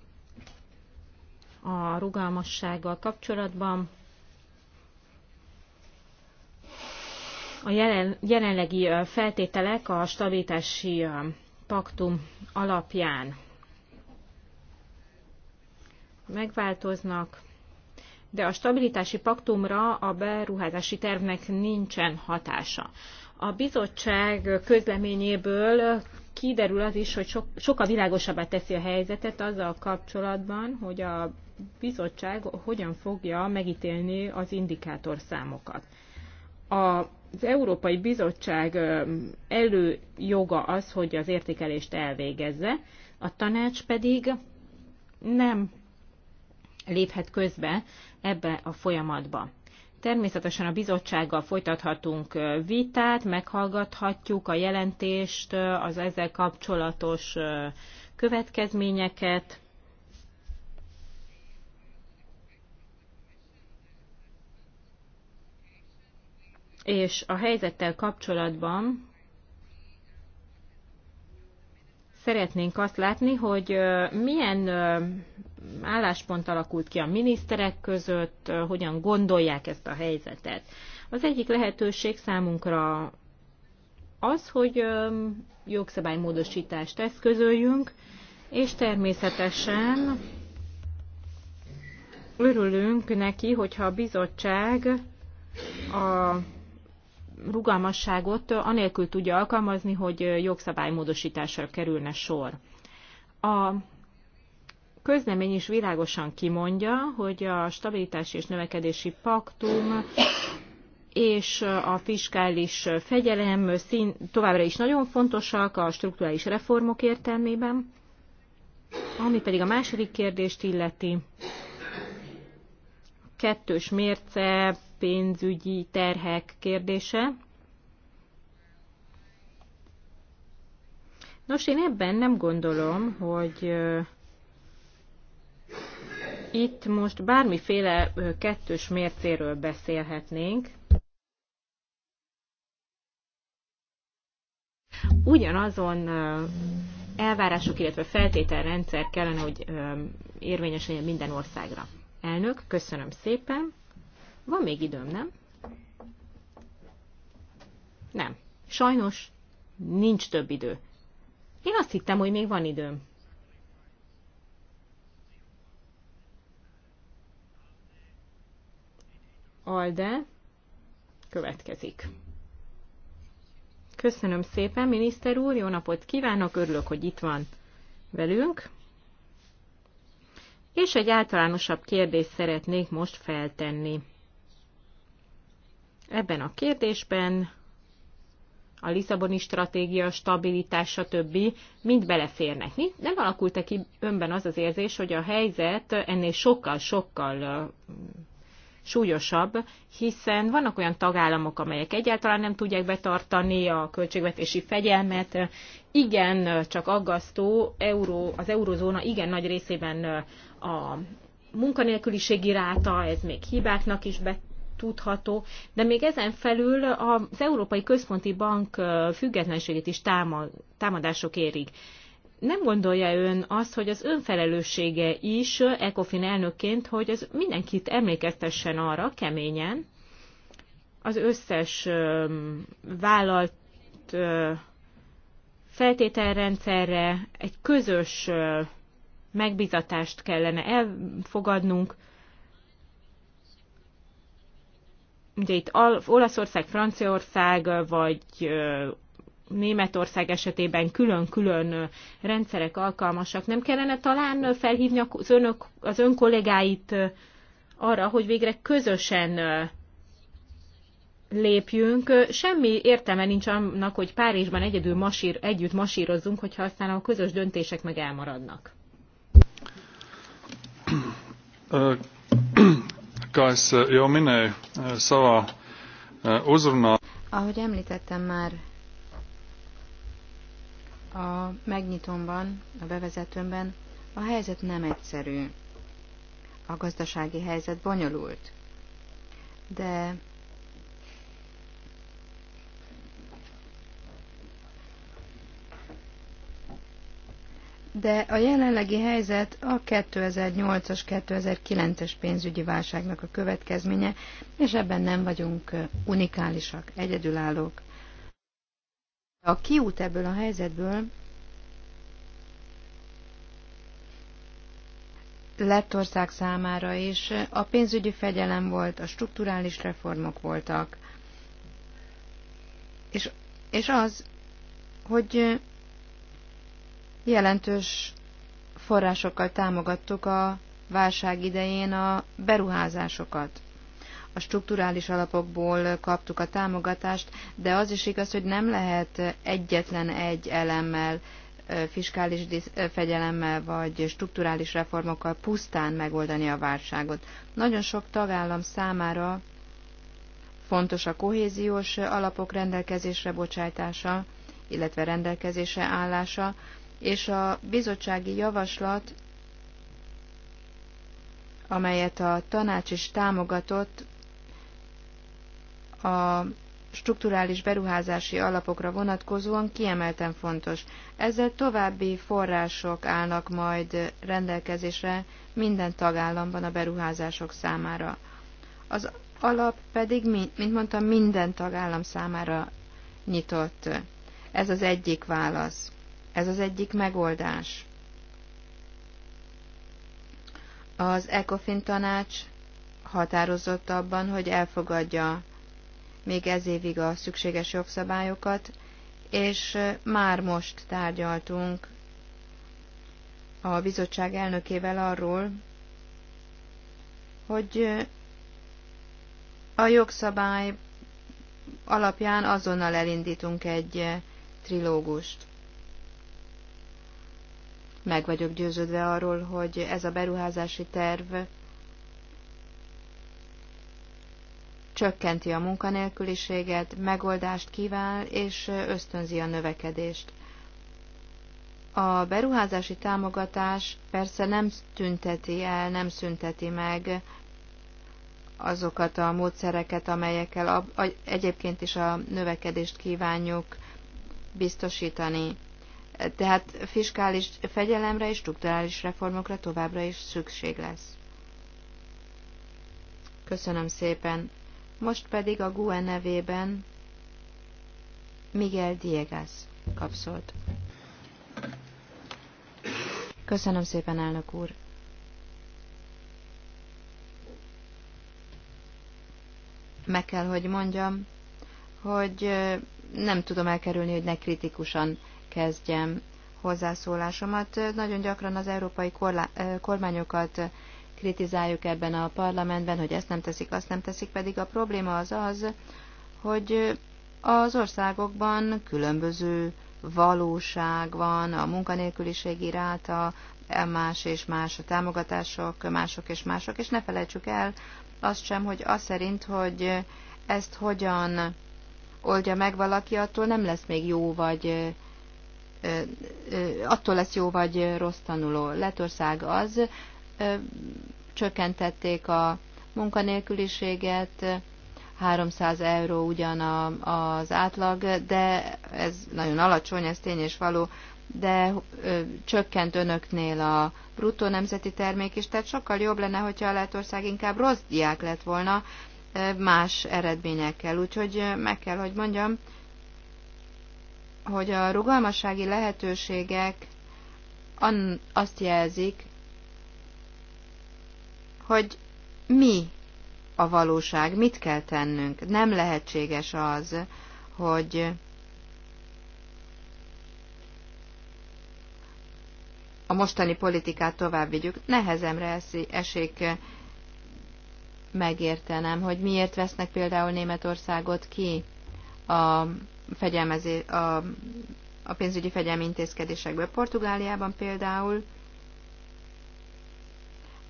a rugalmassággal kapcsolatban. a jelen, jelenlegi feltételek a stabilitási paktum alapján megváltoznak, de a stabilitási paktumra a beruházási tervnek nincsen hatása. A bizottság közleményéből kiderül az is, hogy sok, sokkal világosabbá teszi a helyzetet azzal kapcsolatban, hogy a bizottság hogyan fogja megítélni az indikátorszámokat. A az Európai Bizottság előjoga az, hogy az értékelést elvégezze, a tanács pedig nem léphet közbe ebbe a folyamatba. Természetesen a bizottsággal folytathatunk vitát, meghallgathatjuk a jelentést, az ezzel kapcsolatos következményeket, és a helyzettel kapcsolatban szeretnénk azt látni, hogy milyen álláspont alakult ki a miniszterek között, hogyan gondolják ezt a helyzetet. Az egyik lehetőség számunkra az, hogy jogszabálymódosítást eszközöljünk, és természetesen örülünk neki, hogyha a bizottság a rugalmasságot anélkül tudja alkalmazni, hogy jogszabálymódosításra kerülne sor. A közlemény is világosan kimondja, hogy a stabilitási és növekedési paktum és a fiskális fegyelem szín, továbbra is nagyon fontosak a strukturális reformok értelmében. Ami pedig a második kérdést illeti, kettős mérce, pénzügyi terhek kérdése. Nos, én ebben nem gondolom, hogy itt most bármiféle kettős mércéről beszélhetnénk. Ugyanazon elvárások, illetve feltételrendszer kellene, hogy érvényes legyen minden országra. Elnök, köszönöm szépen. Van még időm, nem? Nem. Sajnos nincs több idő. Én azt hittem, hogy még van időm. Alde következik. Köszönöm szépen, miniszter úr, jó napot kívánok, örülök, hogy itt van velünk. És egy általánosabb kérdést szeretnék most feltenni. Ebben a kérdésben a Lisszaboni stratégia, stabilitás, stb. mind beleférnek. Nem alakult-e ki önben az az érzés, hogy a helyzet ennél sokkal-sokkal súlyosabb, hiszen vannak olyan tagállamok, amelyek egyáltalán nem tudják betartani a költségvetési fegyelmet. Igen, csak aggasztó, euró, az eurozóna igen nagy részében a munkanélküliségi ráta, ez még hibáknak is be tudható, de még ezen felül az Európai Központi Bank függetlenségét is támadások érik. Nem gondolja ön azt, hogy az önfelelőssége is ECOFIN elnökként, hogy az mindenkit emlékeztessen arra keményen, az összes vállalt feltételrendszerre, egy közös megbizatást kellene elfogadnunk. Ugye itt Olaszország, Franciaország vagy Németország esetében külön-külön rendszerek alkalmasak. Nem kellene talán felhívni az, önök, az ön kollégáit arra, hogy végre közösen lépjünk. Semmi értelme nincs annak, hogy Párizsban egyedül masír, együtt masírozzunk, hogyha aztán a közös döntések meg elmaradnak. Kā es jau minēju savā uzrunā. Ahogy említettem már a megnyitomban, a bevezetőmben, a helyzet nem egyszerű. A gazdasági helyzet bonyolult. De de a jelenlegi helyzet a 2008-as, 2009-es pénzügyi válságnak a következménye, és ebben nem vagyunk unikálisak, egyedülállók. A kiút ebből a helyzetből Lettország számára is a pénzügyi fegyelem volt, a strukturális reformok voltak, és, és az, hogy jelentős forrásokkal támogattuk a válság idején a beruházásokat. A strukturális alapokból kaptuk a támogatást, de az is igaz, hogy nem lehet egyetlen egy elemmel, fiskális fegyelemmel vagy strukturális reformokkal pusztán megoldani a válságot. Nagyon sok tagállam számára fontos a kohéziós alapok rendelkezésre bocsájtása, illetve rendelkezése állása, és a bizottsági javaslat, amelyet a tanács is támogatott, a strukturális beruházási alapokra vonatkozóan kiemelten fontos. Ezzel további források állnak majd rendelkezésre minden tagállamban a beruházások számára. Az alap pedig, mint mondtam, minden tagállam számára nyitott. Ez az egyik válasz. Ez az egyik megoldás. Az ECOFIN tanács határozott abban, hogy elfogadja még ez évig a szükséges jogszabályokat, és már most tárgyaltunk a bizottság elnökével arról, hogy a jogszabály alapján azonnal elindítunk egy trilógust. Meg vagyok győződve arról, hogy ez a beruházási terv csökkenti a munkanélküliséget, megoldást kíván és ösztönzi a növekedést. A beruházási támogatás persze nem tünteti el, nem szünteti meg azokat a módszereket, amelyekkel egyébként is a növekedést kívánjuk biztosítani. Tehát fiskális fegyelemre és strukturális reformokra továbbra is szükség lesz. Köszönöm szépen. Most pedig a GUE nevében Miguel Diegas kapszolt. Köszönöm szépen, elnök úr. Meg kell, hogy mondjam, hogy nem tudom elkerülni, hogy ne kritikusan kezdjem hozzászólásomat. Nagyon gyakran az európai kormányokat kritizáljuk ebben a parlamentben, hogy ezt nem teszik, azt nem teszik, pedig a probléma az az, hogy az országokban különböző valóság van, a munkanélküliségi ráta, más és más a támogatások, mások és mások, és ne felejtsük el azt sem, hogy az szerint, hogy ezt hogyan oldja meg valaki, attól nem lesz még jó vagy attól lesz jó vagy rossz tanuló. Letország az, csökkentették a munkanélküliséget, 300 euró ugyan a, az átlag, de ez nagyon alacsony, ez tény és való, de ö, csökkent önöknél a bruttó nemzeti termék is, tehát sokkal jobb lenne, hogyha a Lehetország inkább rossz diák lett volna ö, más eredményekkel. Úgyhogy ö, meg kell, hogy mondjam, hogy a rugalmassági lehetőségek azt jelzik, hogy mi a valóság, mit kell tennünk. Nem lehetséges az, hogy a mostani politikát tovább vigyük. Nehezemre esik megértenem, hogy miért vesznek például Németországot ki a fegyelmezé, a, a pénzügyi fegyelmi intézkedésekből. Portugáliában például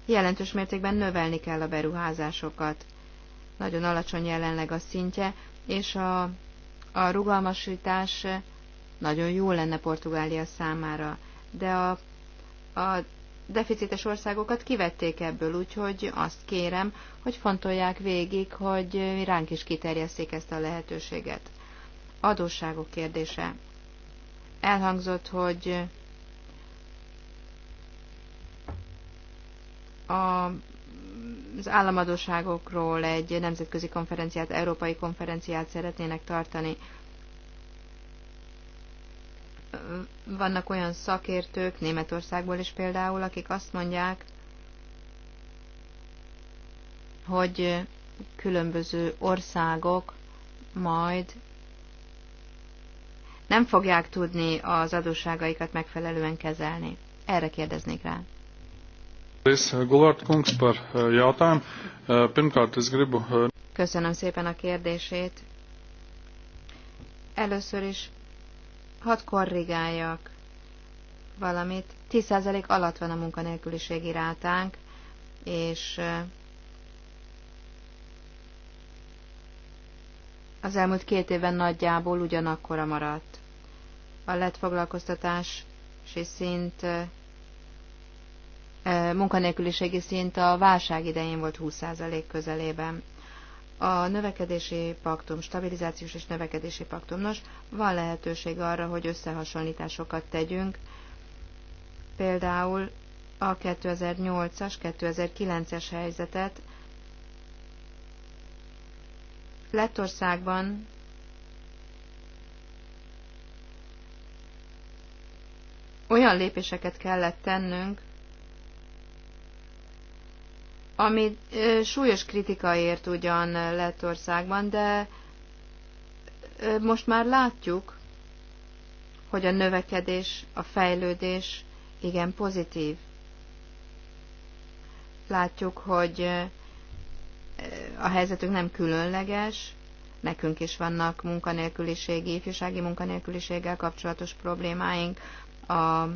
jelentős mértékben növelni kell a beruházásokat. Nagyon alacsony jelenleg a szintje, és a, a rugalmasítás nagyon jó lenne Portugália számára, de a, a deficites országokat kivették ebből, úgyhogy azt kérem, hogy fontolják végig, hogy ránk is kiterjesszék ezt a lehetőséget adósságok kérdése. Elhangzott, hogy a az államadóságokról egy nemzetközi konferenciát, európai konferenciát szeretnének tartani. Vannak olyan szakértők, Németországból is például, akik azt mondják, hogy különböző országok majd nem fogják tudni az adósságaikat megfelelően kezelni. Erre kérdeznék rá. Eh, eh, eh, Köszönöm szépen a kérdését. Először is hadd korrigáljak valamit. 10% alatt van a munkanélküliségi rátánk, és az elmúlt két évben nagyjából ugyanakkora maradt. A lett és szint, munkanélküliségi szint a válság idején volt 20% közelében. A növekedési paktum, stabilizációs és növekedési paktum, nos, van lehetőség arra, hogy összehasonlításokat tegyünk, például a 2008-as, 2009-es helyzetet Lettországban olyan lépéseket kellett tennünk, ami súlyos kritika ért ugyan Lettországban, de most már látjuk, hogy a növekedés, a fejlődés igen pozitív. Látjuk, hogy a helyzetük nem különleges, nekünk is vannak munkanélküliségi, ifjúsági munkanélküliséggel kapcsolatos problémáink. A,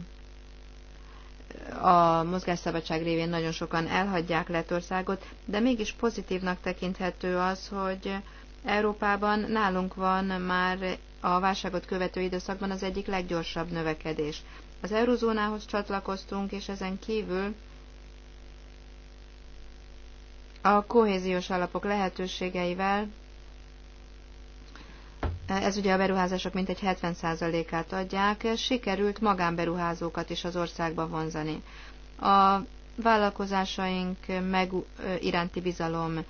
a mozgásszabadság révén nagyon sokan elhagyják Lettországot, de mégis pozitívnak tekinthető az, hogy Európában nálunk van már a válságot követő időszakban az egyik leggyorsabb növekedés. Az eurozónához csatlakoztunk, és ezen kívül a kohéziós alapok lehetőségeivel, ez ugye a beruházások mintegy 70%-át adják, sikerült magánberuházókat is az országba vonzani. A vállalkozásaink meg, iránti bizalom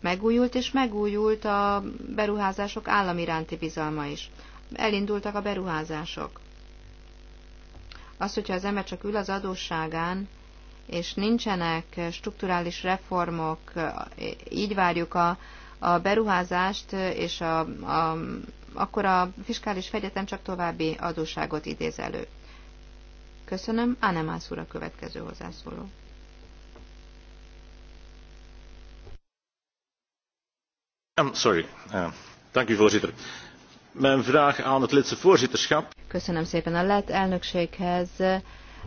megújult, és megújult a beruházások állam iránti bizalma is. Elindultak a beruházások. Az, hogyha az ember csak ül az adósságán, és nincsenek strukturális reformok, így várjuk a, a beruházást, és a, a, akkor a fiskális fegyetem csak további adósságot idéz elő. Köszönöm, Ánemász úr a következő hozzászóló. Um, sorry. Uh, thank you, voorzitter. Mijn vraag aan het Litse voorzitterschap. Köszönöm szépen a lett elnökséghez. Uh,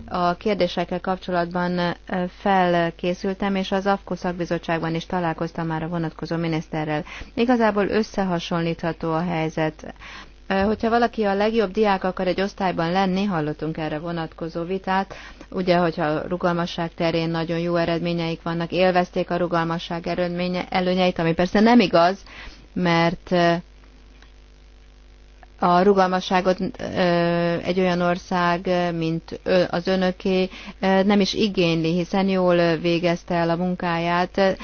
a kérdésekkel kapcsolatban felkészültem, és az AFKO szakbizottságban is találkoztam már a vonatkozó miniszterrel. Igazából összehasonlítható a helyzet. Hogyha valaki a legjobb diák akar egy osztályban lenni, hallottunk erre vonatkozó vitát, ugye, hogyha rugalmasság terén nagyon jó eredményeik vannak, élvezték a rugalmasság előnyeit, ami persze nem igaz, mert a rugalmasságot egy olyan ország, mint az önöké nem is igényli, hiszen jól végezte el a munkáját.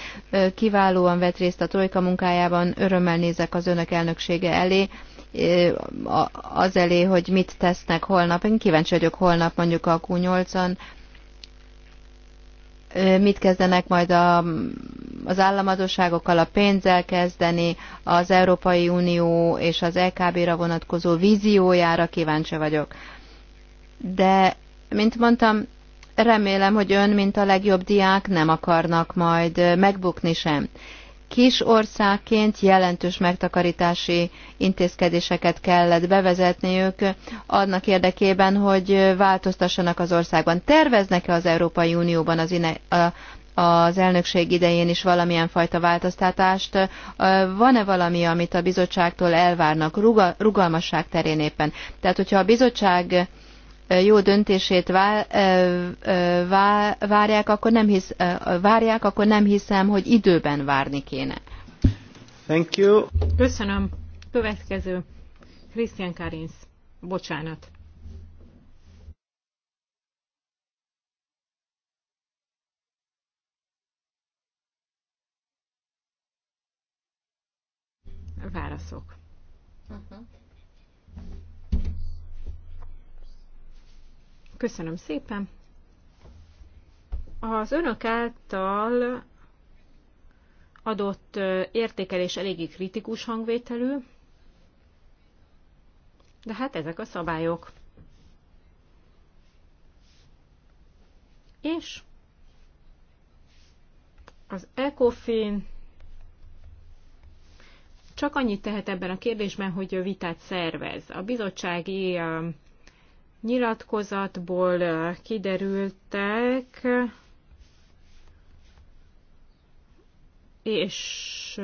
Kiválóan vett részt a Trojka munkájában, örömmel nézek az önök elnöksége elé, az elé, hogy mit tesznek holnap. Én kíváncsi vagyok holnap mondjuk a Q8-on, mit kezdenek majd a, az államadóságokkal, a pénzzel kezdeni, az Európai Unió és az LKB-ra e vonatkozó víziójára kíváncsi vagyok. De, mint mondtam, remélem, hogy ön, mint a legjobb diák, nem akarnak majd megbukni sem kis országként jelentős megtakarítási intézkedéseket kellett bevezetniük annak érdekében, hogy változtassanak az országban. Terveznek-e az Európai Unióban az, ine, a, az elnökség idején is valamilyen fajta változtatást? Van-e valami, amit a bizottságtól elvárnak rugalmasság terén éppen? Tehát, hogyha a bizottság jó döntését várják, akkor nem hisz, várják, akkor nem hiszem, hogy időben várni kéne. Thank you. Köszönöm. Következő. Christian Karins. Bocsánat. Válaszok. Uh-huh. Köszönöm szépen. Az önök által adott értékelés eléggé kritikus hangvételű, de hát ezek a szabályok. És az ECOFIN csak annyit tehet ebben a kérdésben, hogy vitát szervez. A bizottsági nyilatkozatból kiderültek, és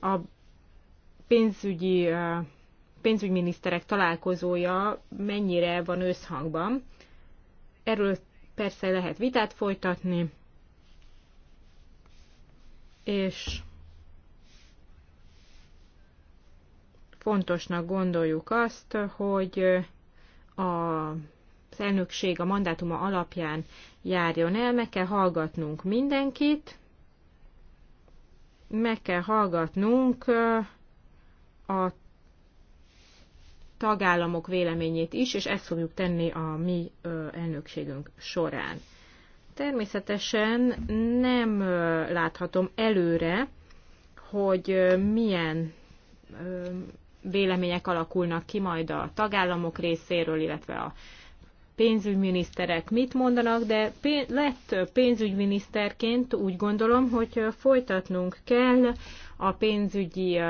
a pénzügyi, pénzügyminiszterek találkozója mennyire van összhangban. Erről persze lehet vitát folytatni, és fontosnak gondoljuk azt, hogy a az elnökség a mandátuma alapján járjon el, meg kell hallgatnunk mindenkit, meg kell hallgatnunk a tagállamok véleményét is, és ezt fogjuk tenni a mi elnökségünk során. Természetesen nem láthatom előre, hogy milyen vélemények alakulnak ki majd a tagállamok részéről, illetve a pénzügyminiszterek mit mondanak, de lett pénzügyminiszterként úgy gondolom, hogy folytatnunk kell a pénzügyi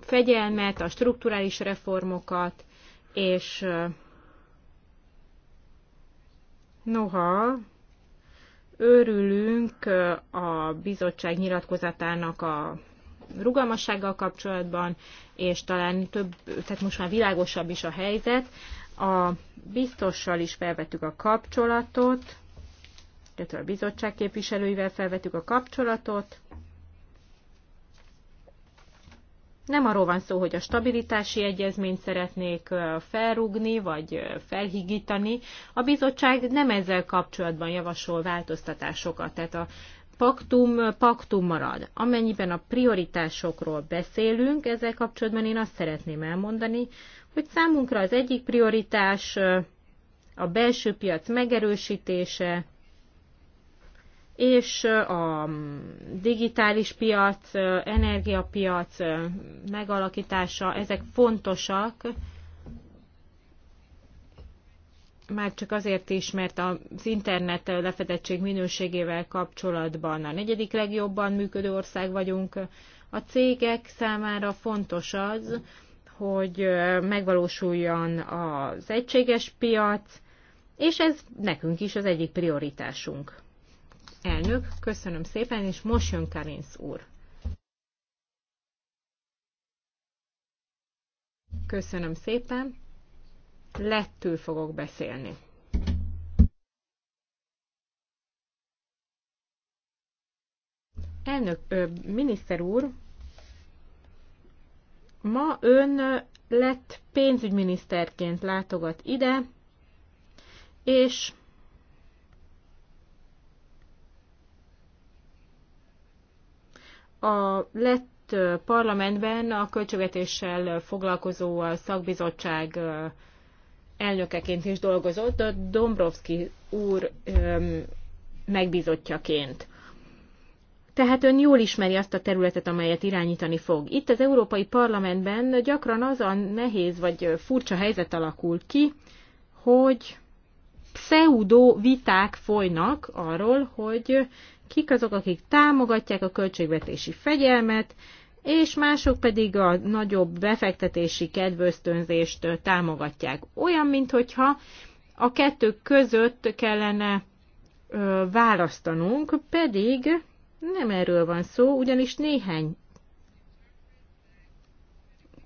fegyelmet, a strukturális reformokat, és noha örülünk a bizottság nyilatkozatának a rugalmassággal kapcsolatban, és talán több, tehát most már világosabb is a helyzet. A biztossal is felvettük a kapcsolatot, illetve a bizottság képviselőivel felvettük a kapcsolatot. Nem arról van szó, hogy a stabilitási egyezményt szeretnék felrúgni, vagy felhigítani. A bizottság nem ezzel kapcsolatban javasol változtatásokat, tehát a paktum paktum marad. Amennyiben a prioritásokról beszélünk, ezzel kapcsolatban én azt szeretném elmondani, hogy számunkra az egyik prioritás a belső piac megerősítése, és a digitális piac, energiapiac megalakítása, ezek fontosak, már csak azért is, mert az internet lefedettség minőségével kapcsolatban a negyedik legjobban működő ország vagyunk. A cégek számára fontos az, hogy megvalósuljon az egységes piac, és ez nekünk is az egyik prioritásunk. Elnök, köszönöm szépen, és most jön Karinsz úr. Köszönöm szépen lettül fogok beszélni. Elnök, ö, miniszter úr, ma ön lett pénzügyminiszterként látogat ide, és a lett parlamentben a költségvetéssel foglalkozó szakbizottság elnökeként is dolgozott, a Dombrovski úr öm, megbízottjaként. Tehát ön jól ismeri azt a területet, amelyet irányítani fog. Itt az Európai Parlamentben gyakran az a nehéz vagy furcsa helyzet alakul ki, hogy pseudo viták folynak arról, hogy kik azok, akik támogatják a költségvetési fegyelmet, és mások pedig a nagyobb befektetési kedvöztönzést támogatják. Olyan, mintha a kettő között kellene ö, választanunk, pedig nem erről van szó, ugyanis néhány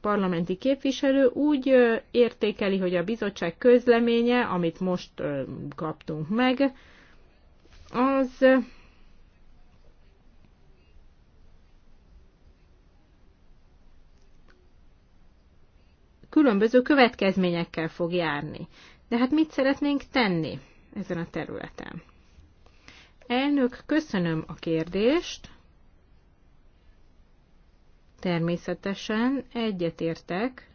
parlamenti képviselő úgy értékeli, hogy a bizottság közleménye, amit most kaptunk meg, az különböző következményekkel fog járni. De hát mit szeretnénk tenni ezen a területen? Elnök, köszönöm a kérdést. Természetesen egyetértek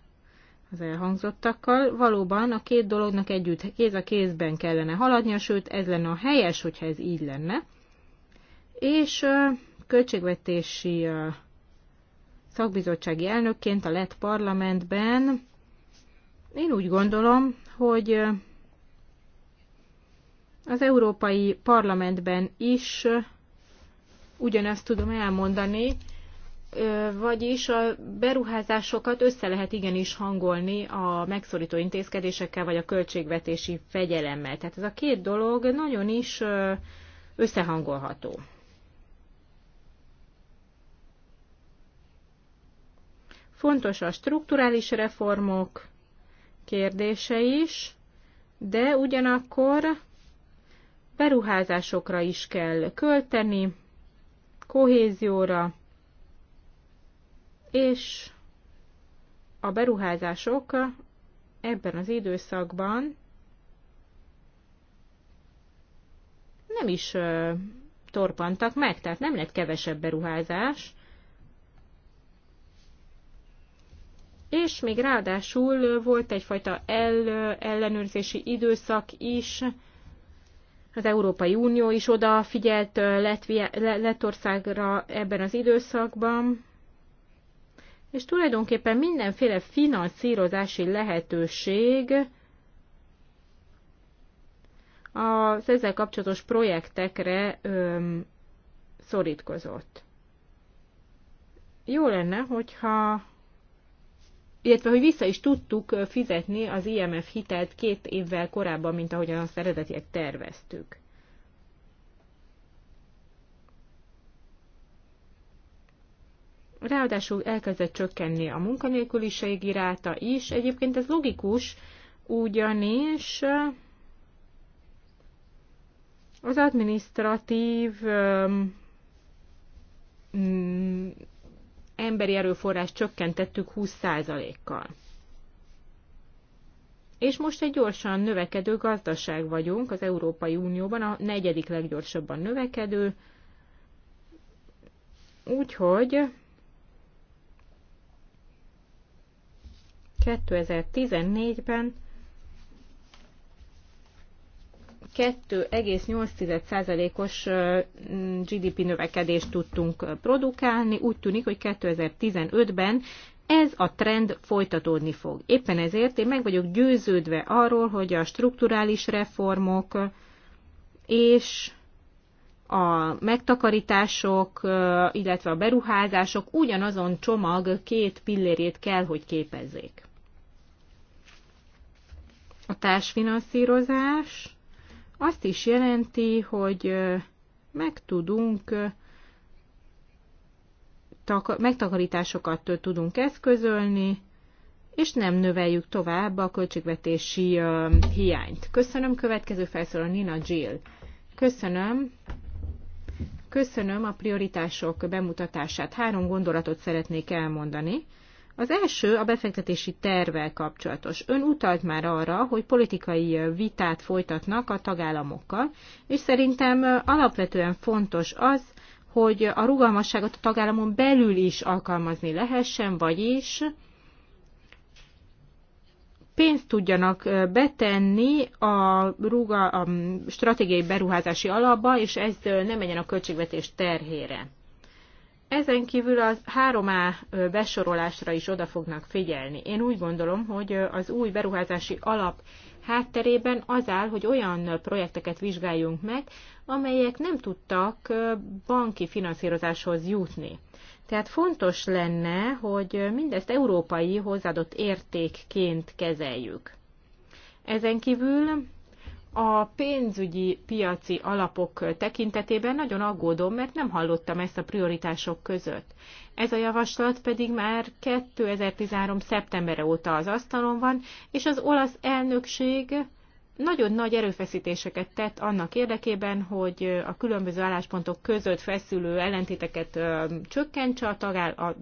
az elhangzottakkal. Valóban a két dolognak együtt kéz a kézben kellene haladnia, sőt ez lenne a helyes, hogyha ez így lenne. És költségvetési szakbizottsági elnökként a lett parlamentben én úgy gondolom, hogy az Európai Parlamentben is ugyanezt tudom elmondani, vagyis a beruházásokat össze lehet igenis hangolni a megszorító intézkedésekkel, vagy a költségvetési fegyelemmel. Tehát ez a két dolog nagyon is összehangolható. Fontos a strukturális reformok kérdése is, de ugyanakkor beruházásokra is kell költeni, kohézióra, és a beruházások ebben az időszakban nem is torpantak meg, tehát nem lett kevesebb beruházás, és még ráadásul volt egyfajta el, ellenőrzési időszak is, az Európai Unió is odafigyelt Lettországra ebben az időszakban, és tulajdonképpen mindenféle finanszírozási lehetőség az ezzel kapcsolatos projektekre öm, szorítkozott. Jó lenne, hogyha illetve hogy vissza is tudtuk fizetni az IMF hitelt két évvel korábban, mint ahogyan azt eredetileg terveztük. Ráadásul elkezdett csökkenni a munkanélküliségi ráta is. Egyébként ez logikus, ugyanis az administratív emberi erőforrás csökkentettük 20%-kal. És most egy gyorsan növekedő gazdaság vagyunk az Európai Unióban, a negyedik leggyorsabban növekedő. Úgyhogy 2014-ben 2,8%-os GDP növekedést tudtunk produkálni. Úgy tűnik, hogy 2015-ben ez a trend folytatódni fog. Éppen ezért én meg vagyok győződve arról, hogy a strukturális reformok és a megtakarítások, illetve a beruházások ugyanazon csomag két pillérét kell, hogy képezzék. A társfinanszírozás azt is jelenti, hogy meg tudunk megtakarításokat tudunk eszközölni, és nem növeljük tovább a költségvetési hiányt. Köszönöm, következő felszól a Nina Jill. Köszönöm. Köszönöm a prioritások bemutatását. Három gondolatot szeretnék elmondani. Az első a befektetési tervvel kapcsolatos. Ön utalt már arra, hogy politikai vitát folytatnak a tagállamokkal, és szerintem alapvetően fontos az, hogy a rugalmasságot a tagállamon belül is alkalmazni lehessen, vagyis pénzt tudjanak betenni a, ruga, a stratégiai beruházási alapba, és ez ne menjen a költségvetés terhére. Ezen kívül a 3A besorolásra is oda fognak figyelni. Én úgy gondolom, hogy az új beruházási alap hátterében az áll, hogy olyan projekteket vizsgáljunk meg, amelyek nem tudtak banki finanszírozáshoz jutni. Tehát fontos lenne, hogy mindezt európai hozzáadott értékként kezeljük. Ezen kívül a pénzügyi piaci alapok tekintetében nagyon aggódom, mert nem hallottam ezt a prioritások között. Ez a javaslat pedig már 2013. szeptembere óta az asztalon van, és az olasz elnökség nagyon nagy erőfeszítéseket tett annak érdekében, hogy a különböző álláspontok között feszülő ellentéteket csökkentse a, tagál, a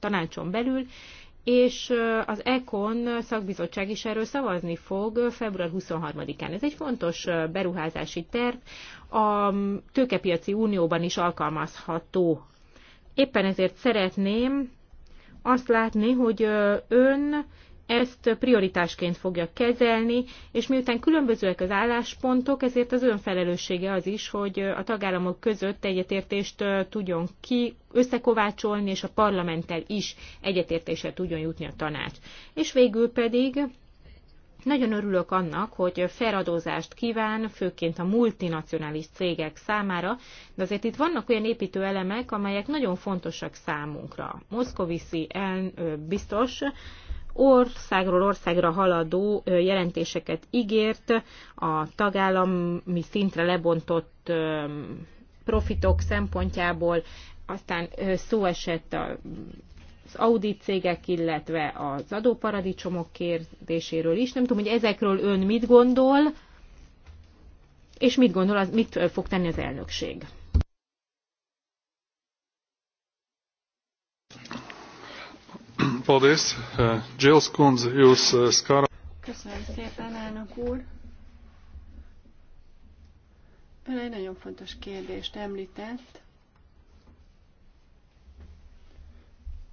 tanácson belül, és az ECON szakbizottság is erről szavazni fog február 23-án. Ez egy fontos beruházási terv, a tőkepiaci unióban is alkalmazható. Éppen ezért szeretném azt látni, hogy ön ezt prioritásként fogja kezelni, és miután különbözőek az álláspontok, ezért az önfelelőssége az is, hogy a tagállamok között egyetértést tudjon ki összekovácsolni, és a parlamenttel is egyetértéssel tudjon jutni a tanács. És végül pedig nagyon örülök annak, hogy feladózást kíván, főként a multinacionális cégek számára, de azért itt vannak olyan építő elemek, amelyek nagyon fontosak számunkra. Moszkoviszi el, biztos országról országra haladó jelentéseket ígért, a tagállami szintre lebontott profitok szempontjából, aztán szó esett az audit cégek, illetve az adóparadicsomok kérdéséről is. Nem tudom, hogy ezekről ön mit gondol, és mit gondol, az, mit fog tenni az elnökség. Paldies. Džils kundze, jūs eh, Köszönöm szépen, elnök úr. Ön egy nagyon fontos kérdést említett.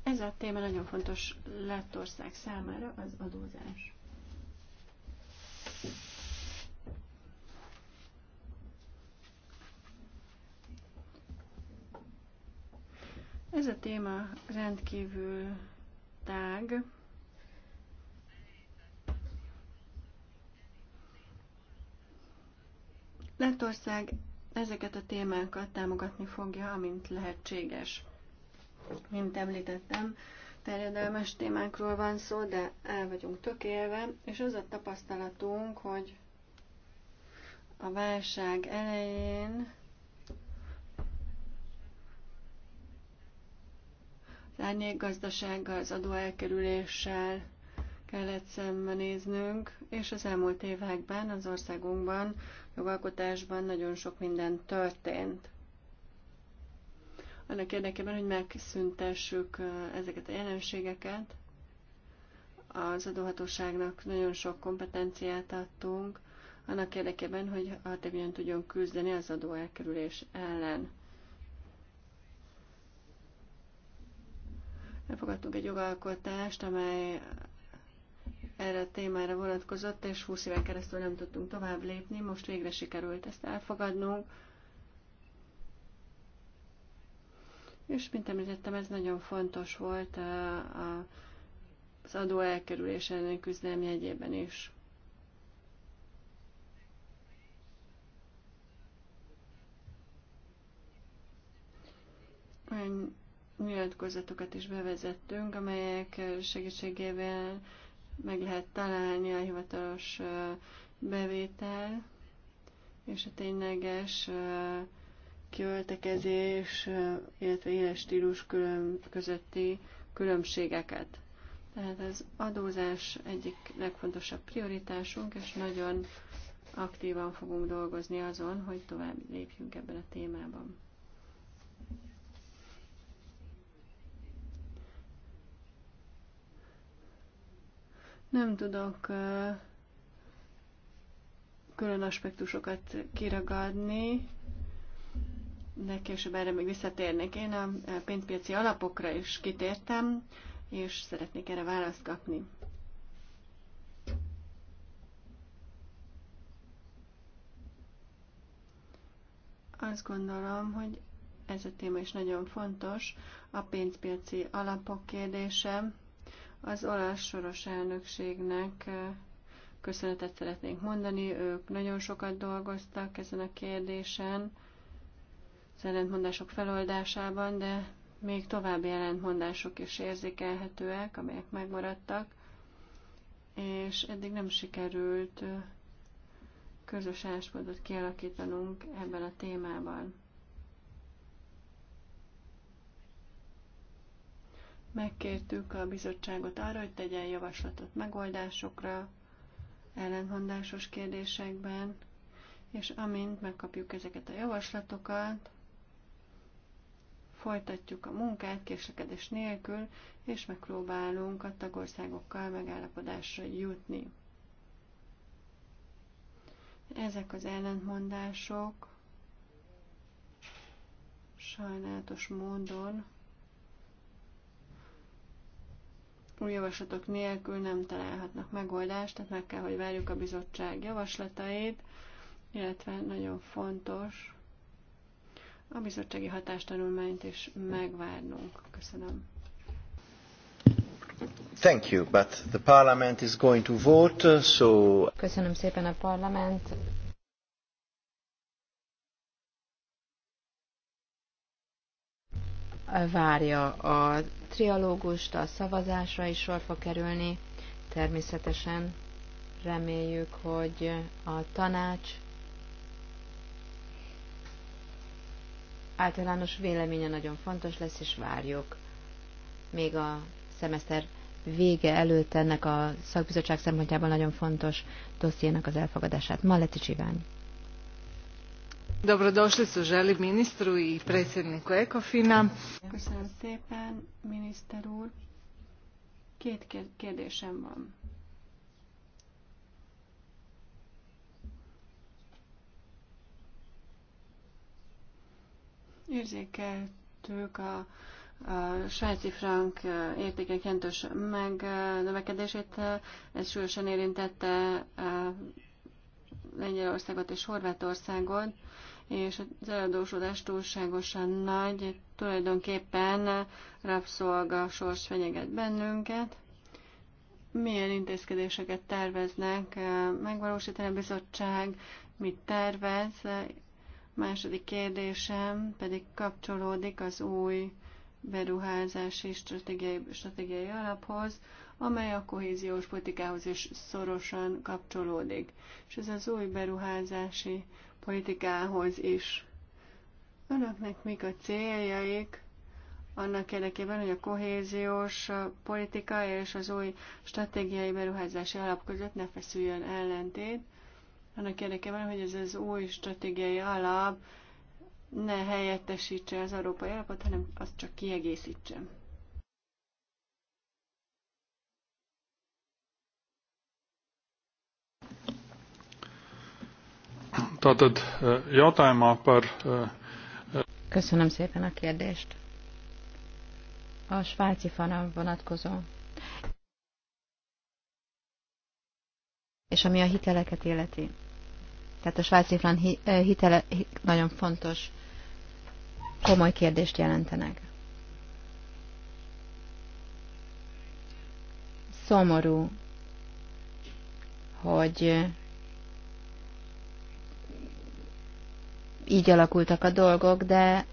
Ez a téma nagyon fontos Lettország számára, az adózás. Ez a téma rendkívül tág. Lettország ezeket a témákat támogatni fogja, amint lehetséges. Mint említettem, terjedelmes témákról van szó, de el vagyunk tökélve, és az a tapasztalatunk, hogy a válság elején az árnyékgazdasággal, az adóelkerüléssel kellett szembenéznünk, és az elmúlt években az országunkban, jogalkotásban nagyon sok minden történt. Annak érdekében, hogy megszüntessük ezeket a jelenségeket, az adóhatóságnak nagyon sok kompetenciát adtunk, annak érdekében, hogy hatékonyan tudjon küzdeni az adóelkerülés ellen. elfogadtunk egy jogalkotást, amely erre a témára vonatkozott, és 20 éven keresztül nem tudtunk tovább lépni, most végre sikerült ezt elfogadnunk. És mint említettem, ez nagyon fontos volt a, eh, a, az adó elkerülés ellen küzdelem jegyében is. Olyan nyilatkozatokat is bevezettünk, amelyek segítségével meg lehet találni a hivatalos bevétel és a tényleges költekezés, illetve éles stílus külön, közötti különbségeket. Tehát az adózás egyik legfontosabb prioritásunk, és nagyon aktívan fogunk dolgozni azon, hogy tovább lépjünk ebben a témában. Nem tudok külön aspektusokat kiragadni, de később erre még visszatérnék. Én a pénzpiaci alapokra is kitértem, és szeretnék erre választ kapni. Azt gondolom, hogy ez a téma is nagyon fontos, a pénzpiaci alapok kérdése. Az olasz soros elnökségnek köszönetet szeretnénk mondani, ők nagyon sokat dolgoztak ezen a kérdésen, az ellentmondások feloldásában, de még további ellentmondások is érzékelhetőek, amelyek megmaradtak, és eddig nem sikerült közös áspontot kialakítanunk ebben a témában. Megkértük a bizottságot arra, hogy tegyen javaslatot megoldásokra, ellentmondásos kérdésekben, és amint megkapjuk ezeket a javaslatokat, folytatjuk a munkát késlekedés nélkül, és megpróbálunk a tagországokkal megállapodásra jutni. Ezek az ellentmondások sajnálatos módon új javaslatok nélkül nem találhatnak megoldást, tehát meg kell, hogy várjuk a bizottság javaslatait, illetve nagyon fontos a bizottsági hatástanulmányt is megvárnunk. Köszönöm. Thank you, but the parliament is going to vote, so... Köszönöm szépen a parlament. Várja a trialógust, a szavazásra is sor fog kerülni. Természetesen reméljük, hogy a tanács általános véleménye nagyon fontos lesz, és várjuk még a szemeszter vége előtt ennek a szakbizottság szempontjából nagyon fontos dossziénak az elfogadását. Maleti Csivány. Dobrodošlicu želim ministru i predsjedniku Ekofina. Köszönöm szépen, miniszter úr. Két kérdésem van. Érzékeltük a a svájci frank értékek jelentős megnövekedését, ez súlyosan érintette Lengyelországot és Horvátországot és az eladósodás túlságosan nagy, tulajdonképpen rabszolga sors fenyeget bennünket. Milyen intézkedéseket terveznek eh, megvalósítani a bizottság, mit tervez? Második kérdésem pedig kapcsolódik az új beruházási stratégiai, stratégiai alaphoz, amely a kohéziós politikához is szorosan kapcsolódik. És ez az új beruházási politikához is. Önöknek mik a céljaik annak érdekében, hogy a kohéziós politika és az új stratégiai beruházási alap között ne feszüljön ellentét, annak érdekében, hogy ez az új stratégiai alap ne helyettesítse az európai alapot, hanem azt csak kiegészítse. Tātad eh, jautājumā par. Eh, Köszönöm szépen a kérdést. A svájci fana vonatkozó. És ami a hiteleket életi. Tehát a svájci fran eh, hitele nagyon fontos, komoly kérdést jelentenek. Szomorú, hogy így alakultak a dolgok, de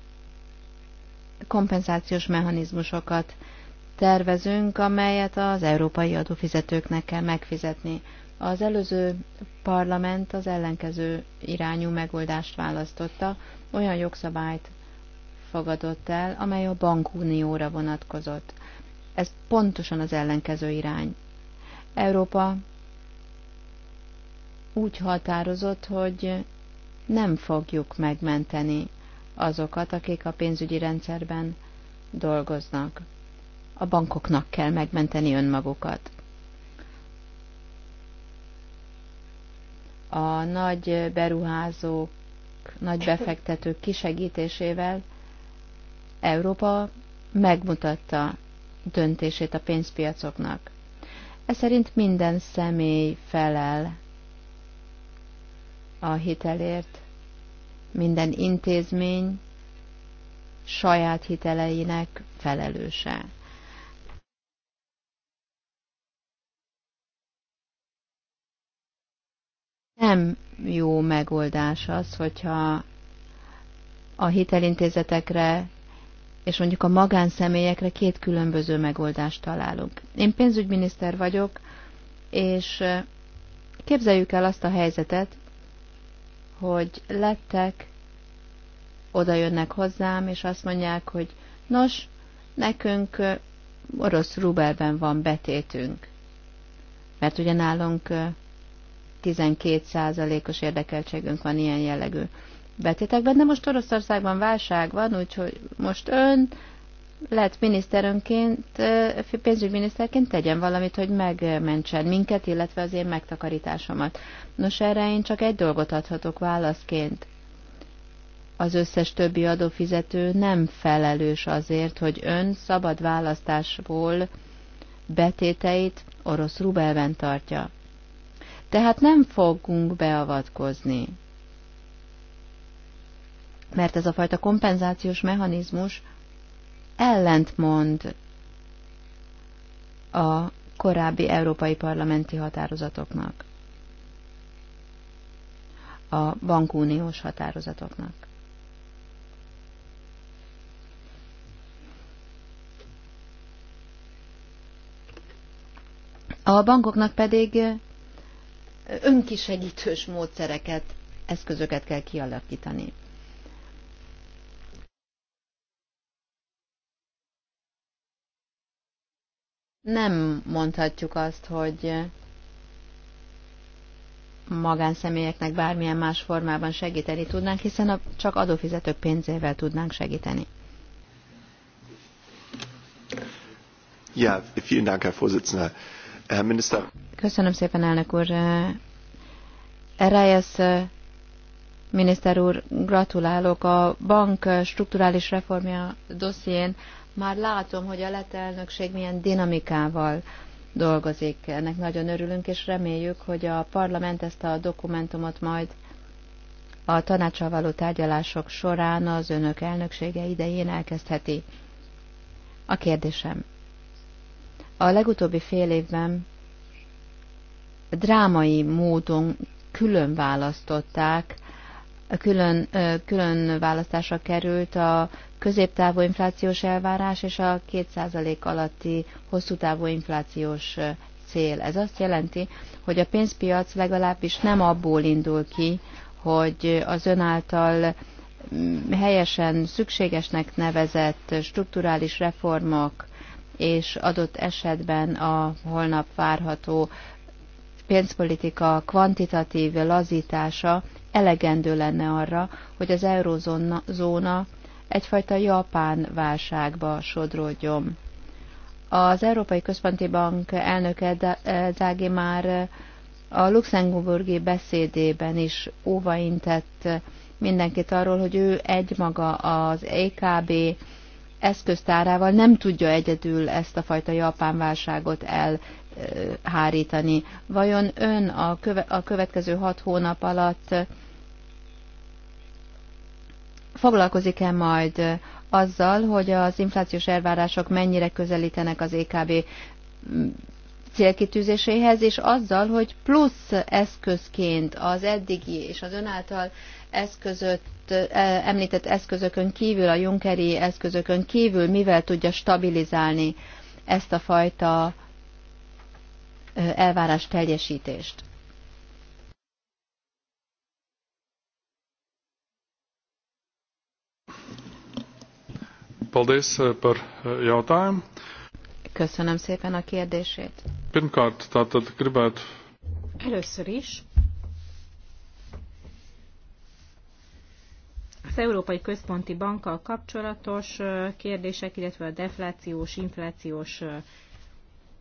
kompenzációs mechanizmusokat tervezünk, amelyet az európai adófizetőknek kell megfizetni. Az előző parlament az ellenkező irányú megoldást választotta, olyan jogszabályt fogadott el, amely a bankunióra vonatkozott. Ez pontosan az ellenkező irány. Európa úgy határozott, hogy nem fogjuk megmenteni azokat, akik a pénzügyi rendszerben dolgoznak. A bankoknak kell megmenteni önmagukat. A nagy beruházók, nagy befektetők kisegítésével Európa megmutatta döntését a pénzpiacoknak. Ez szerint minden személy felel a hitelért. Minden intézmény saját hiteleinek felelőse. Nem jó megoldás az, hogyha a hitelintézetekre és mondjuk a magánszemélyekre két különböző megoldást találunk. Én pénzügyminiszter vagyok, és képzeljük el azt a helyzetet, hogy lettek, oda jönnek hozzám, és azt mondják, hogy nos, nekünk orosz rubelben van betétünk, mert ugye nálunk 12%-os érdekeltségünk van ilyen jellegű betétekben, de most Oroszországban válság van, úgyhogy most ön lett miniszterönként, pénzügyminiszterként tegyen valamit, hogy megmentsen minket, illetve az én megtakarításomat. Nos, erre én csak egy dolgot adhatok válaszként. Az összes többi adófizető nem felelős azért, hogy ön szabad választásból betéteit orosz rubelben tartja. Tehát nem fogunk beavatkozni. Mert ez a fajta kompenzációs mechanizmus ellentmond a korábbi európai parlamenti határozatoknak, a bankuniós határozatoknak. A bankoknak pedig önkisegítős módszereket, eszközöket kell kialakítani. nem mondhatjuk azt, hogy magánszemélyeknek bármilyen más formában segíteni tudnánk, hiszen a, csak adófizetők pénzével tudnánk segíteni. Ja, vielen Dank, Herr Vorsitzender. Herr Minister. Köszönöm szépen, elnök úr. Reyes eh, miniszter úr, gratulálok a bank eh, strukturális reformja dosszién már látom, hogy a letelnökség milyen dinamikával dolgozik. Ennek nagyon örülünk, és reméljük, hogy a parlament ezt a dokumentumot majd a tanácsal való tárgyalások során az önök elnöksége idején elkezdheti. A kérdésem. A legutóbbi fél évben drámai módon külön választották külön, külön választásra került a középtávú inflációs elvárás és a 2% alatti hosszú távú inflációs cél. Ez azt jelenti, hogy a pénzpiac legalábbis nem abból indul ki, hogy az ön által mm, helyesen szükségesnek nevezett strukturális reformok és adott esetben a holnap várható pénzpolitika kvantitatív lazítása elegendő lenne arra, hogy az eurozóna egyfajta japán válságba sodródjon. Az Európai Központi Bank elnöke Dági már a luxemburgi beszédében is óvaintett mindenkit arról, hogy ő egymaga az EKB eszköztárával nem tudja egyedül ezt a fajta japán válságot el hárítani. Vajon ön a, köve, a következő hat hónap alatt foglalkozik-e majd azzal, hogy az inflációs elvárások mennyire közelítenek az EKB célkitűzéséhez, és azzal, hogy plusz eszközként az eddigi és az ön által eszközött, e, említett eszközökön kívül, a Junkeri eszközökön kívül mivel tudja stabilizálni ezt a fajta elvárás teljesítést. Paldies par jautājumu. Köszönöm szépen a kérdését. Pirmkārt, tātad gribētu... Először is az Európai Központi Bankkal kapcsolatos kérdések, illetve a deflációs, inflációs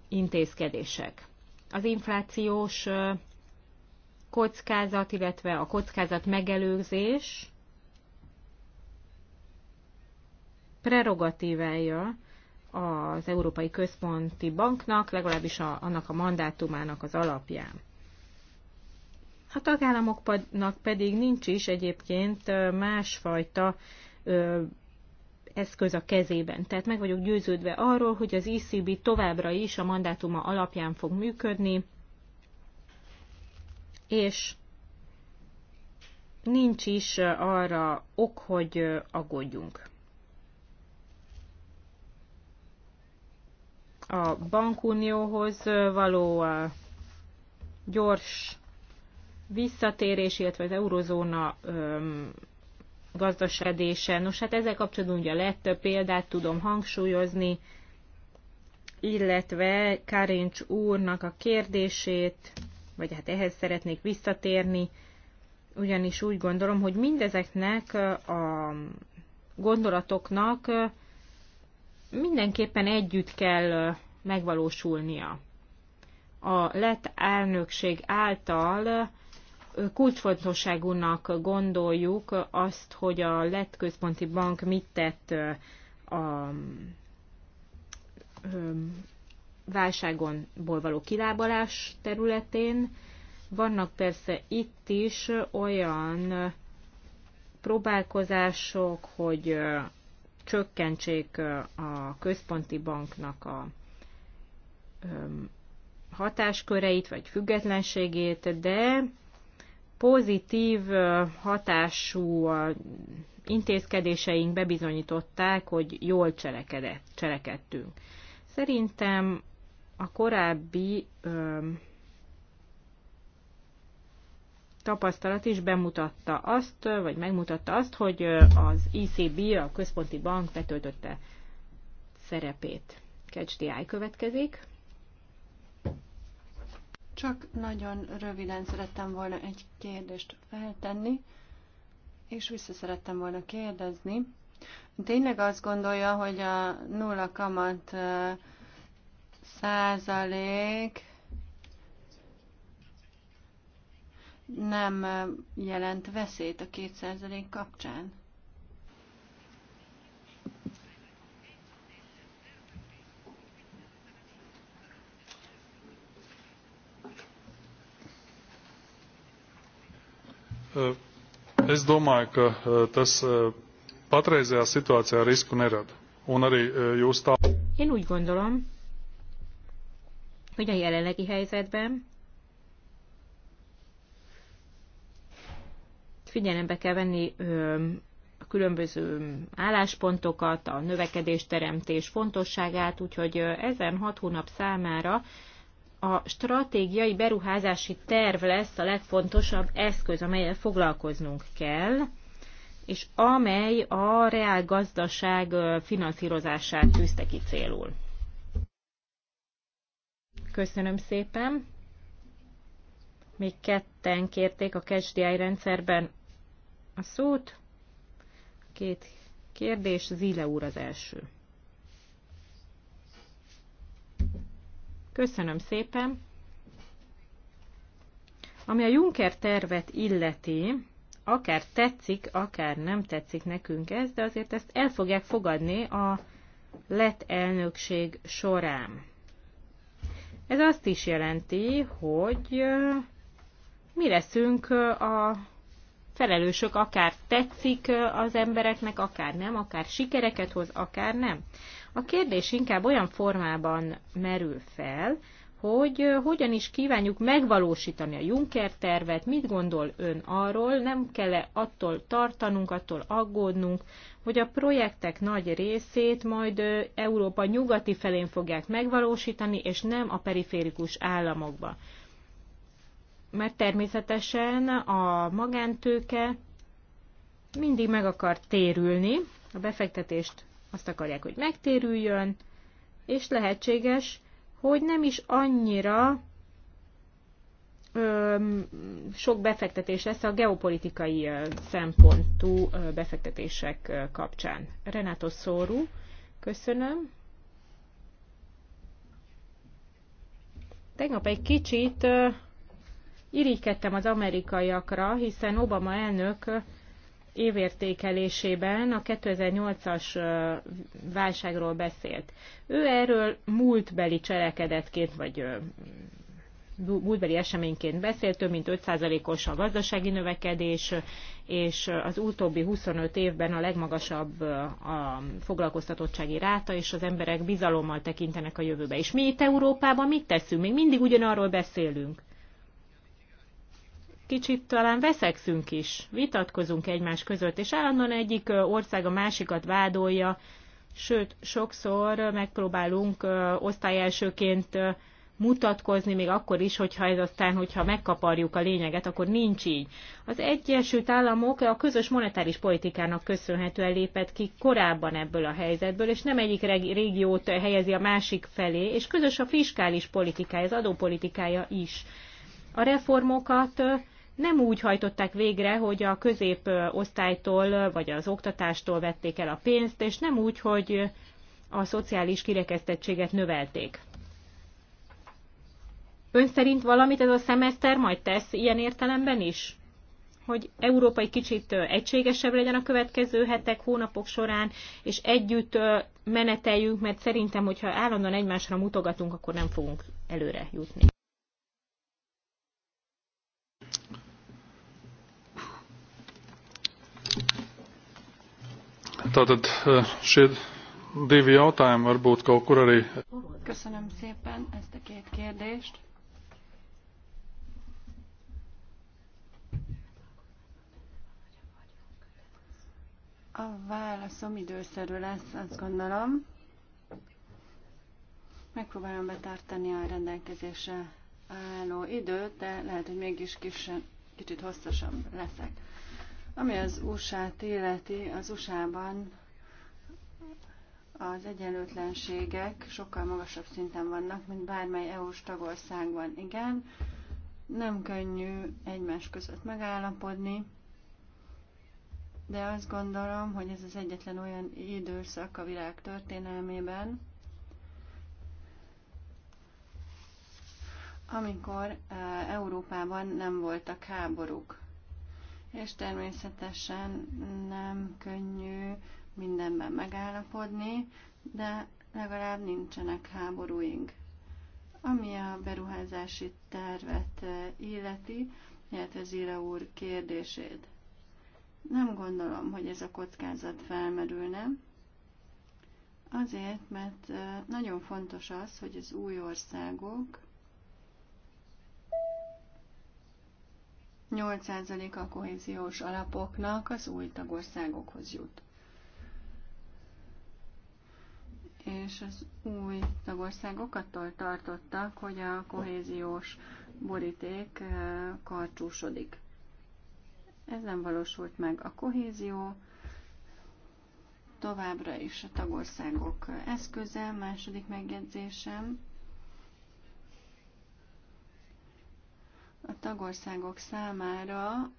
intézkedések az inflációs kockázat, illetve a kockázat megelőzés prerogatívája az Európai Központi Banknak, legalábbis a, annak a mandátumának az alapján. A tagállamoknak pedig nincs is egyébként másfajta eszköz a kezében. Tehát meg vagyok győződve arról, hogy az ECB továbbra is a mandátuma alapján fog működni, és nincs is arra ok, hogy aggódjunk. A bankunióhoz való gyors visszatérés, illetve az eurozóna öm, gazdasedése. Nos, hát ezzel kapcsolatban ugye legtöbb példát tudom hangsúlyozni, illetve Karincs úrnak a kérdését, vagy hát ehhez szeretnék visszatérni, ugyanis úgy gondolom, hogy mindezeknek a gondolatoknak mindenképpen együtt kell megvalósulnia. A lett elnökség által kulcsfontosságúnak gondoljuk azt, hogy a lett központi bank mit tett a válságonból való kilábalás területén. Vannak persze itt is olyan próbálkozások, hogy csökkentsék a központi banknak a hatásköreit vagy függetlenségét, de pozitív hatású intézkedéseink bebizonyították, hogy jól cselekedtünk. Szerintem a korábbi ö, tapasztalat is bemutatta azt, vagy megmutatta azt, hogy az ECB, a központi bank betöltötte szerepét. Kecsdiáj következik. Csak nagyon röviden szerettem volna egy kérdést feltenni, és vissza szerettem volna kérdezni. Tényleg azt gondolja, hogy a nulla kamat százalék nem jelent veszélyt a két százalék kapcsán? Eh, es domāju, ka eh, tas eh, patreizajā situācijā risku nerada. Un arī jūs tā... Én úgy gondolom, hogy a jelenlegi helyzetben figyelembe kell venni a különböző álláspontokat, a teremtés fontosságát, úgyhogy ezen hat hónap számára a stratégiai beruházási terv lesz a legfontosabb eszköz, amelyel foglalkoznunk kell, és amely a reál gazdaság finanszírozását tűzte ki célul. Köszönöm szépen! Még ketten kérték a KSDI rendszerben a szót. Két kérdés, Zile úr az első. Köszönöm szépen. Ami a Juncker tervet illeti, akár tetszik, akár nem tetszik nekünk ez, de azért ezt el fogják fogadni a lett elnökség során. Ez azt is jelenti, hogy mi leszünk a felelősök, akár tetszik az embereknek, akár nem, akár sikereket hoz, akár nem. A kérdés inkább olyan formában merül fel, hogy hogyan is kívánjuk megvalósítani a Juncker tervet, mit gondol ön arról, nem kell -e attól tartanunk, attól aggódnunk, hogy a projektek nagy részét majd Európa nyugati felén fogják megvalósítani, és nem a periférikus államokba mert természetesen a magántőke mindig meg akar térülni, a befektetést azt akarják, hogy megtérüljön, és lehetséges, hogy nem is annyira ö, sok befektetés lesz a geopolitikai ö, szempontú ö, befektetések ö, kapcsán. Renato Szóru, köszönöm. Tegnap egy kicsit ö, Irigykedtem az amerikaiakra, hiszen Obama elnök évértékelésében a 2008-as válságról beszélt. Ő erről múltbeli cselekedetként, vagy múltbeli eseményként beszélt, több mint 5%-os a gazdasági növekedés, és az utóbbi 25 évben a legmagasabb a foglalkoztatottsági ráta, és az emberek bizalommal tekintenek a jövőbe. És mi itt Európában mit teszünk? Még mindig ugyanarról beszélünk kicsit talán veszekszünk is, vitatkozunk egymás között, és állandóan egyik ország a másikat vádolja, sőt, sokszor megpróbálunk osztályelsőként mutatkozni, még akkor is, hogyha ez aztán, hogyha megkaparjuk a lényeget, akkor nincs így. Az Egyesült Államok a közös monetáris politikának köszönhetően lépett ki korábban ebből a helyzetből, és nem egyik régiót helyezi a másik felé, és közös a fiskális politikája, az adópolitikája is. A reformokat nem úgy hajtották végre, hogy a középosztálytól vagy az oktatástól vették el a pénzt, és nem úgy, hogy a szociális kirekesztettséget növelték. Ön szerint valamit ez a szemeszter majd tesz ilyen értelemben is? Hogy európai kicsit egységesebb legyen a következő hetek, hónapok során, és együtt meneteljünk, mert szerintem, hogyha állandóan egymásra mutogatunk, akkor nem fogunk előre jutni. Tātad šie divi jautājumi varbūt kaut kur arī. Köszönöm szépen ezt a két kérdést. A válaszom időszerű lesz, azt gondolom. Megpróbálom betartani a rendelkezésre álló időt, de lehet, hogy mégis kisen, kicsit hosszasabb leszek. Ami az usa életi illeti, az USA-ban az egyenlőtlenségek sokkal magasabb szinten vannak, mint bármely EU-s tagországban. Igen, nem könnyű egymás között megállapodni, de azt gondolom, hogy ez az egyetlen olyan időszak a világ történelmében, amikor eh, Európában nem voltak háborúk és természetesen nem könnyű mindenben megállapodni, de legalább nincsenek háborúink. Ami a beruházási tervet eh, illeti, illetve Zira úr kérdését. Nem gondolom, hogy ez a kockázat felmerülne, azért, mert eh, nagyon fontos az, hogy az új országok 8% a kohéziós alapoknak az új tagországokhoz jut. És az új tagországok attól tartottak, hogy a kohéziós boríték karcsúsodik. Ez nem valósult meg. A kohézió továbbra is a tagországok eszköze, második megjegyzésem. a tagországok számára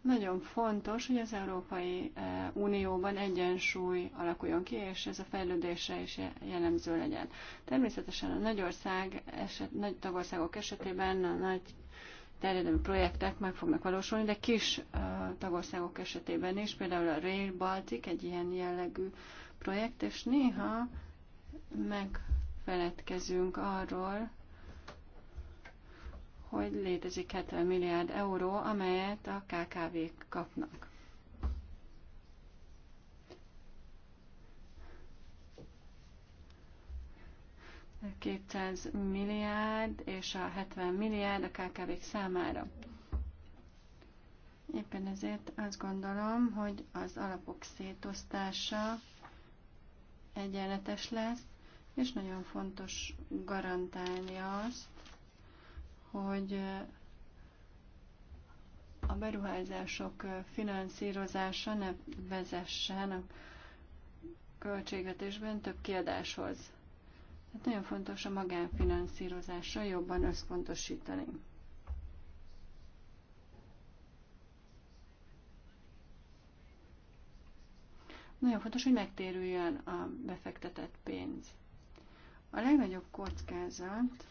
nagyon fontos, hogy az Európai eh, Unióban egyensúly alakuljon ki, és ez a fejlődésre is jellemző legyen. Természetesen a ország eset, nagy tagországok esetében a nagy terjedelmi projektek meg fognak valósulni, de kis eh, tagországok esetében is, például a Rail Baltic egy ilyen jellegű projekt, és néha megfeledkezünk arról, hogy létezik 70 milliárd euró, amelyet a KKV-k kapnak. A 200 milliárd és a 70 milliárd a KKV-k számára. Éppen ezért azt gondolom, hogy az alapok szétosztása egyenletes lesz, és nagyon fontos garantálni azt, hogy a beruházások finanszírozása ne vezessen a költségvetésben több kiadáshoz. Tehát nagyon fontos a magánfinanszírozásra jobban összpontosítani. Nagyon fontos, hogy megtérüljön a befektetett pénz. A legnagyobb kockázat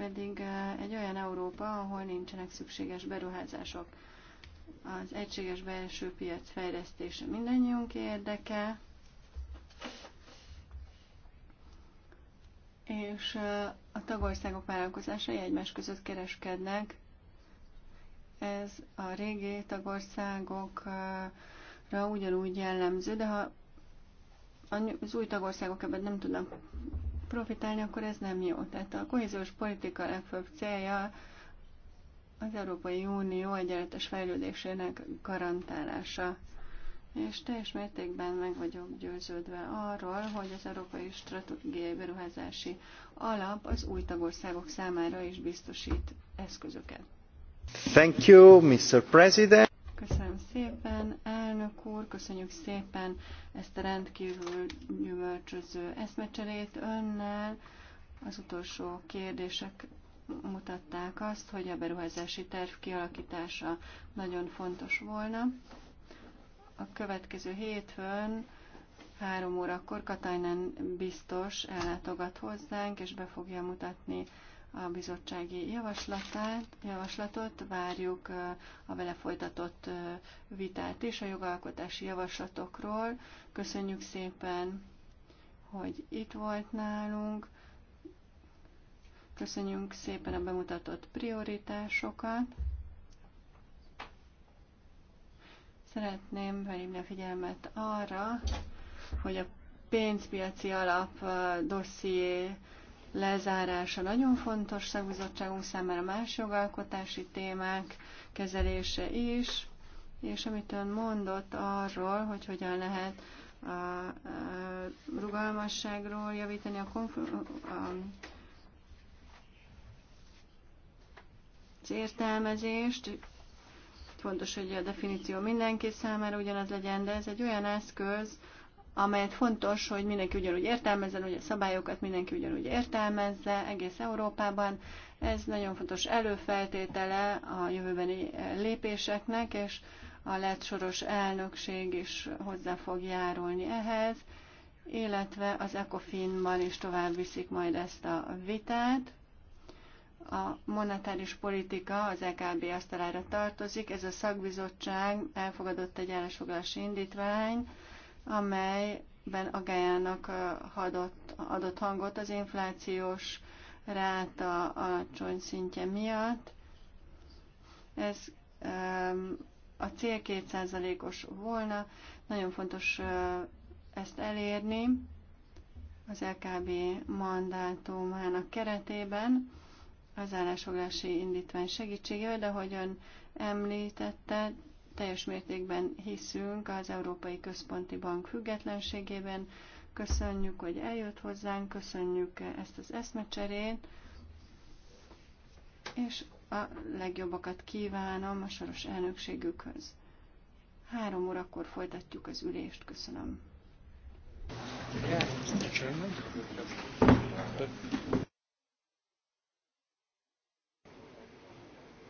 pedig eh, egy olyan Európa, ahol nincsenek szükséges beruházások. Az egységes belső piac fejlesztése mindannyiunk érdeke, és eh, a tagországok vállalkozásai egymás között kereskednek. Ez a régi tagországokra ugyanúgy jellemző, de ha az új tagországok ebben nem tudnak profitálni, akkor ez nem jó. Tehát a kohéziós politika legfőbb célja az Európai Unió egyenletes fejlődésének garantálása. És teljes mértékben meg vagyok győződve arról, hogy az Európai Stratégiai Beruházási Alap az új tagországok számára is biztosít eszközöket. Thank you, Mr. President. Köszönöm szépen, elnök úr, köszönjük szépen ezt a rendkívül gyümölcsöző eszmecserét önnel. Az utolsó kérdések mutatták azt, hogy a beruházási terv kialakítása nagyon fontos volna. A következő hétfőn három órakor Katajnán biztos ellátogat hozzánk, és be fogja mutatni a bizottsági javaslatát, javaslatot, várjuk a vele folytatott vitát is a jogalkotási javaslatokról. Köszönjük szépen, hogy itt volt nálunk. Köszönjük szépen a bemutatott prioritásokat. Szeretném felhívni a figyelmet arra, hogy a pénzpiaci alap dosszié lezárása nagyon fontos szakbizottságunk számára más jogalkotási témák kezelése is, és amit ön mondott arról, hogy hogyan lehet a rugalmasságról javítani a, konf- a az értelmezést, fontos, hogy a definíció mindenki számára ugyanaz legyen, de ez egy olyan eszköz, amelyet fontos, hogy mindenki ugyanúgy értelmezzen, hogy a szabályokat mindenki ugyanúgy értelmezze egész Európában. Ez nagyon fontos előfeltétele a jövőbeni lépéseknek, és a lett soros elnökség is hozzá fog járulni ehhez, illetve az ECOFIN-ban is tovább viszik majd ezt a vitát. A monetáris politika az EKB asztalára tartozik, ez a szakbizottság elfogadott egy állásfoglalási indítvány, amelyben Gájának adott, adott hangot az inflációs ráta alacsony szintje miatt. Ez a cél kétszázalékos os volna, nagyon fontos ezt elérni az LKB mandátumának keretében az állásoglási indítvány segítségével, de ahogyan említette, teljes mértékben hiszünk az Európai Központi Bank függetlenségében. Köszönjük, hogy eljött hozzánk, köszönjük ezt az eszmecserét, és a legjobbakat kívánom a soros elnökségükhöz. Három órakor folytatjuk az ülést. Köszönöm. Yeah,